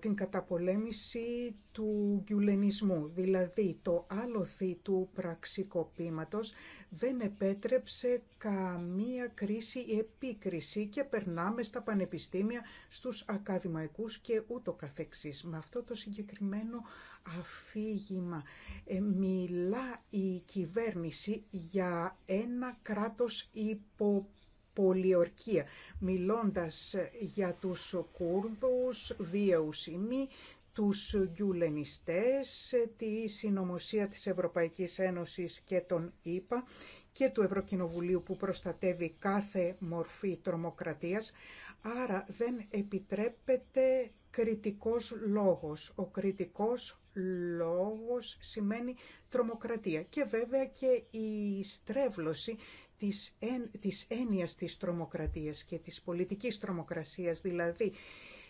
την καταπολέμηση του γιουλενισμού. δηλαδή το άλοθη του πραξικοπήματος δεν επέτρεψε καμία κρίση ή επίκριση και περνάμε στα πανεπιστήμια, στους ακαδημαϊκούς και ούτω καθεξής. Με αυτό το συγκεκριμένο αφήγημα ε, μιλά η επικριση και περναμε στα πανεπιστημια στους ακαδημαικους και ουτω καθεξης με αυτο το συγκεκριμενο αφηγημα μιλα η κυβερνηση για ένα κράτος υπό πολιορκία, μιλώντας για τους Κούρδους, βίαιους ημί, τους γκιουλενιστές, τη συνωμοσία της Ευρωπαϊκής Ένωσης και των ΗΠΑ και του Ευρωκοινοβουλίου που προστατεύει κάθε μορφή τρομοκρατίας, άρα δεν επιτρέπεται κριτικός λόγος. Ο κριτικός λόγος σημαίνει τρομοκρατία και βέβαια και η στρέβλωση της, εν, της έννοιας της τρομοκρατίας και της πολιτικής τρομοκρασίας. Δηλαδή,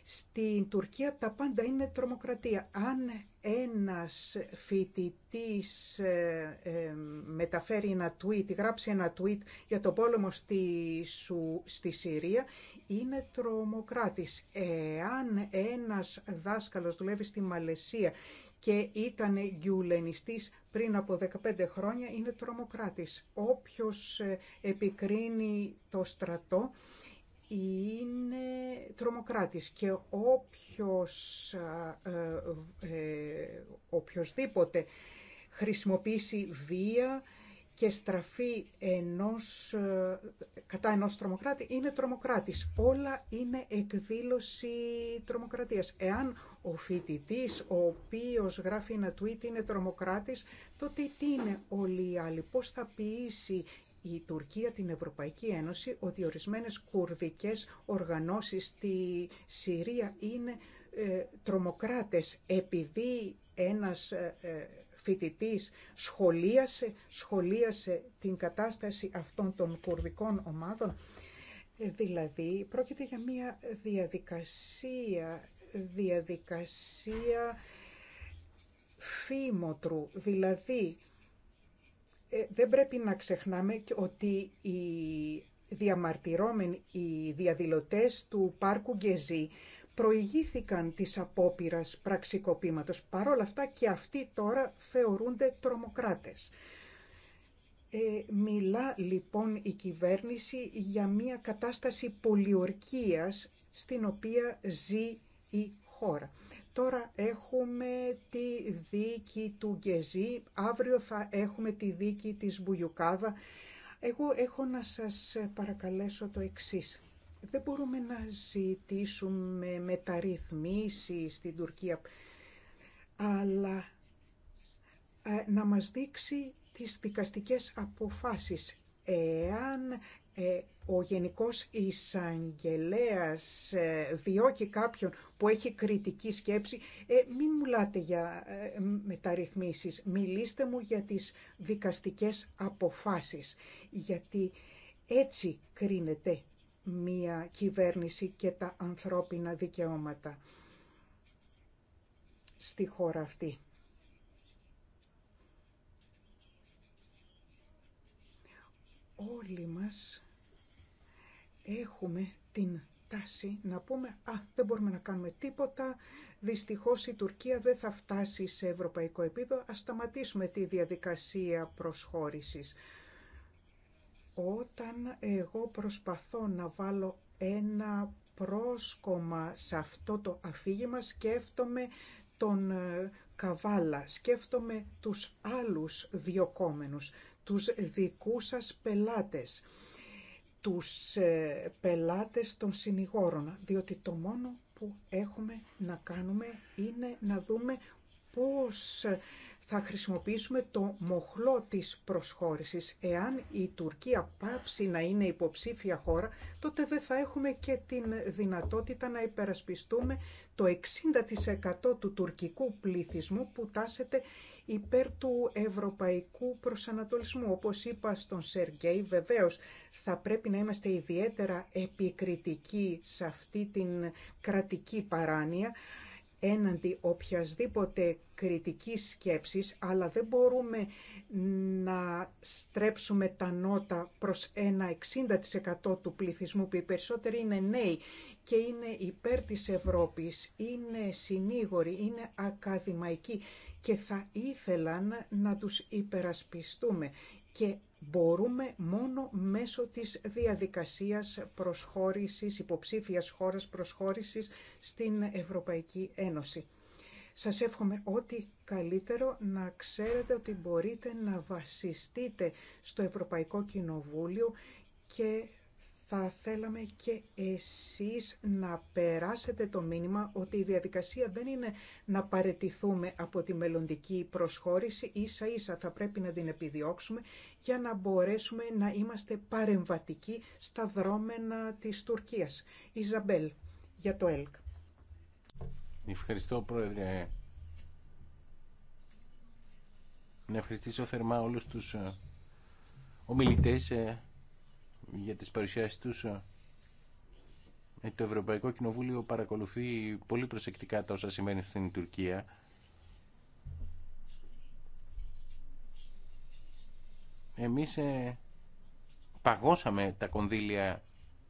στην Τουρκία τα πάντα είναι τρομοκρατία. Αν ένας φοιτητής ε, ε, μεταφέρει ένα tweet, γράψει ένα tweet για το πόλεμο στη, Συρία, είναι τρομοκράτης. Εάν ένας δάσκαλος δουλεύει στη Μαλαισία και ήταν γιουλενιστής πριν από 15 χρόνια είναι τρομοκράτης. Όποιος ε, επικρίνει το στρατό είναι τρομοκράτης και όποιος, ε, ε, ε οποιοδήποτε χρησιμοποιήσει βία και στραφή ενός, ε, κατά ενός τρομοκράτη είναι τρομοκράτης. Όλα είναι εκδήλωση τρομοκρατίας. Εάν ο φοιτητή, ο οποίος γράφει ένα tweet είναι τρομοκράτης, τότε τι είναι όλοι οι άλλοι, πώς θα ποιήσει η Τουρκία την Ευρωπαϊκή Ένωση ότι ορισμένες κουρδικές οργανώσεις στη Συρία είναι ε, τρομοκράτες επειδή ένας ε, φοιτητής σχολίασε, σχολίασε την κατάσταση αυτών των κουρδικών ομάδων. Ε, δηλαδή, πρόκειται για μια διαδικασία, διαδικασία φήμοτρου. Δηλαδή, ε, δεν πρέπει να ξεχνάμε ότι οι διαμαρτυρόμενοι, οι διαδηλωτές του πάρκου Γκεζή προηγήθηκαν της απόπειρα πραξικοπήματος. Παρόλα αυτά και αυτοί τώρα θεωρούνται τρομοκράτες. Ε, μιλά λοιπόν η κυβέρνηση για μια κατάσταση πολιορκίας στην οποία ζει η χώρα. Τώρα έχουμε τη δίκη του Γκεζή, αύριο θα έχουμε τη δίκη της Μπουγιουκάδα. Εγώ έχω να σας παρακαλέσω το εξής. Δεν μπορούμε να ζητήσουμε μεταρρυθμίσεις στην Τουρκία, αλλά ε, να μας δείξει τις δικαστικές αποφάσεις. Εάν ε, ο Γενικός εισαγγελέα ε, διώκει κάποιον που έχει κριτική σκέψη, ε, μην μιλάτε για ε, μεταρρυθμίσεις, μιλήστε μου για τις δικαστικές αποφάσεις, γιατί έτσι κρίνεται μία κυβέρνηση και τα ανθρώπινα δικαιώματα στη χώρα αυτή. Όλοι μας έχουμε την τάση να πούμε «Α, δεν μπορούμε να κάνουμε τίποτα, δυστυχώς η Τουρκία δεν θα φτάσει σε ευρωπαϊκό επίπεδο, ας σταματήσουμε τη διαδικασία προσχώρησης». Όταν εγώ προσπαθώ να βάλω ένα πρόσκομα σε αυτό το αφήγημα, σκέφτομαι τον ε, καβάλα, σκέφτομαι τους άλλους διοκόμενους, τους δικούς σας πελάτες, τους ε, πελάτες των συνηγόρων, διότι το μόνο που έχουμε να κάνουμε είναι να δούμε πώς θα χρησιμοποιήσουμε το μοχλό της προσχώρησης. Εάν η Τουρκία πάψει να είναι υποψήφια χώρα, τότε δεν θα έχουμε και την δυνατότητα να υπερασπιστούμε το 60% του τουρκικού πληθυσμού που τάσεται υπέρ του ευρωπαϊκού προσανατολισμού. Όπως είπα στον Σεργέη, βεβαίως θα πρέπει να είμαστε ιδιαίτερα επικριτικοί σε αυτή την κρατική παράνοια, έναντι οποιασδήποτε κριτικής σκέψης, αλλά δεν μπορούμε να στρέψουμε τα νότα προς ένα 60% του πληθυσμού που οι περισσότεροι είναι νέοι και είναι υπέρ της Ευρώπης, είναι συνήγοροι, είναι ακαδημαϊκοί και θα ήθελαν να τους υπερασπιστούμε και μπορούμε μόνο μέσω της διαδικασίας προσχώρησης, υποψήφιας χώρας προσχώρησης στην Ευρωπαϊκή Ένωση. Σας εύχομαι ό,τι καλύτερο να ξέρετε ότι μπορείτε να βασιστείτε στο Ευρωπαϊκό Κοινοβούλιο και θα θέλαμε και εσείς να περάσετε το μήνυμα ότι η διαδικασία δεν είναι να παρετηθούμε από τη μελλοντική προσχώρηση, ίσα ίσα θα πρέπει να την επιδιώξουμε για να μπορέσουμε να είμαστε παρεμβατικοί στα δρόμενα της Τουρκίας. Ιζαμπέλ, για το ΕΛΚ. Ευχαριστώ Πρόεδρε. Να ευχαριστήσω θερμά όλους τους ε, ομιλητές ε, για τις παρουσιάσεις τους. Ε, ε, το Ευρωπαϊκό Κοινοβούλιο παρακολουθεί πολύ προσεκτικά τα όσα σημαίνει στην Τουρκία. Εμείς ε, παγώσαμε τα κονδύλια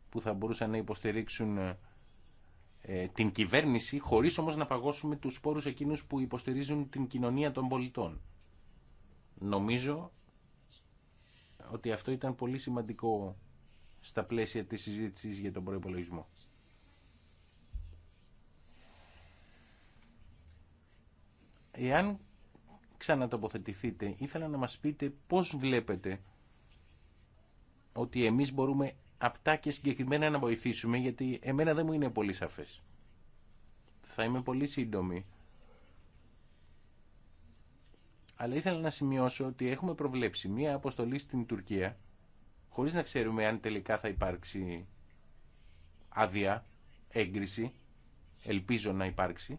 που θα μπορούσαν να υποστηρίξουν την κυβέρνηση, χωρίς όμως να παγώσουμε τους σπόρους εκείνους που υποστηρίζουν την κοινωνία των πολιτών. Νομίζω ότι αυτό ήταν πολύ σημαντικό στα πλαίσια της συζήτησης για τον προϋπολογισμό. Εάν ξανατοποθετηθείτε, ήθελα να μας πείτε πώς βλέπετε ότι εμείς μπορούμε απτά και συγκεκριμένα να βοηθήσουμε, γιατί εμένα δεν μου είναι πολύ σαφές. Θα είμαι πολύ σύντομη. Αλλά ήθελα να σημειώσω ότι έχουμε προβλέψει μία αποστολή στην Τουρκία χωρίς να ξέρουμε αν τελικά θα υπάρξει άδεια, έγκριση, ελπίζω να υπάρξει.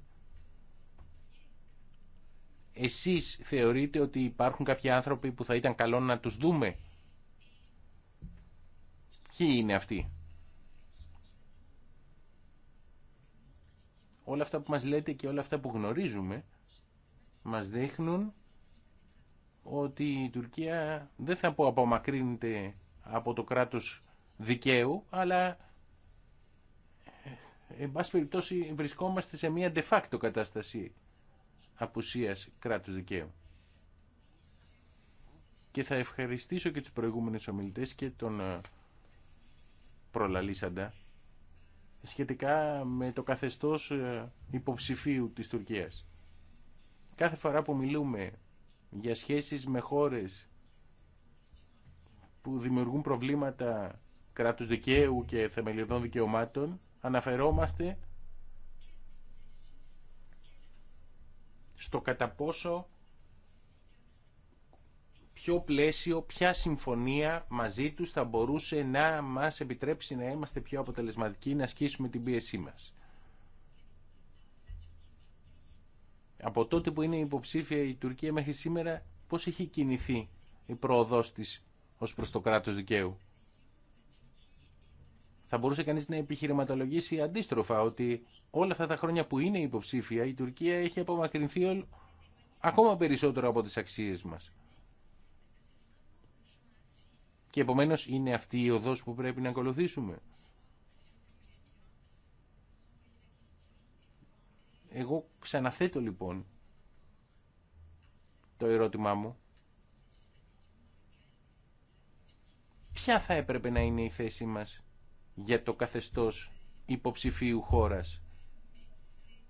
Εσείς θεωρείτε ότι υπάρχουν κάποιοι άνθρωποι που θα ήταν καλό να τους δούμε. Ποιοι είναι αυτοί. Όλα αυτά που μας λέτε και όλα αυτά που γνωρίζουμε μας δείχνουν ότι η Τουρκία δεν θα πω απομακρύνεται από το κράτος δικαίου, αλλά ε, εν πάση περιπτώσει βρισκόμαστε σε μια de facto κατάσταση απουσίας κράτους δικαίου. Και θα ευχαριστήσω και τους προηγούμενους ομιλητές και τον ε, προλαλήσαντα σχετικά με το καθεστώς ε, υποψηφίου της Τουρκίας. Κάθε φορά που μιλούμε για σχέσεις με χώρες που δημιουργούν προβλήματα κράτους δικαίου και θεμελιωδών δικαιωμάτων αναφερόμαστε στο κατά πόσο ποιο πλαίσιο, ποια συμφωνία μαζί τους θα μπορούσε να μας επιτρέψει να είμαστε πιο αποτελεσματικοί, να ασκήσουμε την πίεσή μας. Από τότε που είναι υποψήφια η Τουρκία μέχρι σήμερα, πώς έχει κινηθεί η πρόοδός της ως προς το κράτος δικαίου. Θα μπορούσε κανείς να επιχειρηματολογήσει αντίστροφα ότι όλα αυτά τα χρόνια που είναι υποψήφια η Τουρκία έχει απομακρυνθεί ακόμα περισσότερο από τις αξίες μας. Και επομένως είναι αυτή η οδός που πρέπει να ακολουθήσουμε. Εγώ ξαναθέτω λοιπόν το ερώτημά μου ποια θα έπρεπε να είναι η θέση μας για το καθεστώς υποψηφίου χώρας.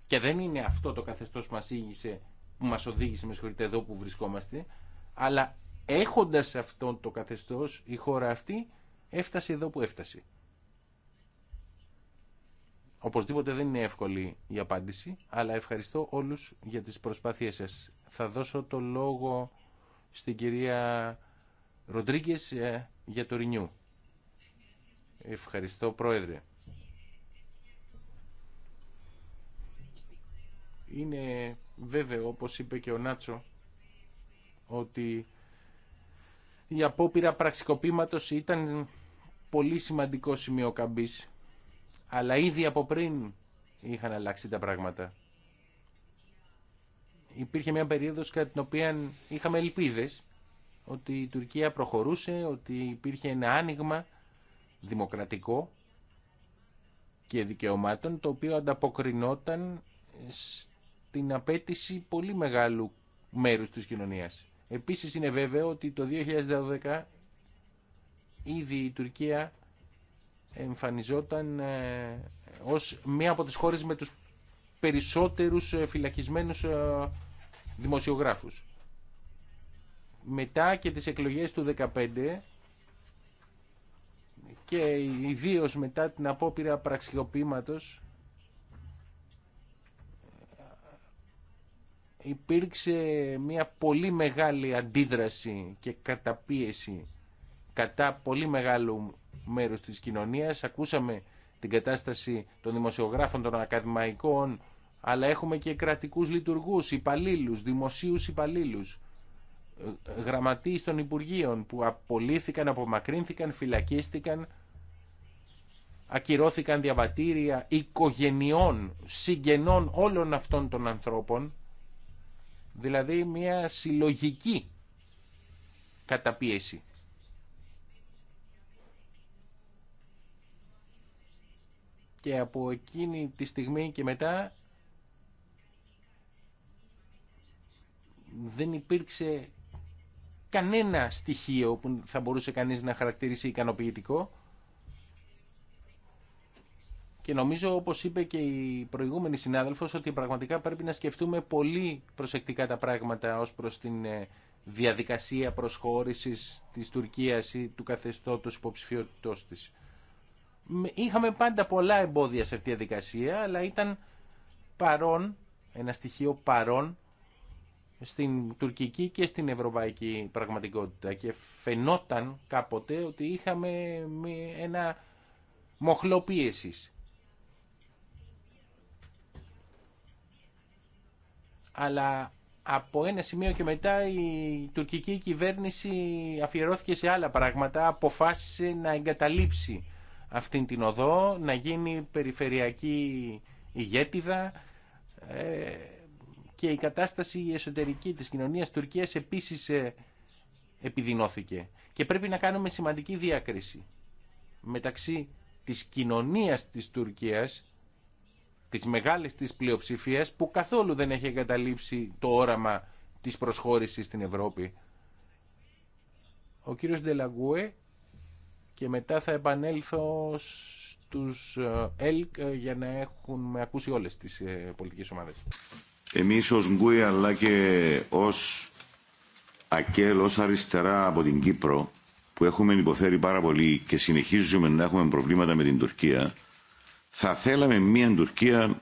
Και δεν είναι αυτό το καθεστώς που μας, ήγησε, που μας οδήγησε με συγχωρείτε εδώ που βρισκόμαστε, αλλά έχοντας αυτό το καθεστώς η χώρα αυτή έφτασε εδώ που έφτασε. Οπωσδήποτε δεν είναι εύκολη η απάντηση, αλλά ευχαριστώ όλους για τις προσπάθειές σας. Θα δώσω το λόγο στην κυρία Ροντρίγκες ε, για το Ευχαριστώ Πρόεδρε. Είναι βέβαιο όπως είπε και ο Νάτσο ότι η απόπειρα πραξικοπήματος ήταν πολύ σημαντικό σημείο καμπής αλλά ήδη από πριν είχαν αλλάξει τα πράγματα. Υπήρχε μια περίοδος κατά την οποία είχαμε ελπίδες ότι η Τουρκία προχωρούσε, ότι υπήρχε ένα άνοιγμα δημοκρατικό και δικαιωμάτων, το οποίο ανταποκρινόταν στην απέτηση πολύ μεγάλου μέρους της κοινωνίας. Επίσης είναι βέβαιο ότι το 2012 ήδη η Τουρκία εμφανιζόταν ε, ως μία από τις χώρες με τους περισσότερους ε, φυλακισμένους ε, δημοσιογράφους μετά και τις εκλογές του 2015 και ιδίω μετά την απόπειρα πραξιοποιήματος υπήρξε μια πολύ μεγάλη αντίδραση και καταπίεση κατά πολύ μεγάλου μέρους της κοινωνίας. Ακούσαμε την κατάσταση των δημοσιογράφων, των ακαδημαϊκών, αλλά έχουμε και κρατικούς λειτουργούς, υπαλλήλους, δημοσίους υπαλλήλους γραμματείς των Υπουργείων που απολύθηκαν, απομακρύνθηκαν, φυλακίστηκαν, ακυρώθηκαν διαβατήρια οικογενειών, συγγενών όλων αυτών των ανθρώπων, δηλαδή μια συλλογική καταπίεση. Και από εκείνη τη στιγμή και μετά δεν υπήρξε κανένα στοιχείο που θα μπορούσε κανείς να χαρακτηρίσει ικανοποιητικό. Και νομίζω, όπως είπε και η προηγούμενη συνάδελφος, ότι πραγματικά πρέπει να σκεφτούμε πολύ προσεκτικά τα πράγματα ως προς την ε, διαδικασία προσχώρησης της Τουρκίας ή του καθεστώτος υποψηφιότητός της. Είχαμε πάντα πολλά εμπόδια σε αυτή τη διαδικασία, αλλά ήταν παρόν, ένα στοιχείο παρόν, στην τουρκική και στην ευρωπαϊκή πραγματικότητα και φαινόταν κάποτε ότι είχαμε ένα μοχλό πίεσης. Αλλά από ένα σημείο και μετά η τουρκική κυβέρνηση αφιερώθηκε σε άλλα πράγματα, αποφάσισε να εγκαταλείψει αυτήν την οδό, να γίνει περιφερειακή ηγέτιδα, ε, και η κατάσταση εσωτερική της κοινωνίας Τουρκίας επίσης ε, επιδεινώθηκε. Και πρέπει να κάνουμε σημαντική διάκριση μεταξύ της κοινωνίας της Τουρκίας, της μεγάλης της πλειοψηφίας, που καθόλου δεν έχει εγκαταλείψει το όραμα της προσχώρησης στην Ευρώπη. Ο κύριος Ντελαγκούε και μετά θα επανέλθω στους ε, ΕΛΚ ε, για να έχουν ακούσει όλες τις πολιτικές ομάδες. Εμείς ως Γκουε αλλά και ως ΑΚΕΛ, ως αριστερά από την Κύπρο που έχουμε υποφέρει πάρα πολύ και συνεχίζουμε να έχουμε προβλήματα με την Τουρκία θα θέλαμε μια Τουρκία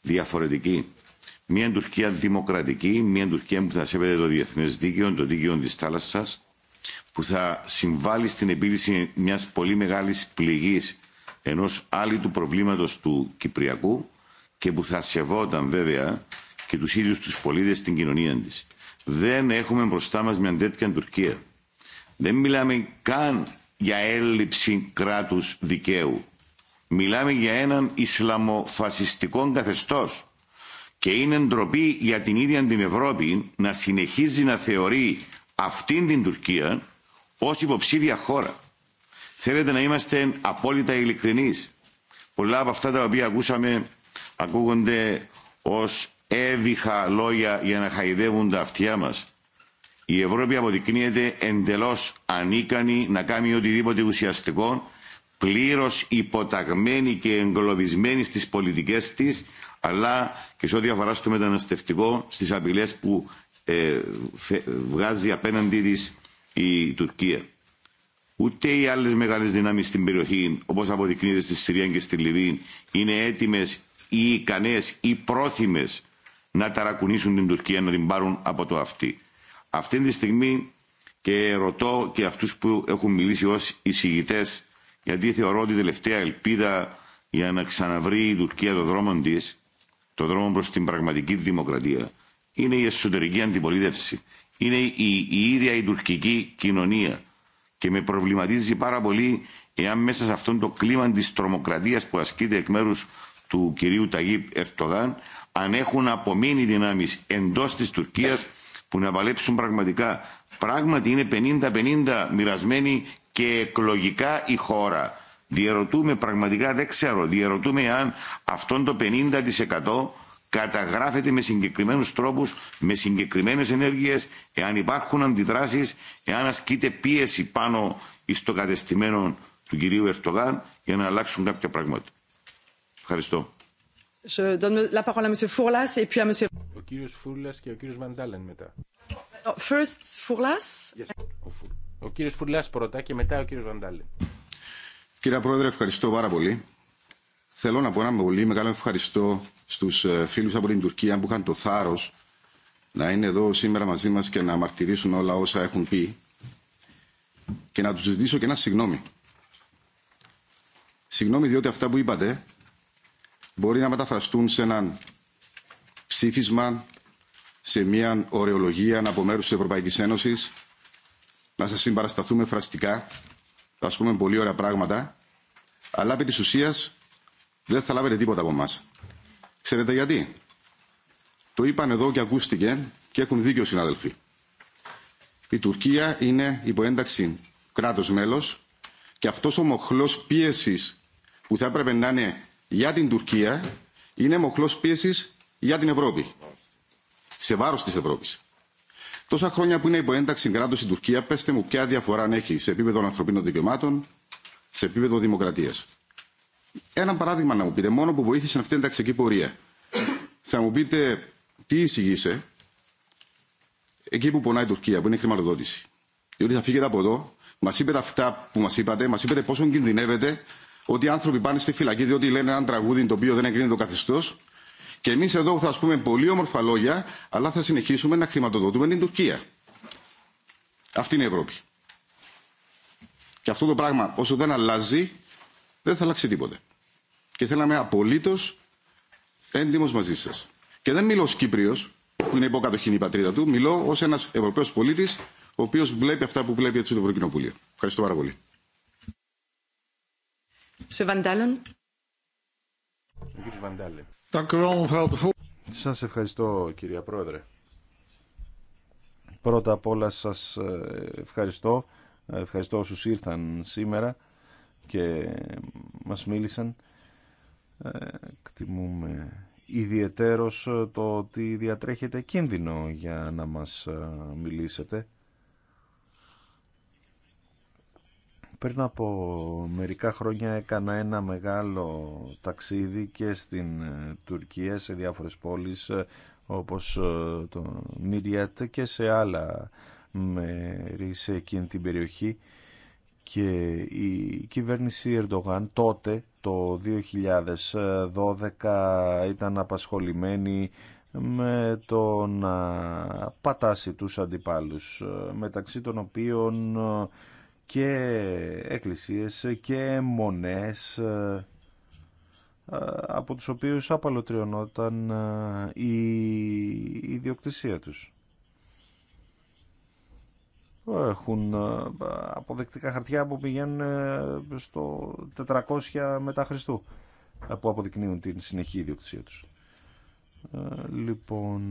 διαφορετική. Μια Τουρκία δημοκρατική, μια Τουρκία που θα σέβεται το διεθνέ δίκαιο, το δίκαιο τη θάλασσα, που θα συμβάλλει στην επίλυση μια πολύ μεγάλη πληγή ενό άλλου του προβλήματο του Κυπριακού και που θα σεβόταν βέβαια και του ίδιου του πολίτε στην κοινωνία τη. Δεν έχουμε μπροστά μα μια τέτοια Τουρκία. Δεν μιλάμε καν για έλλειψη κράτου δικαίου. Μιλάμε για έναν Ισλαμοφασιστικό καθεστώ και είναι ντροπή για την ίδια την Ευρώπη να συνεχίζει να θεωρεί αυτήν την Τουρκία ω υποψήφια χώρα. Θέλετε να είμαστε απόλυτα ειλικρινεί. Πολλά από αυτά τα οποία ακούσαμε ακούγονται ως έβυχα λόγια για να χαϊδεύουν τα αυτιά μας. Η Ευρώπη αποδεικνύεται εντελώς ανίκανη να κάνει οτιδήποτε ουσιαστικό, πλήρως υποταγμένη και εγκλωβισμένη στις πολιτικές της, αλλά και σε ό,τι αφορά στο μεταναστευτικό, στις απειλές που ε, βγάζει απέναντί της η Τουρκία. Ούτε οι άλλε μεγάλε δυναμεί στην περιοχή, όπω αποδεικνύεται στη Συρία και στη Λιβύη, είναι έτοιμε ή ικανέ ή πρόθυμες να ταρακουνήσουν την Τουρκία, να την πάρουν από το αυτή. Αυτή τη στιγμή και ρωτώ και αυτούς που έχουν μιλήσει ως εισηγητέ, γιατί θεωρώ ότι η τελευταία ελπίδα για να ξαναβρει η Τουρκία το δρόμο τη, το δρόμο προς την πραγματική δημοκρατία, είναι η εσωτερική αντιπολίτευση. Είναι η, ίδια η τουρκική κοινωνία. Και με προβληματίζει πάρα πολύ εάν μέσα σε αυτόν το κλίμα της τρομοκρατίας που ασκείται εκ μέρους του κυρίου Ταγίπ Ερτογάν αν έχουν απομείνει δυνάμεις εντός της Τουρκίας που να παλέψουν πραγματικά. Πράγματι είναι 50-50 μοιρασμένη και εκλογικά η χώρα. Διερωτούμε πραγματικά, δεν ξέρω, διερωτούμε αν αυτόν το 50% καταγράφεται με συγκεκριμένους τρόπους, με συγκεκριμένες ενέργειες, εάν υπάρχουν αντιδράσεις, εάν ασκείται πίεση πάνω στο κατεστημένο του κυρίου Ερτογάν για να αλλάξουν κάποια πράγματα. Ευχαριστώ. Ο κύριος Φούρλας και ο Βαντάλεν μετά. Ο, πρώτα και μετά ο κύριος Βαντάλεν. Κύριε Πρόεδρε, ευχαριστώ πάρα πολύ. Θέλω να πω ένα πολύ μεγάλο ευχαριστώ στους ε, φίλους από την Τουρκία που είχαν το θάρρος να είναι εδώ σήμερα μαζί μας και να μαρτυρήσουν όλα όσα έχουν πει και να τους ζητήσω και ένα συγγνώμη. Συγγνώμη διότι αυτά που είπατε μπορεί να μεταφραστούν σε έναν ψήφισμα, σε μια ωρεολογία από μέρου τη Ευρωπαϊκή Ένωση, να σα συμπαρασταθούμε φραστικά, α πούμε πολύ ωραία πράγματα, αλλά επί τη ουσίας δεν θα λάβετε τίποτα από εμά. Ξέρετε γιατί. Το είπαν εδώ και ακούστηκε και έχουν δίκιο συνάδελφοι. Η Τουρκία είναι υπό ένταξη κράτος μέλος και αυτός ο μοχλό πίεσης που θα έπρεπε να είναι για την Τουρκία είναι μοχλό πίεση για την Ευρώπη. Σε βάρο τη Ευρώπη. Τόσα χρόνια που είναι υπό ένταξη κράτο η Τουρκία, πέστε μου ποια διαφορά αν έχει σε επίπεδο ανθρωπίνων δικαιωμάτων, σε επίπεδο δημοκρατία. Ένα παράδειγμα να μου πείτε, μόνο που βοήθησε αυτή την ταξική πορεία. Θα μου πείτε τι εισηγήσε εκεί που πονάει η Τουρκία, που είναι η χρηματοδότηση. Διότι θα φύγετε από εδώ, μα είπετε αυτά που μα είπατε, μα είπετε πόσο κινδυνεύετε ότι οι άνθρωποι πάνε στη φυλακή διότι λένε ένα τραγούδι το οποίο δεν εγκρίνει το καθεστώ. Και εμεί εδώ θα πούμε πολύ όμορφα λόγια, αλλά θα συνεχίσουμε να χρηματοδοτούμε την Τουρκία. Αυτή είναι η Ευρώπη. Και αυτό το πράγμα, όσο δεν αλλάζει, δεν θα αλλάξει τίποτε. Και θέλαμε απολύτω έντιμο μαζί σα. Και δεν μιλώ ω Κύπριο, που είναι υποκατοχήν η πατρίδα του, μιλώ ω ένα Ευρωπαίο πολίτη, ο οποίο βλέπει αυτά που βλέπει έτσι το Ευρωκοινοβούλιο. Ευχαριστώ πάρα πολύ. Σε Σας ευχαριστώ κυρία Πρόεδρε. Πρώτα απ' όλα σας ε, ευχαριστώ. Ευχαριστώ όσους ήρθαν σήμερα και μας μίλησαν. Ε, εκτιμούμε ιδιαιτέρως ε, το ότι διατρέχετε κίνδυνο για να μας μιλήσετε Πριν από μερικά χρόνια έκανα ένα μεγάλο ταξίδι και στην ε, Τουρκία σε διάφορες πόλεις ε, όπως ε, το Νίριατ και σε άλλα μέρη σε εκείνη την περιοχή και η κυβέρνηση Ερντογάν τότε το 2012 ήταν απασχολημένη με το να πατάσει τους αντιπάλους μεταξύ των οποίων και εκκλησίες και μονές ε, ε, από τους οποίους απαλωτριωνόταν ε, η ιδιοκτησία τους. Έχουν αποδεκτικά χαρτιά που πηγαίνουν στο 400 μετά Χριστού που αποδεικνύουν την συνεχή ιδιοκτησία τους. Λοιπόν,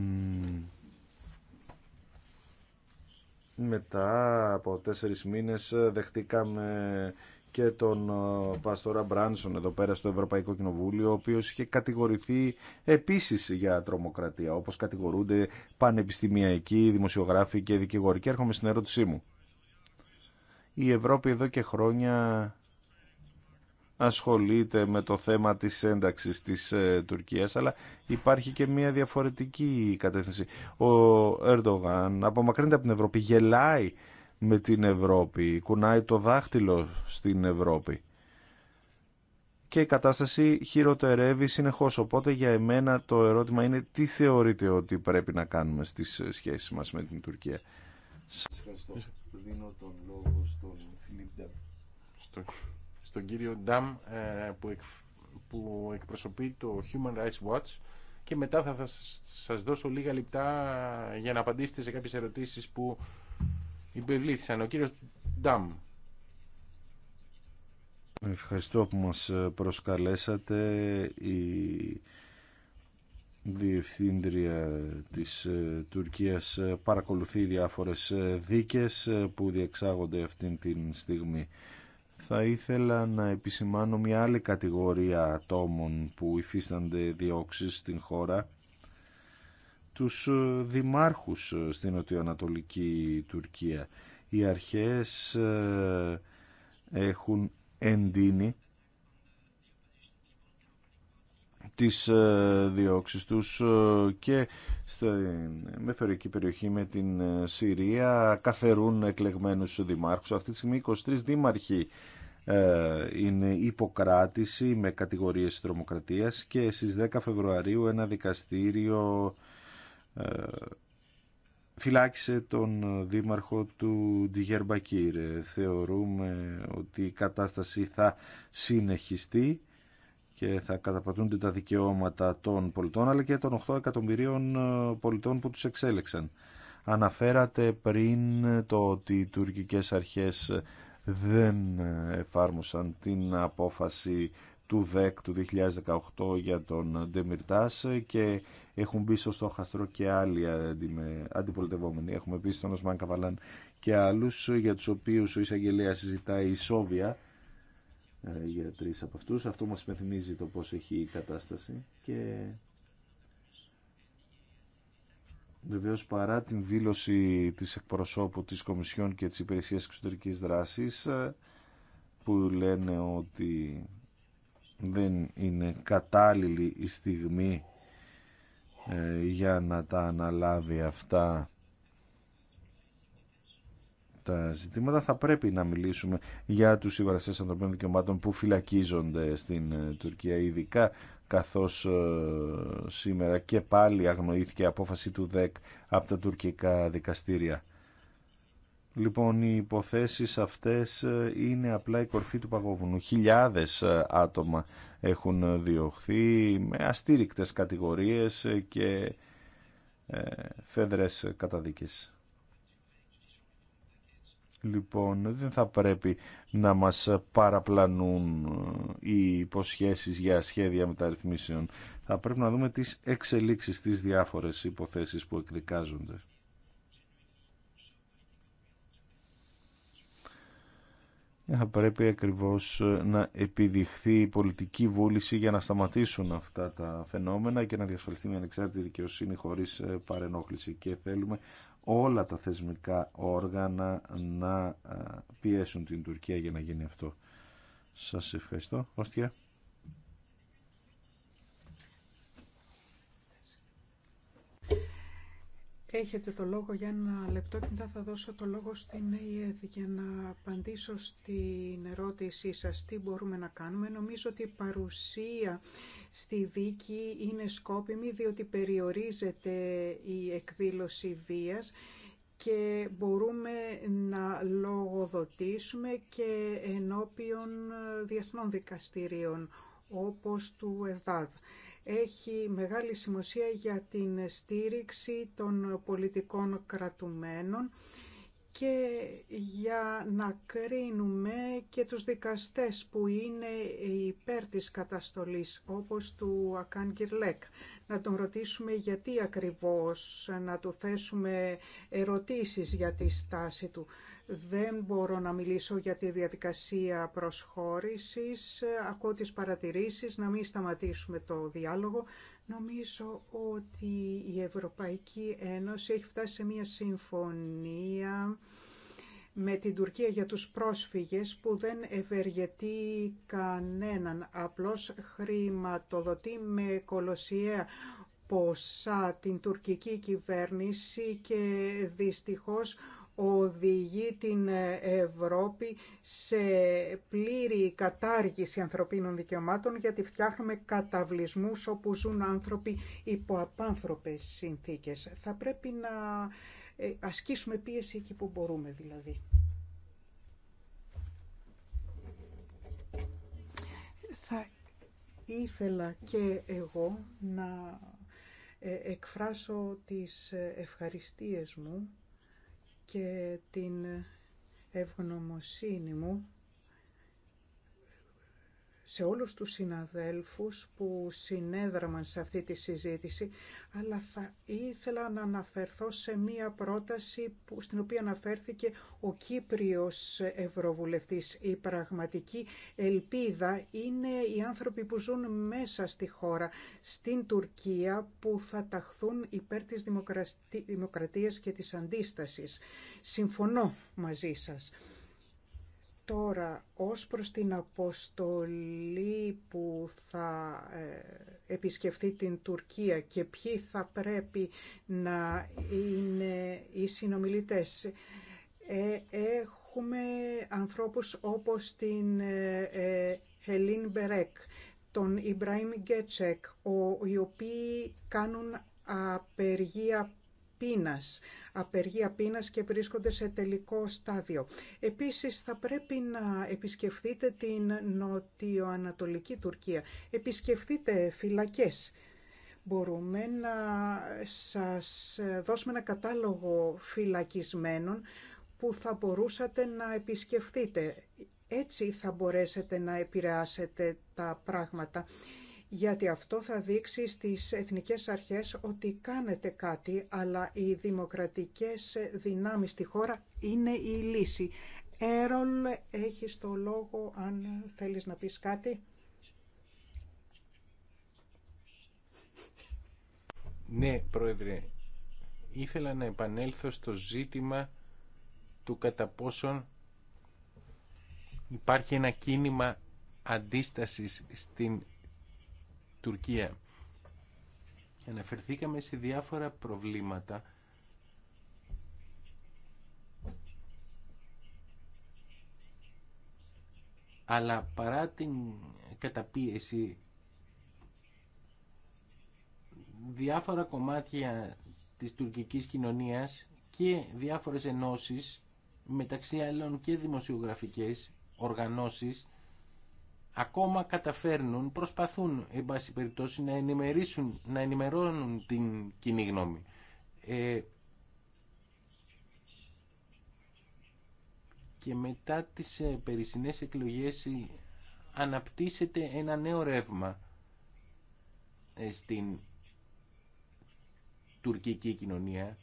μετά από τέσσερις μήνες ε, δεχτήκαμε και τον ε, Παστορά Μπράνσον εδώ πέρα στο Ευρωπαϊκό Κοινοβούλιο, ο οποίος είχε κατηγορηθεί επίσης για τρομοκρατία, όπως κατηγορούνται πανεπιστημιακοί, δημοσιογράφοι και δικηγόροι. Και έρχομαι στην ερώτησή μου. Η Ευρώπη εδώ και χρόνια ασχολείται με το θέμα της ένταξης της ε, Τουρκίας αλλά υπάρχει και μια διαφορετική κατεύθυνση. Ο Ερντογάν απομακρύνεται από την Ευρώπη, γελάει με την Ευρώπη, κουνάει το δάχτυλο στην Ευρώπη και η κατάσταση χειροτερεύει συνεχώς. Οπότε για εμένα το ερώτημα είναι τι θεωρείτε ότι πρέπει να κάνουμε στις σχέσεις μας με την Τουρκία. Σας ευχαριστώ. τον λόγο στον τον κύριο Νταμ ε, που εκπροσωπεί το Human Rights Watch και μετά θα σας δώσω λίγα λεπτά για να απαντήσετε σε κάποιες ερωτήσεις που υπευλήθησαν. Ο κύριος Νταμ. Ευχαριστώ που μας ε, προσκαλέσατε. Η διευθύντρια της ε, Τουρκίας παρακολουθεί διάφορες δίκες που διεξάγονται αυτήν την στιγμή θα ήθελα να επισημάνω μια άλλη κατηγορία ατόμων που υφίστανται διώξεις στην χώρα τους ε, δημάρχους ε, στην νοτιοανατολική Τουρκία. Οι αρχές ε, έχουν εντείνει τις διώξεις τους και στη μεθορική περιοχή με την Συρία καθερούν εκλεγμένους δημάρχους. Αυτή τη στιγμή 23 δήμαρχοι ε, είναι υποκράτηση με κατηγορίες τρομοκρατίας και στις 10 Φεβρουαρίου ένα δικαστήριο ε, φυλάκισε τον δήμαρχο του Ντιγερμπακύρ. Θεωρούμε ότι η κατάσταση θα συνεχιστεί και θα καταπατούνται τα δικαιώματα των πολιτών αλλά και των 8 εκατομμυρίων ε, πολιτών που τους εξέλεξαν. Αναφέρατε πριν το ότι οι τουρκικές αρχές δεν εφάρμοσαν την απόφαση του ΔΕΚ του 2018 για τον Ντεμιρτάς και έχουν μπει στο στόχαστρο και άλλοι αντιπολιτευόμενοι. Έχουμε πει στον Οσμάν Καβαλάν και άλλους για τους οποίους ο εισαγγελέα συζητάει η ε, για τρεις από αυτούς. Αυτό μας υπενθυμίζει το πώς έχει η κατάσταση και Βεβαίω παρά την δήλωση της εκπροσώπου της Κομισιόν και της Υπηρεσίας Εξωτερικής Δράσης ε, που λένε ότι δεν είναι κατάλληλη η στιγμή ε, για να τα αναλάβει αυτά τα ζητήματα θα πρέπει να μιλήσουμε για τους συμβαστές ανθρωπίνων δικαιωμάτων που φυλακίζονται στην ε, Τουρκία ειδικά καθώς ε, σήμερα και πάλι αγνοήθηκε η απόφαση του ΔΕΚ από τα τουρκικά δικαστήρια. Λοιπόν, οι υποθέσεις αυτές ε, είναι απλά η κορφή του παγόβουνου. Χιλιάδες ε, άτομα έχουν διωχθεί με αστήρικτες κατηγορίες και φέδρες καταδίκης λοιπόν δεν θα πρέπει να μας παραπλανούν ε, οι υποσχέσεις για σχέδια μεταρρυθμίσεων. Θα πρέπει να δούμε τις εξελίξεις, τις διάφορες υποθέσεις που εκδικάζονται. Θα πρέπει ακριβώς ε, να επιδειχθεί η πολιτική βούληση για να σταματήσουν αυτά τα φαινόμενα και να διασφαλιστεί μια ανεξάρτητη δικαιοσύνη χωρίς ε, παρενόχληση. Και θέλουμε όλα τα θεσμικά όργανα να ε, πιέσουν την Τουρκία για να γίνει αυτό. Σας ευχαριστώ. Όστια. Έχετε το λόγο για ένα λεπτό και θα δώσω το λόγο στην ΕΕΔ για να απαντήσω στην ερώτησή σας τι μπορούμε να κάνουμε. Νομίζω ότι η παρουσία στη δίκη είναι σκόπιμη διότι περιορίζεται η εκδήλωση βίας και μπορούμε να λογοδοτήσουμε και ενώπιον διεθνών δικαστηρίων όπως του ΕΔΑΔ. Έχει μεγάλη σημασία για την στήριξη των πολιτικών κρατουμένων και για να κρίνουμε και τους δικαστές που είναι υπέρ της καταστολής, όπως του Ακάν Κυρλέκ. Να τον ρωτήσουμε γιατί ακριβώς, να του θέσουμε ερωτήσεις για τη στάση του. Δεν μπορώ να μιλήσω για τη διαδικασία προσχώρησης, ακούω τις παρατηρήσεις, να μην σταματήσουμε το διάλογο, Νομίζω ότι η Ευρωπαϊκή Ένωση έχει φτάσει σε μια συμφωνία με την Τουρκία για τους πρόσφυγες που δεν ευεργετεί κανέναν. Απλώς χρηματοδοτεί με κολοσιαία ποσά την τουρκική κυβέρνηση και δυστυχώς οδηγεί την ε, Ευρώπη σε πλήρη κατάργηση ανθρωπίνων δικαιωμάτων γιατί φτιάχνουμε καταβλισμούς όπου ζουν άνθρωποι υπό απάνθρωπες συνθήκες. Θα πρέπει να ε, ασκήσουμε πίεση εκεί που μπορούμε δηλαδή. Θα ήθελα και εγώ να ε, εκφράσω τις ευχαριστίες μου και την ευγνωμοσύνη μου σε όλους τους συναδέλφους που συνέδραμαν σε αυτή τη συζήτηση, αλλά θα ήθελα να αναφερθώ σε μία πρόταση που, στην οποία αναφέρθηκε ο Κύπριος Ευρωβουλευτής. Η πραγματική ελπίδα είναι οι άνθρωποι που ζουν μέσα στη χώρα, στην Τουρκία, που θα ταχθούν υπέρ της δημοκρατίας και της αντίστασης. Συμφωνώ μαζί σας. Τώρα, ως προς την αποστολή που θα ε, επισκεφθεί την Τουρκία και ποιοι θα πρέπει να είναι οι συνομιλητές. Ε, έχουμε ανθρώπους όπως την ε, Χελίν Μπερέκ, τον Ιμπραήμ Γκέτσεκ, οι οποίοι κάνουν απεργία πείνας, απεργία πείνας και βρίσκονται σε τελικό στάδιο. Επίσης θα πρέπει να επισκεφθείτε την νοτιοανατολική Τουρκία. Επισκεφθείτε φυλακές. Μπορούμε να σας δώσουμε ένα κατάλογο φυλακισμένων που θα μπορούσατε να επισκεφθείτε. Έτσι θα μπορέσετε να επηρεάσετε τα πράγματα γιατί αυτό θα δείξει στις εθνικές αρχές ότι κάνετε κάτι, αλλά οι δημοκρατικές δυνάμεις στη χώρα είναι η λύση. Έρολ, έχεις το λόγο αν θέλεις να πεις κάτι. Ναι, Πρόεδρε, ήθελα να επανέλθω στο ζήτημα του κατά πόσον υπάρχει ένα κίνημα αντίστασης στην Τουρκία. Αναφερθήκαμε σε διάφορα προβλήματα αλλά παρά την καταπίεση διάφορα κομμάτια της τουρκικής κοινωνίας και διάφορες ενώσεις μεταξύ άλλων και δημοσιογραφικές οργανώσεις ακόμα καταφέρνουν, προσπαθούν εν πάση περιπτώσει να, ενημερίσουν, να ενημερώνουν την κοινή γνώμη. Ε, και μετά τις ε, περισσινές εκλογές αναπτύσσεται ένα νέο ρεύμα ε, στην τουρκική κοινωνία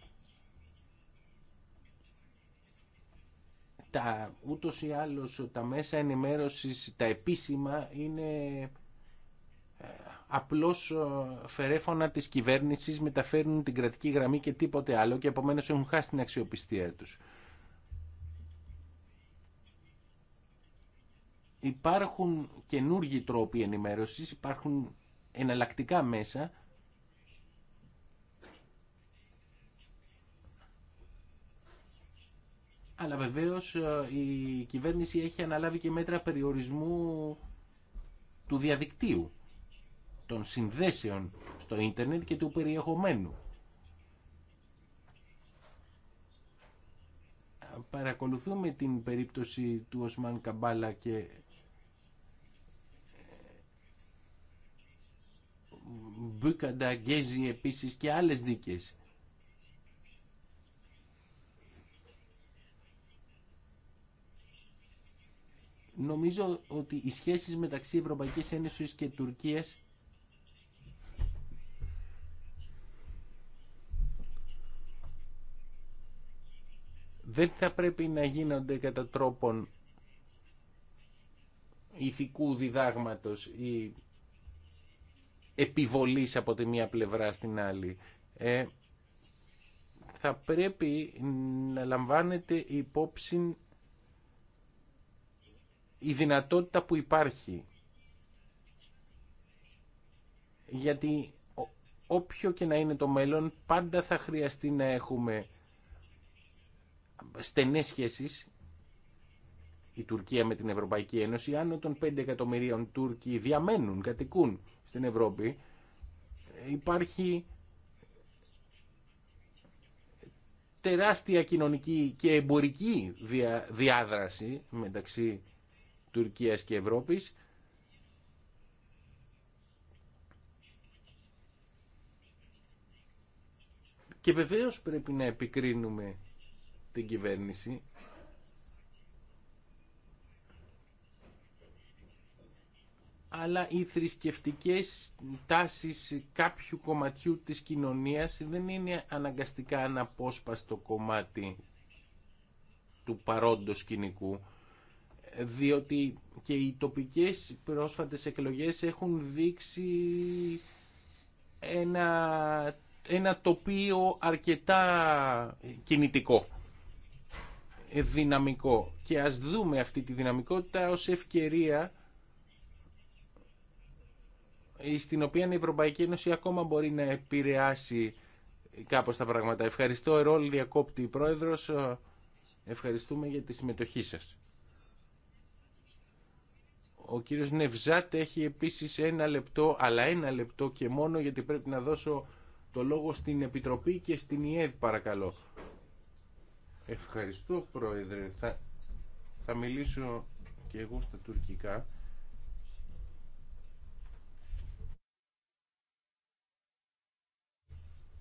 τα, ούτως ή άλλως τα μέσα ενημέρωσης, τα επίσημα είναι ε, απλώς ε, φερέφωνα της κυβέρνησης μεταφέρουν την κρατική γραμμή και τίποτε άλλο και επομένως έχουν χάσει την αξιοπιστία τους. Υπάρχουν καινούργιοι τρόποι ενημέρωσης, υπάρχουν εναλλακτικά μέσα αλλά βεβαίω ε, η κυβέρνηση έχει αναλάβει και μέτρα περιορισμού του διαδικτύου, των συνδέσεων στο ίντερνετ και του περιεχομένου. Παρακολουθούμε την περίπτωση του Οσμάν Καμπάλα και ε, Μπούκαντα, Γκέζι επίσης και άλλες δίκες Νομίζω ότι οι σχέσεις μεταξύ Ευρωπαϊκής Ένωσης και Τουρκίας δεν θα πρέπει να γίνονται κατά τρόπον ηθικού διδάγματος ή επιβολής από τη μία πλευρά στην άλλη. Ε, θα πρέπει να λαμβάνεται υπόψη η δυνατότητα που υπάρχει. Γιατί όποιο και να είναι το μέλλον, πάντα θα χρειαστεί να έχουμε στενές σχέσεις η Τουρκία με την Ευρωπαϊκή Ένωση, άνω των 5 εκατομμυρίων Τούρκοι διαμένουν, κατοικούν στην Ευρώπη, υπάρχει τεράστια κοινωνική και εμπορική διάδραση μεταξύ Τουρκίας και Ευρώπης. Και βεβαίως πρέπει να επικρίνουμε την κυβέρνηση. Αλλά οι θρησκευτικές τάσεις κάποιου κομματιού της κοινωνίας δεν είναι αναγκαστικά αναπόσπαστο κομμάτι του παρόντος κοινικού διότι και οι τοπικές πρόσφατες εκλογές έχουν δείξει ένα, ένα τοπίο αρκετά κινητικό, δυναμικό. Και ας δούμε αυτή τη δυναμικότητα ως ευκαιρία στην οποία η Ευρωπαϊκή Ένωση ακόμα μπορεί να επηρεάσει κάπως τα πράγματα. Ευχαριστώ, Ερόλ Διακόπτη Πρόεδρος. Ευχαριστούμε για τη συμμετοχή σας. Ο κύριος Νευζάτ έχει επίσης ένα λεπτό, αλλά ένα λεπτό και μόνο, γιατί πρέπει να δώσω το λόγο στην Επιτροπή και στην ΙΕΔ, παρακαλώ. Ευχαριστώ, Πρόεδρε. Θα, θα μιλήσω και εγώ στα τουρκικά.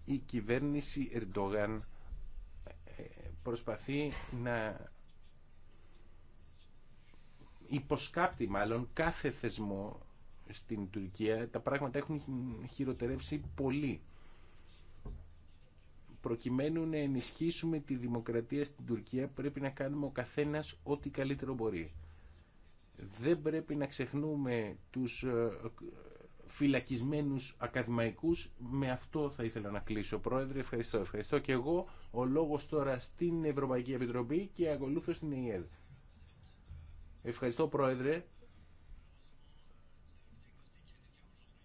Η κυβέρνηση Ερντογάν ε, προσπαθεί να υποσκάπτει μάλλον κάθε θεσμό στην Τουρκία. Τα πράγματα έχουν χειροτερέψει πολύ προκειμένου να ενισχύσουμε τη δημοκρατία στην Τουρκία πρέπει να κάνουμε ο καθένας ό,τι καλύτερο μπορεί. Δεν πρέπει να ξεχνούμε τους ε, φυλακισμένους ακαδημαϊκούς. Με αυτό θα ήθελα να κλείσω, Πρόεδρε. Ευχαριστώ. Ευχαριστώ και εγώ. Ο λόγος τώρα στην Ευρωπαϊκή Επιτροπή και ακολούθω στην ΕΕΔ. Ευχαριστώ Πρόεδρε.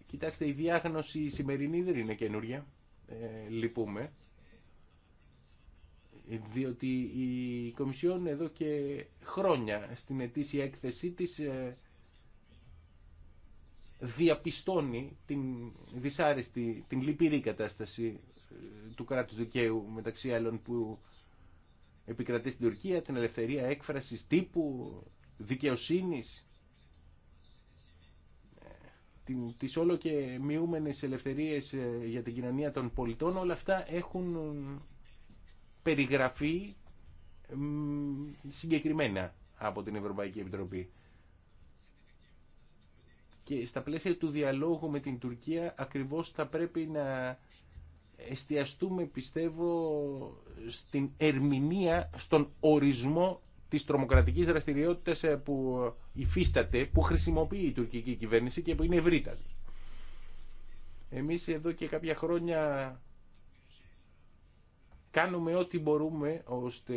Κοιτάξτε, η διάγνωση σημερινή δεν είναι καινούρια. Ε, λυπούμε. Διότι η Κομισιόν εδώ και χρόνια στην ετήσια έκθεσή της ε, διαπιστώνει την δυσάρεστη, την λυπηρή κατάσταση ε, του κράτους δικαίου μεταξύ άλλων που επικρατεί στην Τουρκία, την ελευθερία έκφρασης τύπου, δικαιοσύνης, τι όλο και μειούμενες ελευθερίες ε, για την κοινωνία των πολιτών, όλα αυτά έχουν ε, περιγραφεί συγκεκριμένα από την Ευρωπαϊκή Επιτροπή. Και στα πλαίσια του διαλόγου με την Τουρκία ακριβώς θα πρέπει να εστιαστούμε πιστεύω στην ερμηνεία, στον ορισμό τις τρομοκρατική δραστηριότητα ε, που υφίσταται, που χρησιμοποιεί η τουρκική κυβέρνηση και που είναι ευρύτατη. Εμείς εδώ και κάποια χρόνια κάνουμε ό,τι μπορούμε ώστε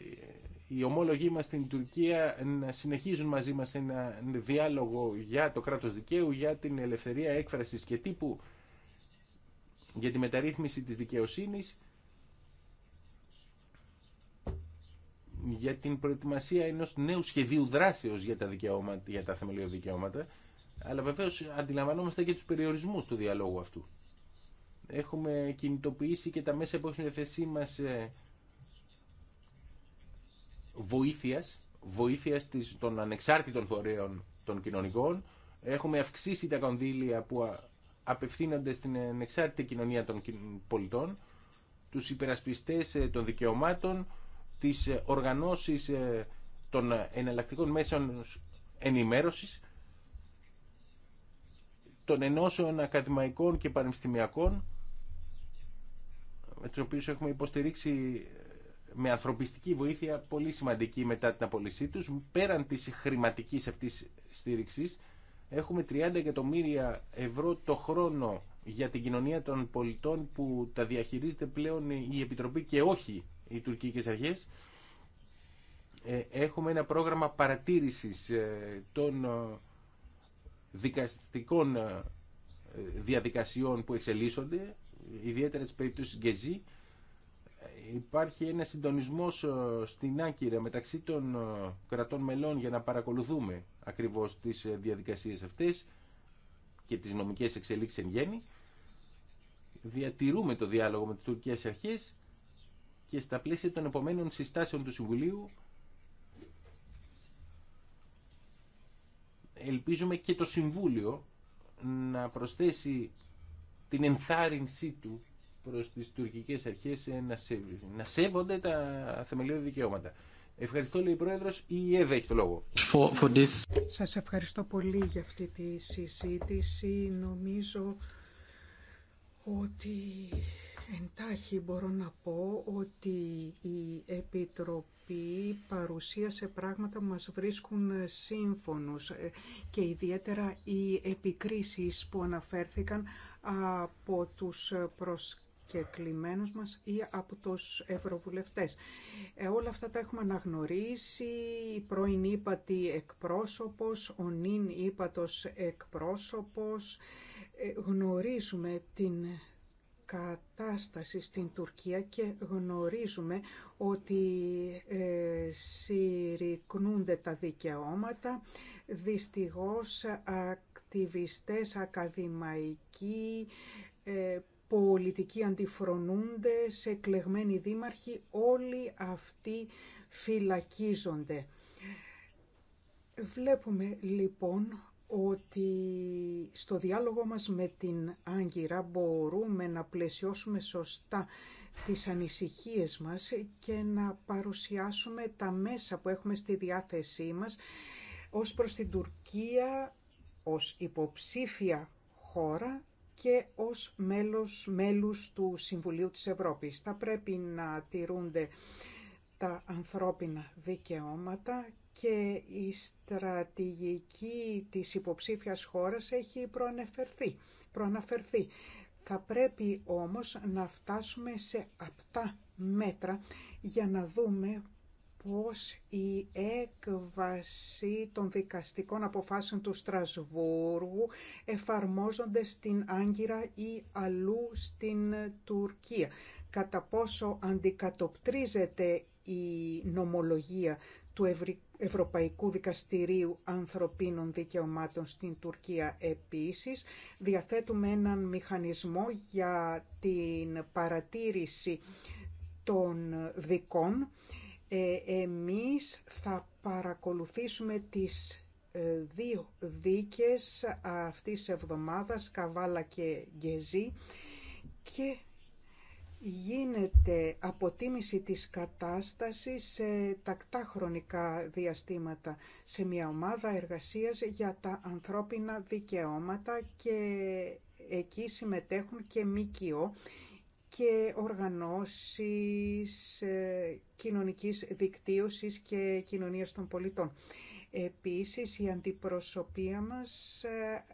ε, οι ομόλογοι μας στην Τουρκία να συνεχίζουν μαζί μας ένα διάλογο για το κράτος δικαίου, για την ελευθερία έκφρασης και τύπου, για τη μεταρρύθμιση της δικαιοσύνης για την προετοιμασία ενός νέου σχεδίου δράσεως για τα, δικαιώματα, για τα θεμελιώδη δικαιώματα, αλλά βεβαίως αντιλαμβανόμαστε και τους περιορισμούς του διαλόγου αυτού. Έχουμε κινητοποιήσει και τα μέσα που έχουν διαθεσή μας ε, βοήθειας, βοήθειας των ανεξάρτητων φορέων των κοινωνικών. Έχουμε αυξήσει τα κονδύλια που απευθύνονται στην ανεξάρτητη κοινωνία των πολιτών, τους υπερασπιστές ε, των δικαιωμάτων, τις ε, οργανώσεις ε, των εναλλακτικών μέσων ενημέρωσης, των ενώσεων ακαδημαϊκών και πανεπιστημιακών, με τους οποίους έχουμε υποστηρίξει ε, με ανθρωπιστική βοήθεια πολύ σημαντική μετά την απολυσή τους, πέραν της χρηματικής αυτής στήριξης, έχουμε 30 εκατομμύρια ευρώ το χρόνο για την κοινωνία των πολιτών που τα διαχειρίζεται πλέον η Επιτροπή και όχι οι τουρκικές αρχές. Ε, έχουμε ένα πρόγραμμα παρατήρησης ε, των ε, δικαστικών διαδικασιών που εξελίσσονται, ιδιαίτερα της περίπτωσης Γκεζή. Υπάρχει ένα συντονισμός στην Άκυρα μεταξύ των κρατών μελών για να παρακολουθούμε ακριβώς τις διαδικασίες αυτές και τις νομικές εξελίξεις εν γέννη. Διατηρούμε το διάλογο με τις τουρκικές αρχές και στα πλαίσια των επομένων συστάσεων του Συμβουλίου ελπίζουμε και το Συμβούλιο να προσθέσει την ενθάρρυνσή του προς τις τουρκικές αρχές ε, να, σέβονται, να σέβονται τα θεμελιώδη δικαιώματα. Ευχαριστώ, λέει η Πρόεδρος. Η Εύα έχει το λόγο. For, for this. Σας ευχαριστώ πολύ για αυτή τη συζήτηση. Νομίζω ότι Εντάχει μπορώ να πω ότι η Επιτροπή παρουσίασε πράγματα που μας βρίσκουν σύμφωνους ε, και ιδιαίτερα οι επικρίσεις που αναφέρθηκαν από τους προσκεκλημένους μας ή από τους ευρωβουλευτές. Ε, όλα αυτά τα έχουμε αναγνωρίσει, η απο τους ευρωβουλευτες ολα ύπατη εκπρόσωπος, ο νυν ύπατος εκπρόσωπος, ε, γνωρίζουμε την κατάσταση στην Τουρκία και γνωρίζουμε ότι ε, συρρυκνούνται τα δικαιώματα. Δυστυχώς ακτιβιστές, ακαδημαϊκοί, ε, πολιτικοί σε εκλεγμένοι δήμαρχοι, όλοι αυτοί φυλακίζονται. Βλέπουμε λοιπόν ότι στο διάλογο μας με την Άγκυρα μπορούμε να πλαισιώσουμε σωστά τις ανησυχίες μας και να παρουσιάσουμε τα μέσα που έχουμε στη διάθεσή μας ως προς την Τουρκία ως υποψήφια χώρα και ως μέλος, μέλους του Συμβουλίου της Ευρώπης. Θα πρέπει να τηρούνται τα ανθρώπινα δικαιώματα και η στρατηγική της υποψήφιας χώρας έχει προαναφερθεί. προαναφερθεί. Θα πρέπει όμως να φτάσουμε σε απτά μέτρα για να δούμε πως η έκβαση των δικαστικών αποφάσεων του Στρασβούργου εφαρμόζονται στην Άγκυρα ή αλλού στην Τουρκία. Κατά πόσο αντικατοπτρίζεται η νομολογία του Ευρωπαϊκού Δικαστηρίου Ανθρωπίνων Δικαιωμάτων στην Τουρκία επίσης. Διαθέτουμε έναν μηχανισμό για την παρατήρηση των δικών. Ε, εμείς θα παρακολουθήσουμε τις ε, δύο δίκες αυτής εβδομάδας, Καβάλα και Γκεζή, και γίνεται αποτίμηση της κατάστασης σε τακτά χρονικά διαστήματα σε μια ομάδα εργασίας για τα ανθρώπινα δικαιώματα και εκεί συμμετέχουν και ΜΚΟ και οργανώσεις ε, κοινωνικής δικτύωσης και κοινωνίας των πολιτών. Επίσης, η αντιπροσωπεία μας ε,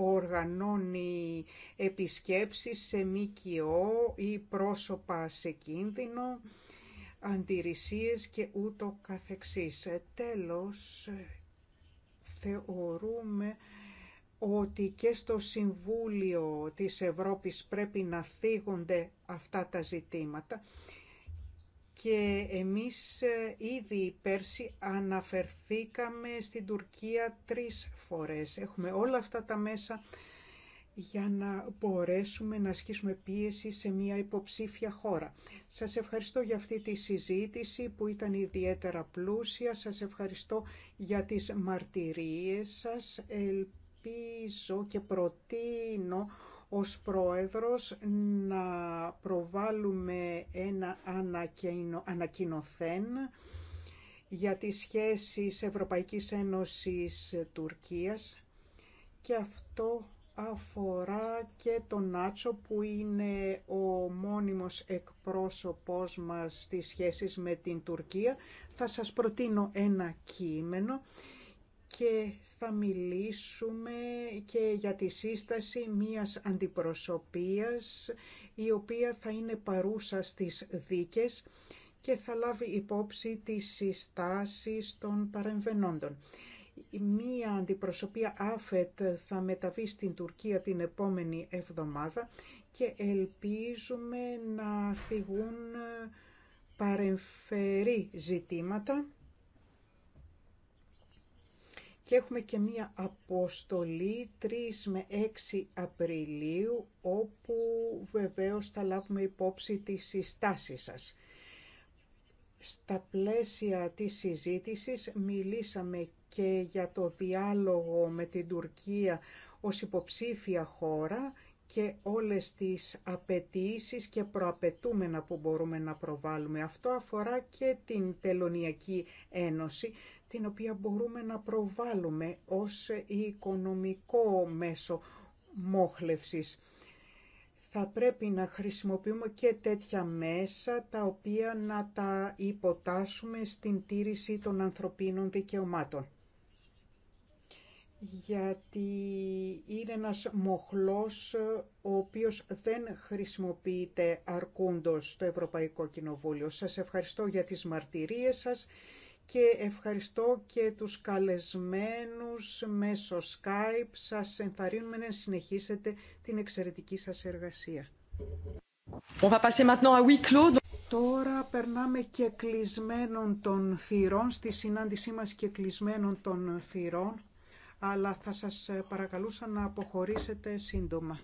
οργανώνει επισκέψεις σε ΜΚΟ ή πρόσωπα σε κίνδυνο, αντιρρησίες και ούτω καθεξής. Ε, τέλος, θεωρούμε ότι και στο Συμβούλιο της Ευρώπης πρέπει να θίγονται αυτά τα ζητήματα και εμείς ε, ήδη πέρσι αναφερθήκαμε στην Τουρκία τρεις φορές. Έχουμε όλα αυτά τα μέσα για να μπορέσουμε να ασκήσουμε πίεση σε μια υποψήφια χώρα. Σας ευχαριστώ για αυτή τη συζήτηση που ήταν ιδιαίτερα πλούσια. Σας ευχαριστώ για τις μαρτυρίες σας. Ελπίζω και προτείνω ως πρόεδρος να προβάλλουμε ένα ανακοινοθέν για τις σχέσεις Ευρωπαϊκής Ένωσης Τουρκίας και αυτό αφορά και τον Νάτσο που είναι ο μόνιμος εκπρόσωπός μας στις σχέσεις με την Τουρκία. Θα σας προτείνω ένα κείμενο και θα μιλήσουμε και για τη σύσταση μίας αντιπροσωπείας η οποία θα είναι παρούσα στις δίκες και θα λάβει υπόψη τις συστάσεις των παρεμβενόντων. Μία αντιπροσωπεία ΑΦΕΤ θα μεταβεί στην Τουρκία την επόμενη εβδομάδα και ελπίζουμε να φυγούν παρεμφερή ζητήματα και έχουμε και μία αποστολή 3 με 6 Απριλίου, όπου βεβαίως θα λάβουμε υπόψη τις συστάσεις σας. Στα πλαίσια της συζήτησης μιλήσαμε και για το διάλογο με την Τουρκία ως υποψήφια χώρα και όλες τις απαιτήσεις και προαπαιτούμενα που μπορούμε να προβάλλουμε. Αυτό αφορά και την Τελωνιακή Ένωση, την οποία μπορούμε να προβάλλουμε ως οικονομικό μέσο μόχλευσης. Θα πρέπει να χρησιμοποιούμε και τέτοια μέσα τα οποία να τα υποτάσσουμε στην τήρηση των ανθρωπίνων δικαιωμάτων. Γιατί είναι ένας μοχλός ο οποίος δεν χρησιμοποιείται αρκούντος στο Ευρωπαϊκό Κοινοβούλιο. Σας ευχαριστώ για τις μαρτυρίες σας και ευχαριστώ και τους καλεσμένους μέσω Skype. Σας ενθαρρύνουμε να συνεχίσετε την εξαιρετική σας εργασία. On va passer Τώρα περνάμε και κλεισμένων των θυρών, στη συνάντησή μας και κλεισμένων των θυρών, αλλά θα σας παρακαλούσα να αποχωρήσετε σύντομα.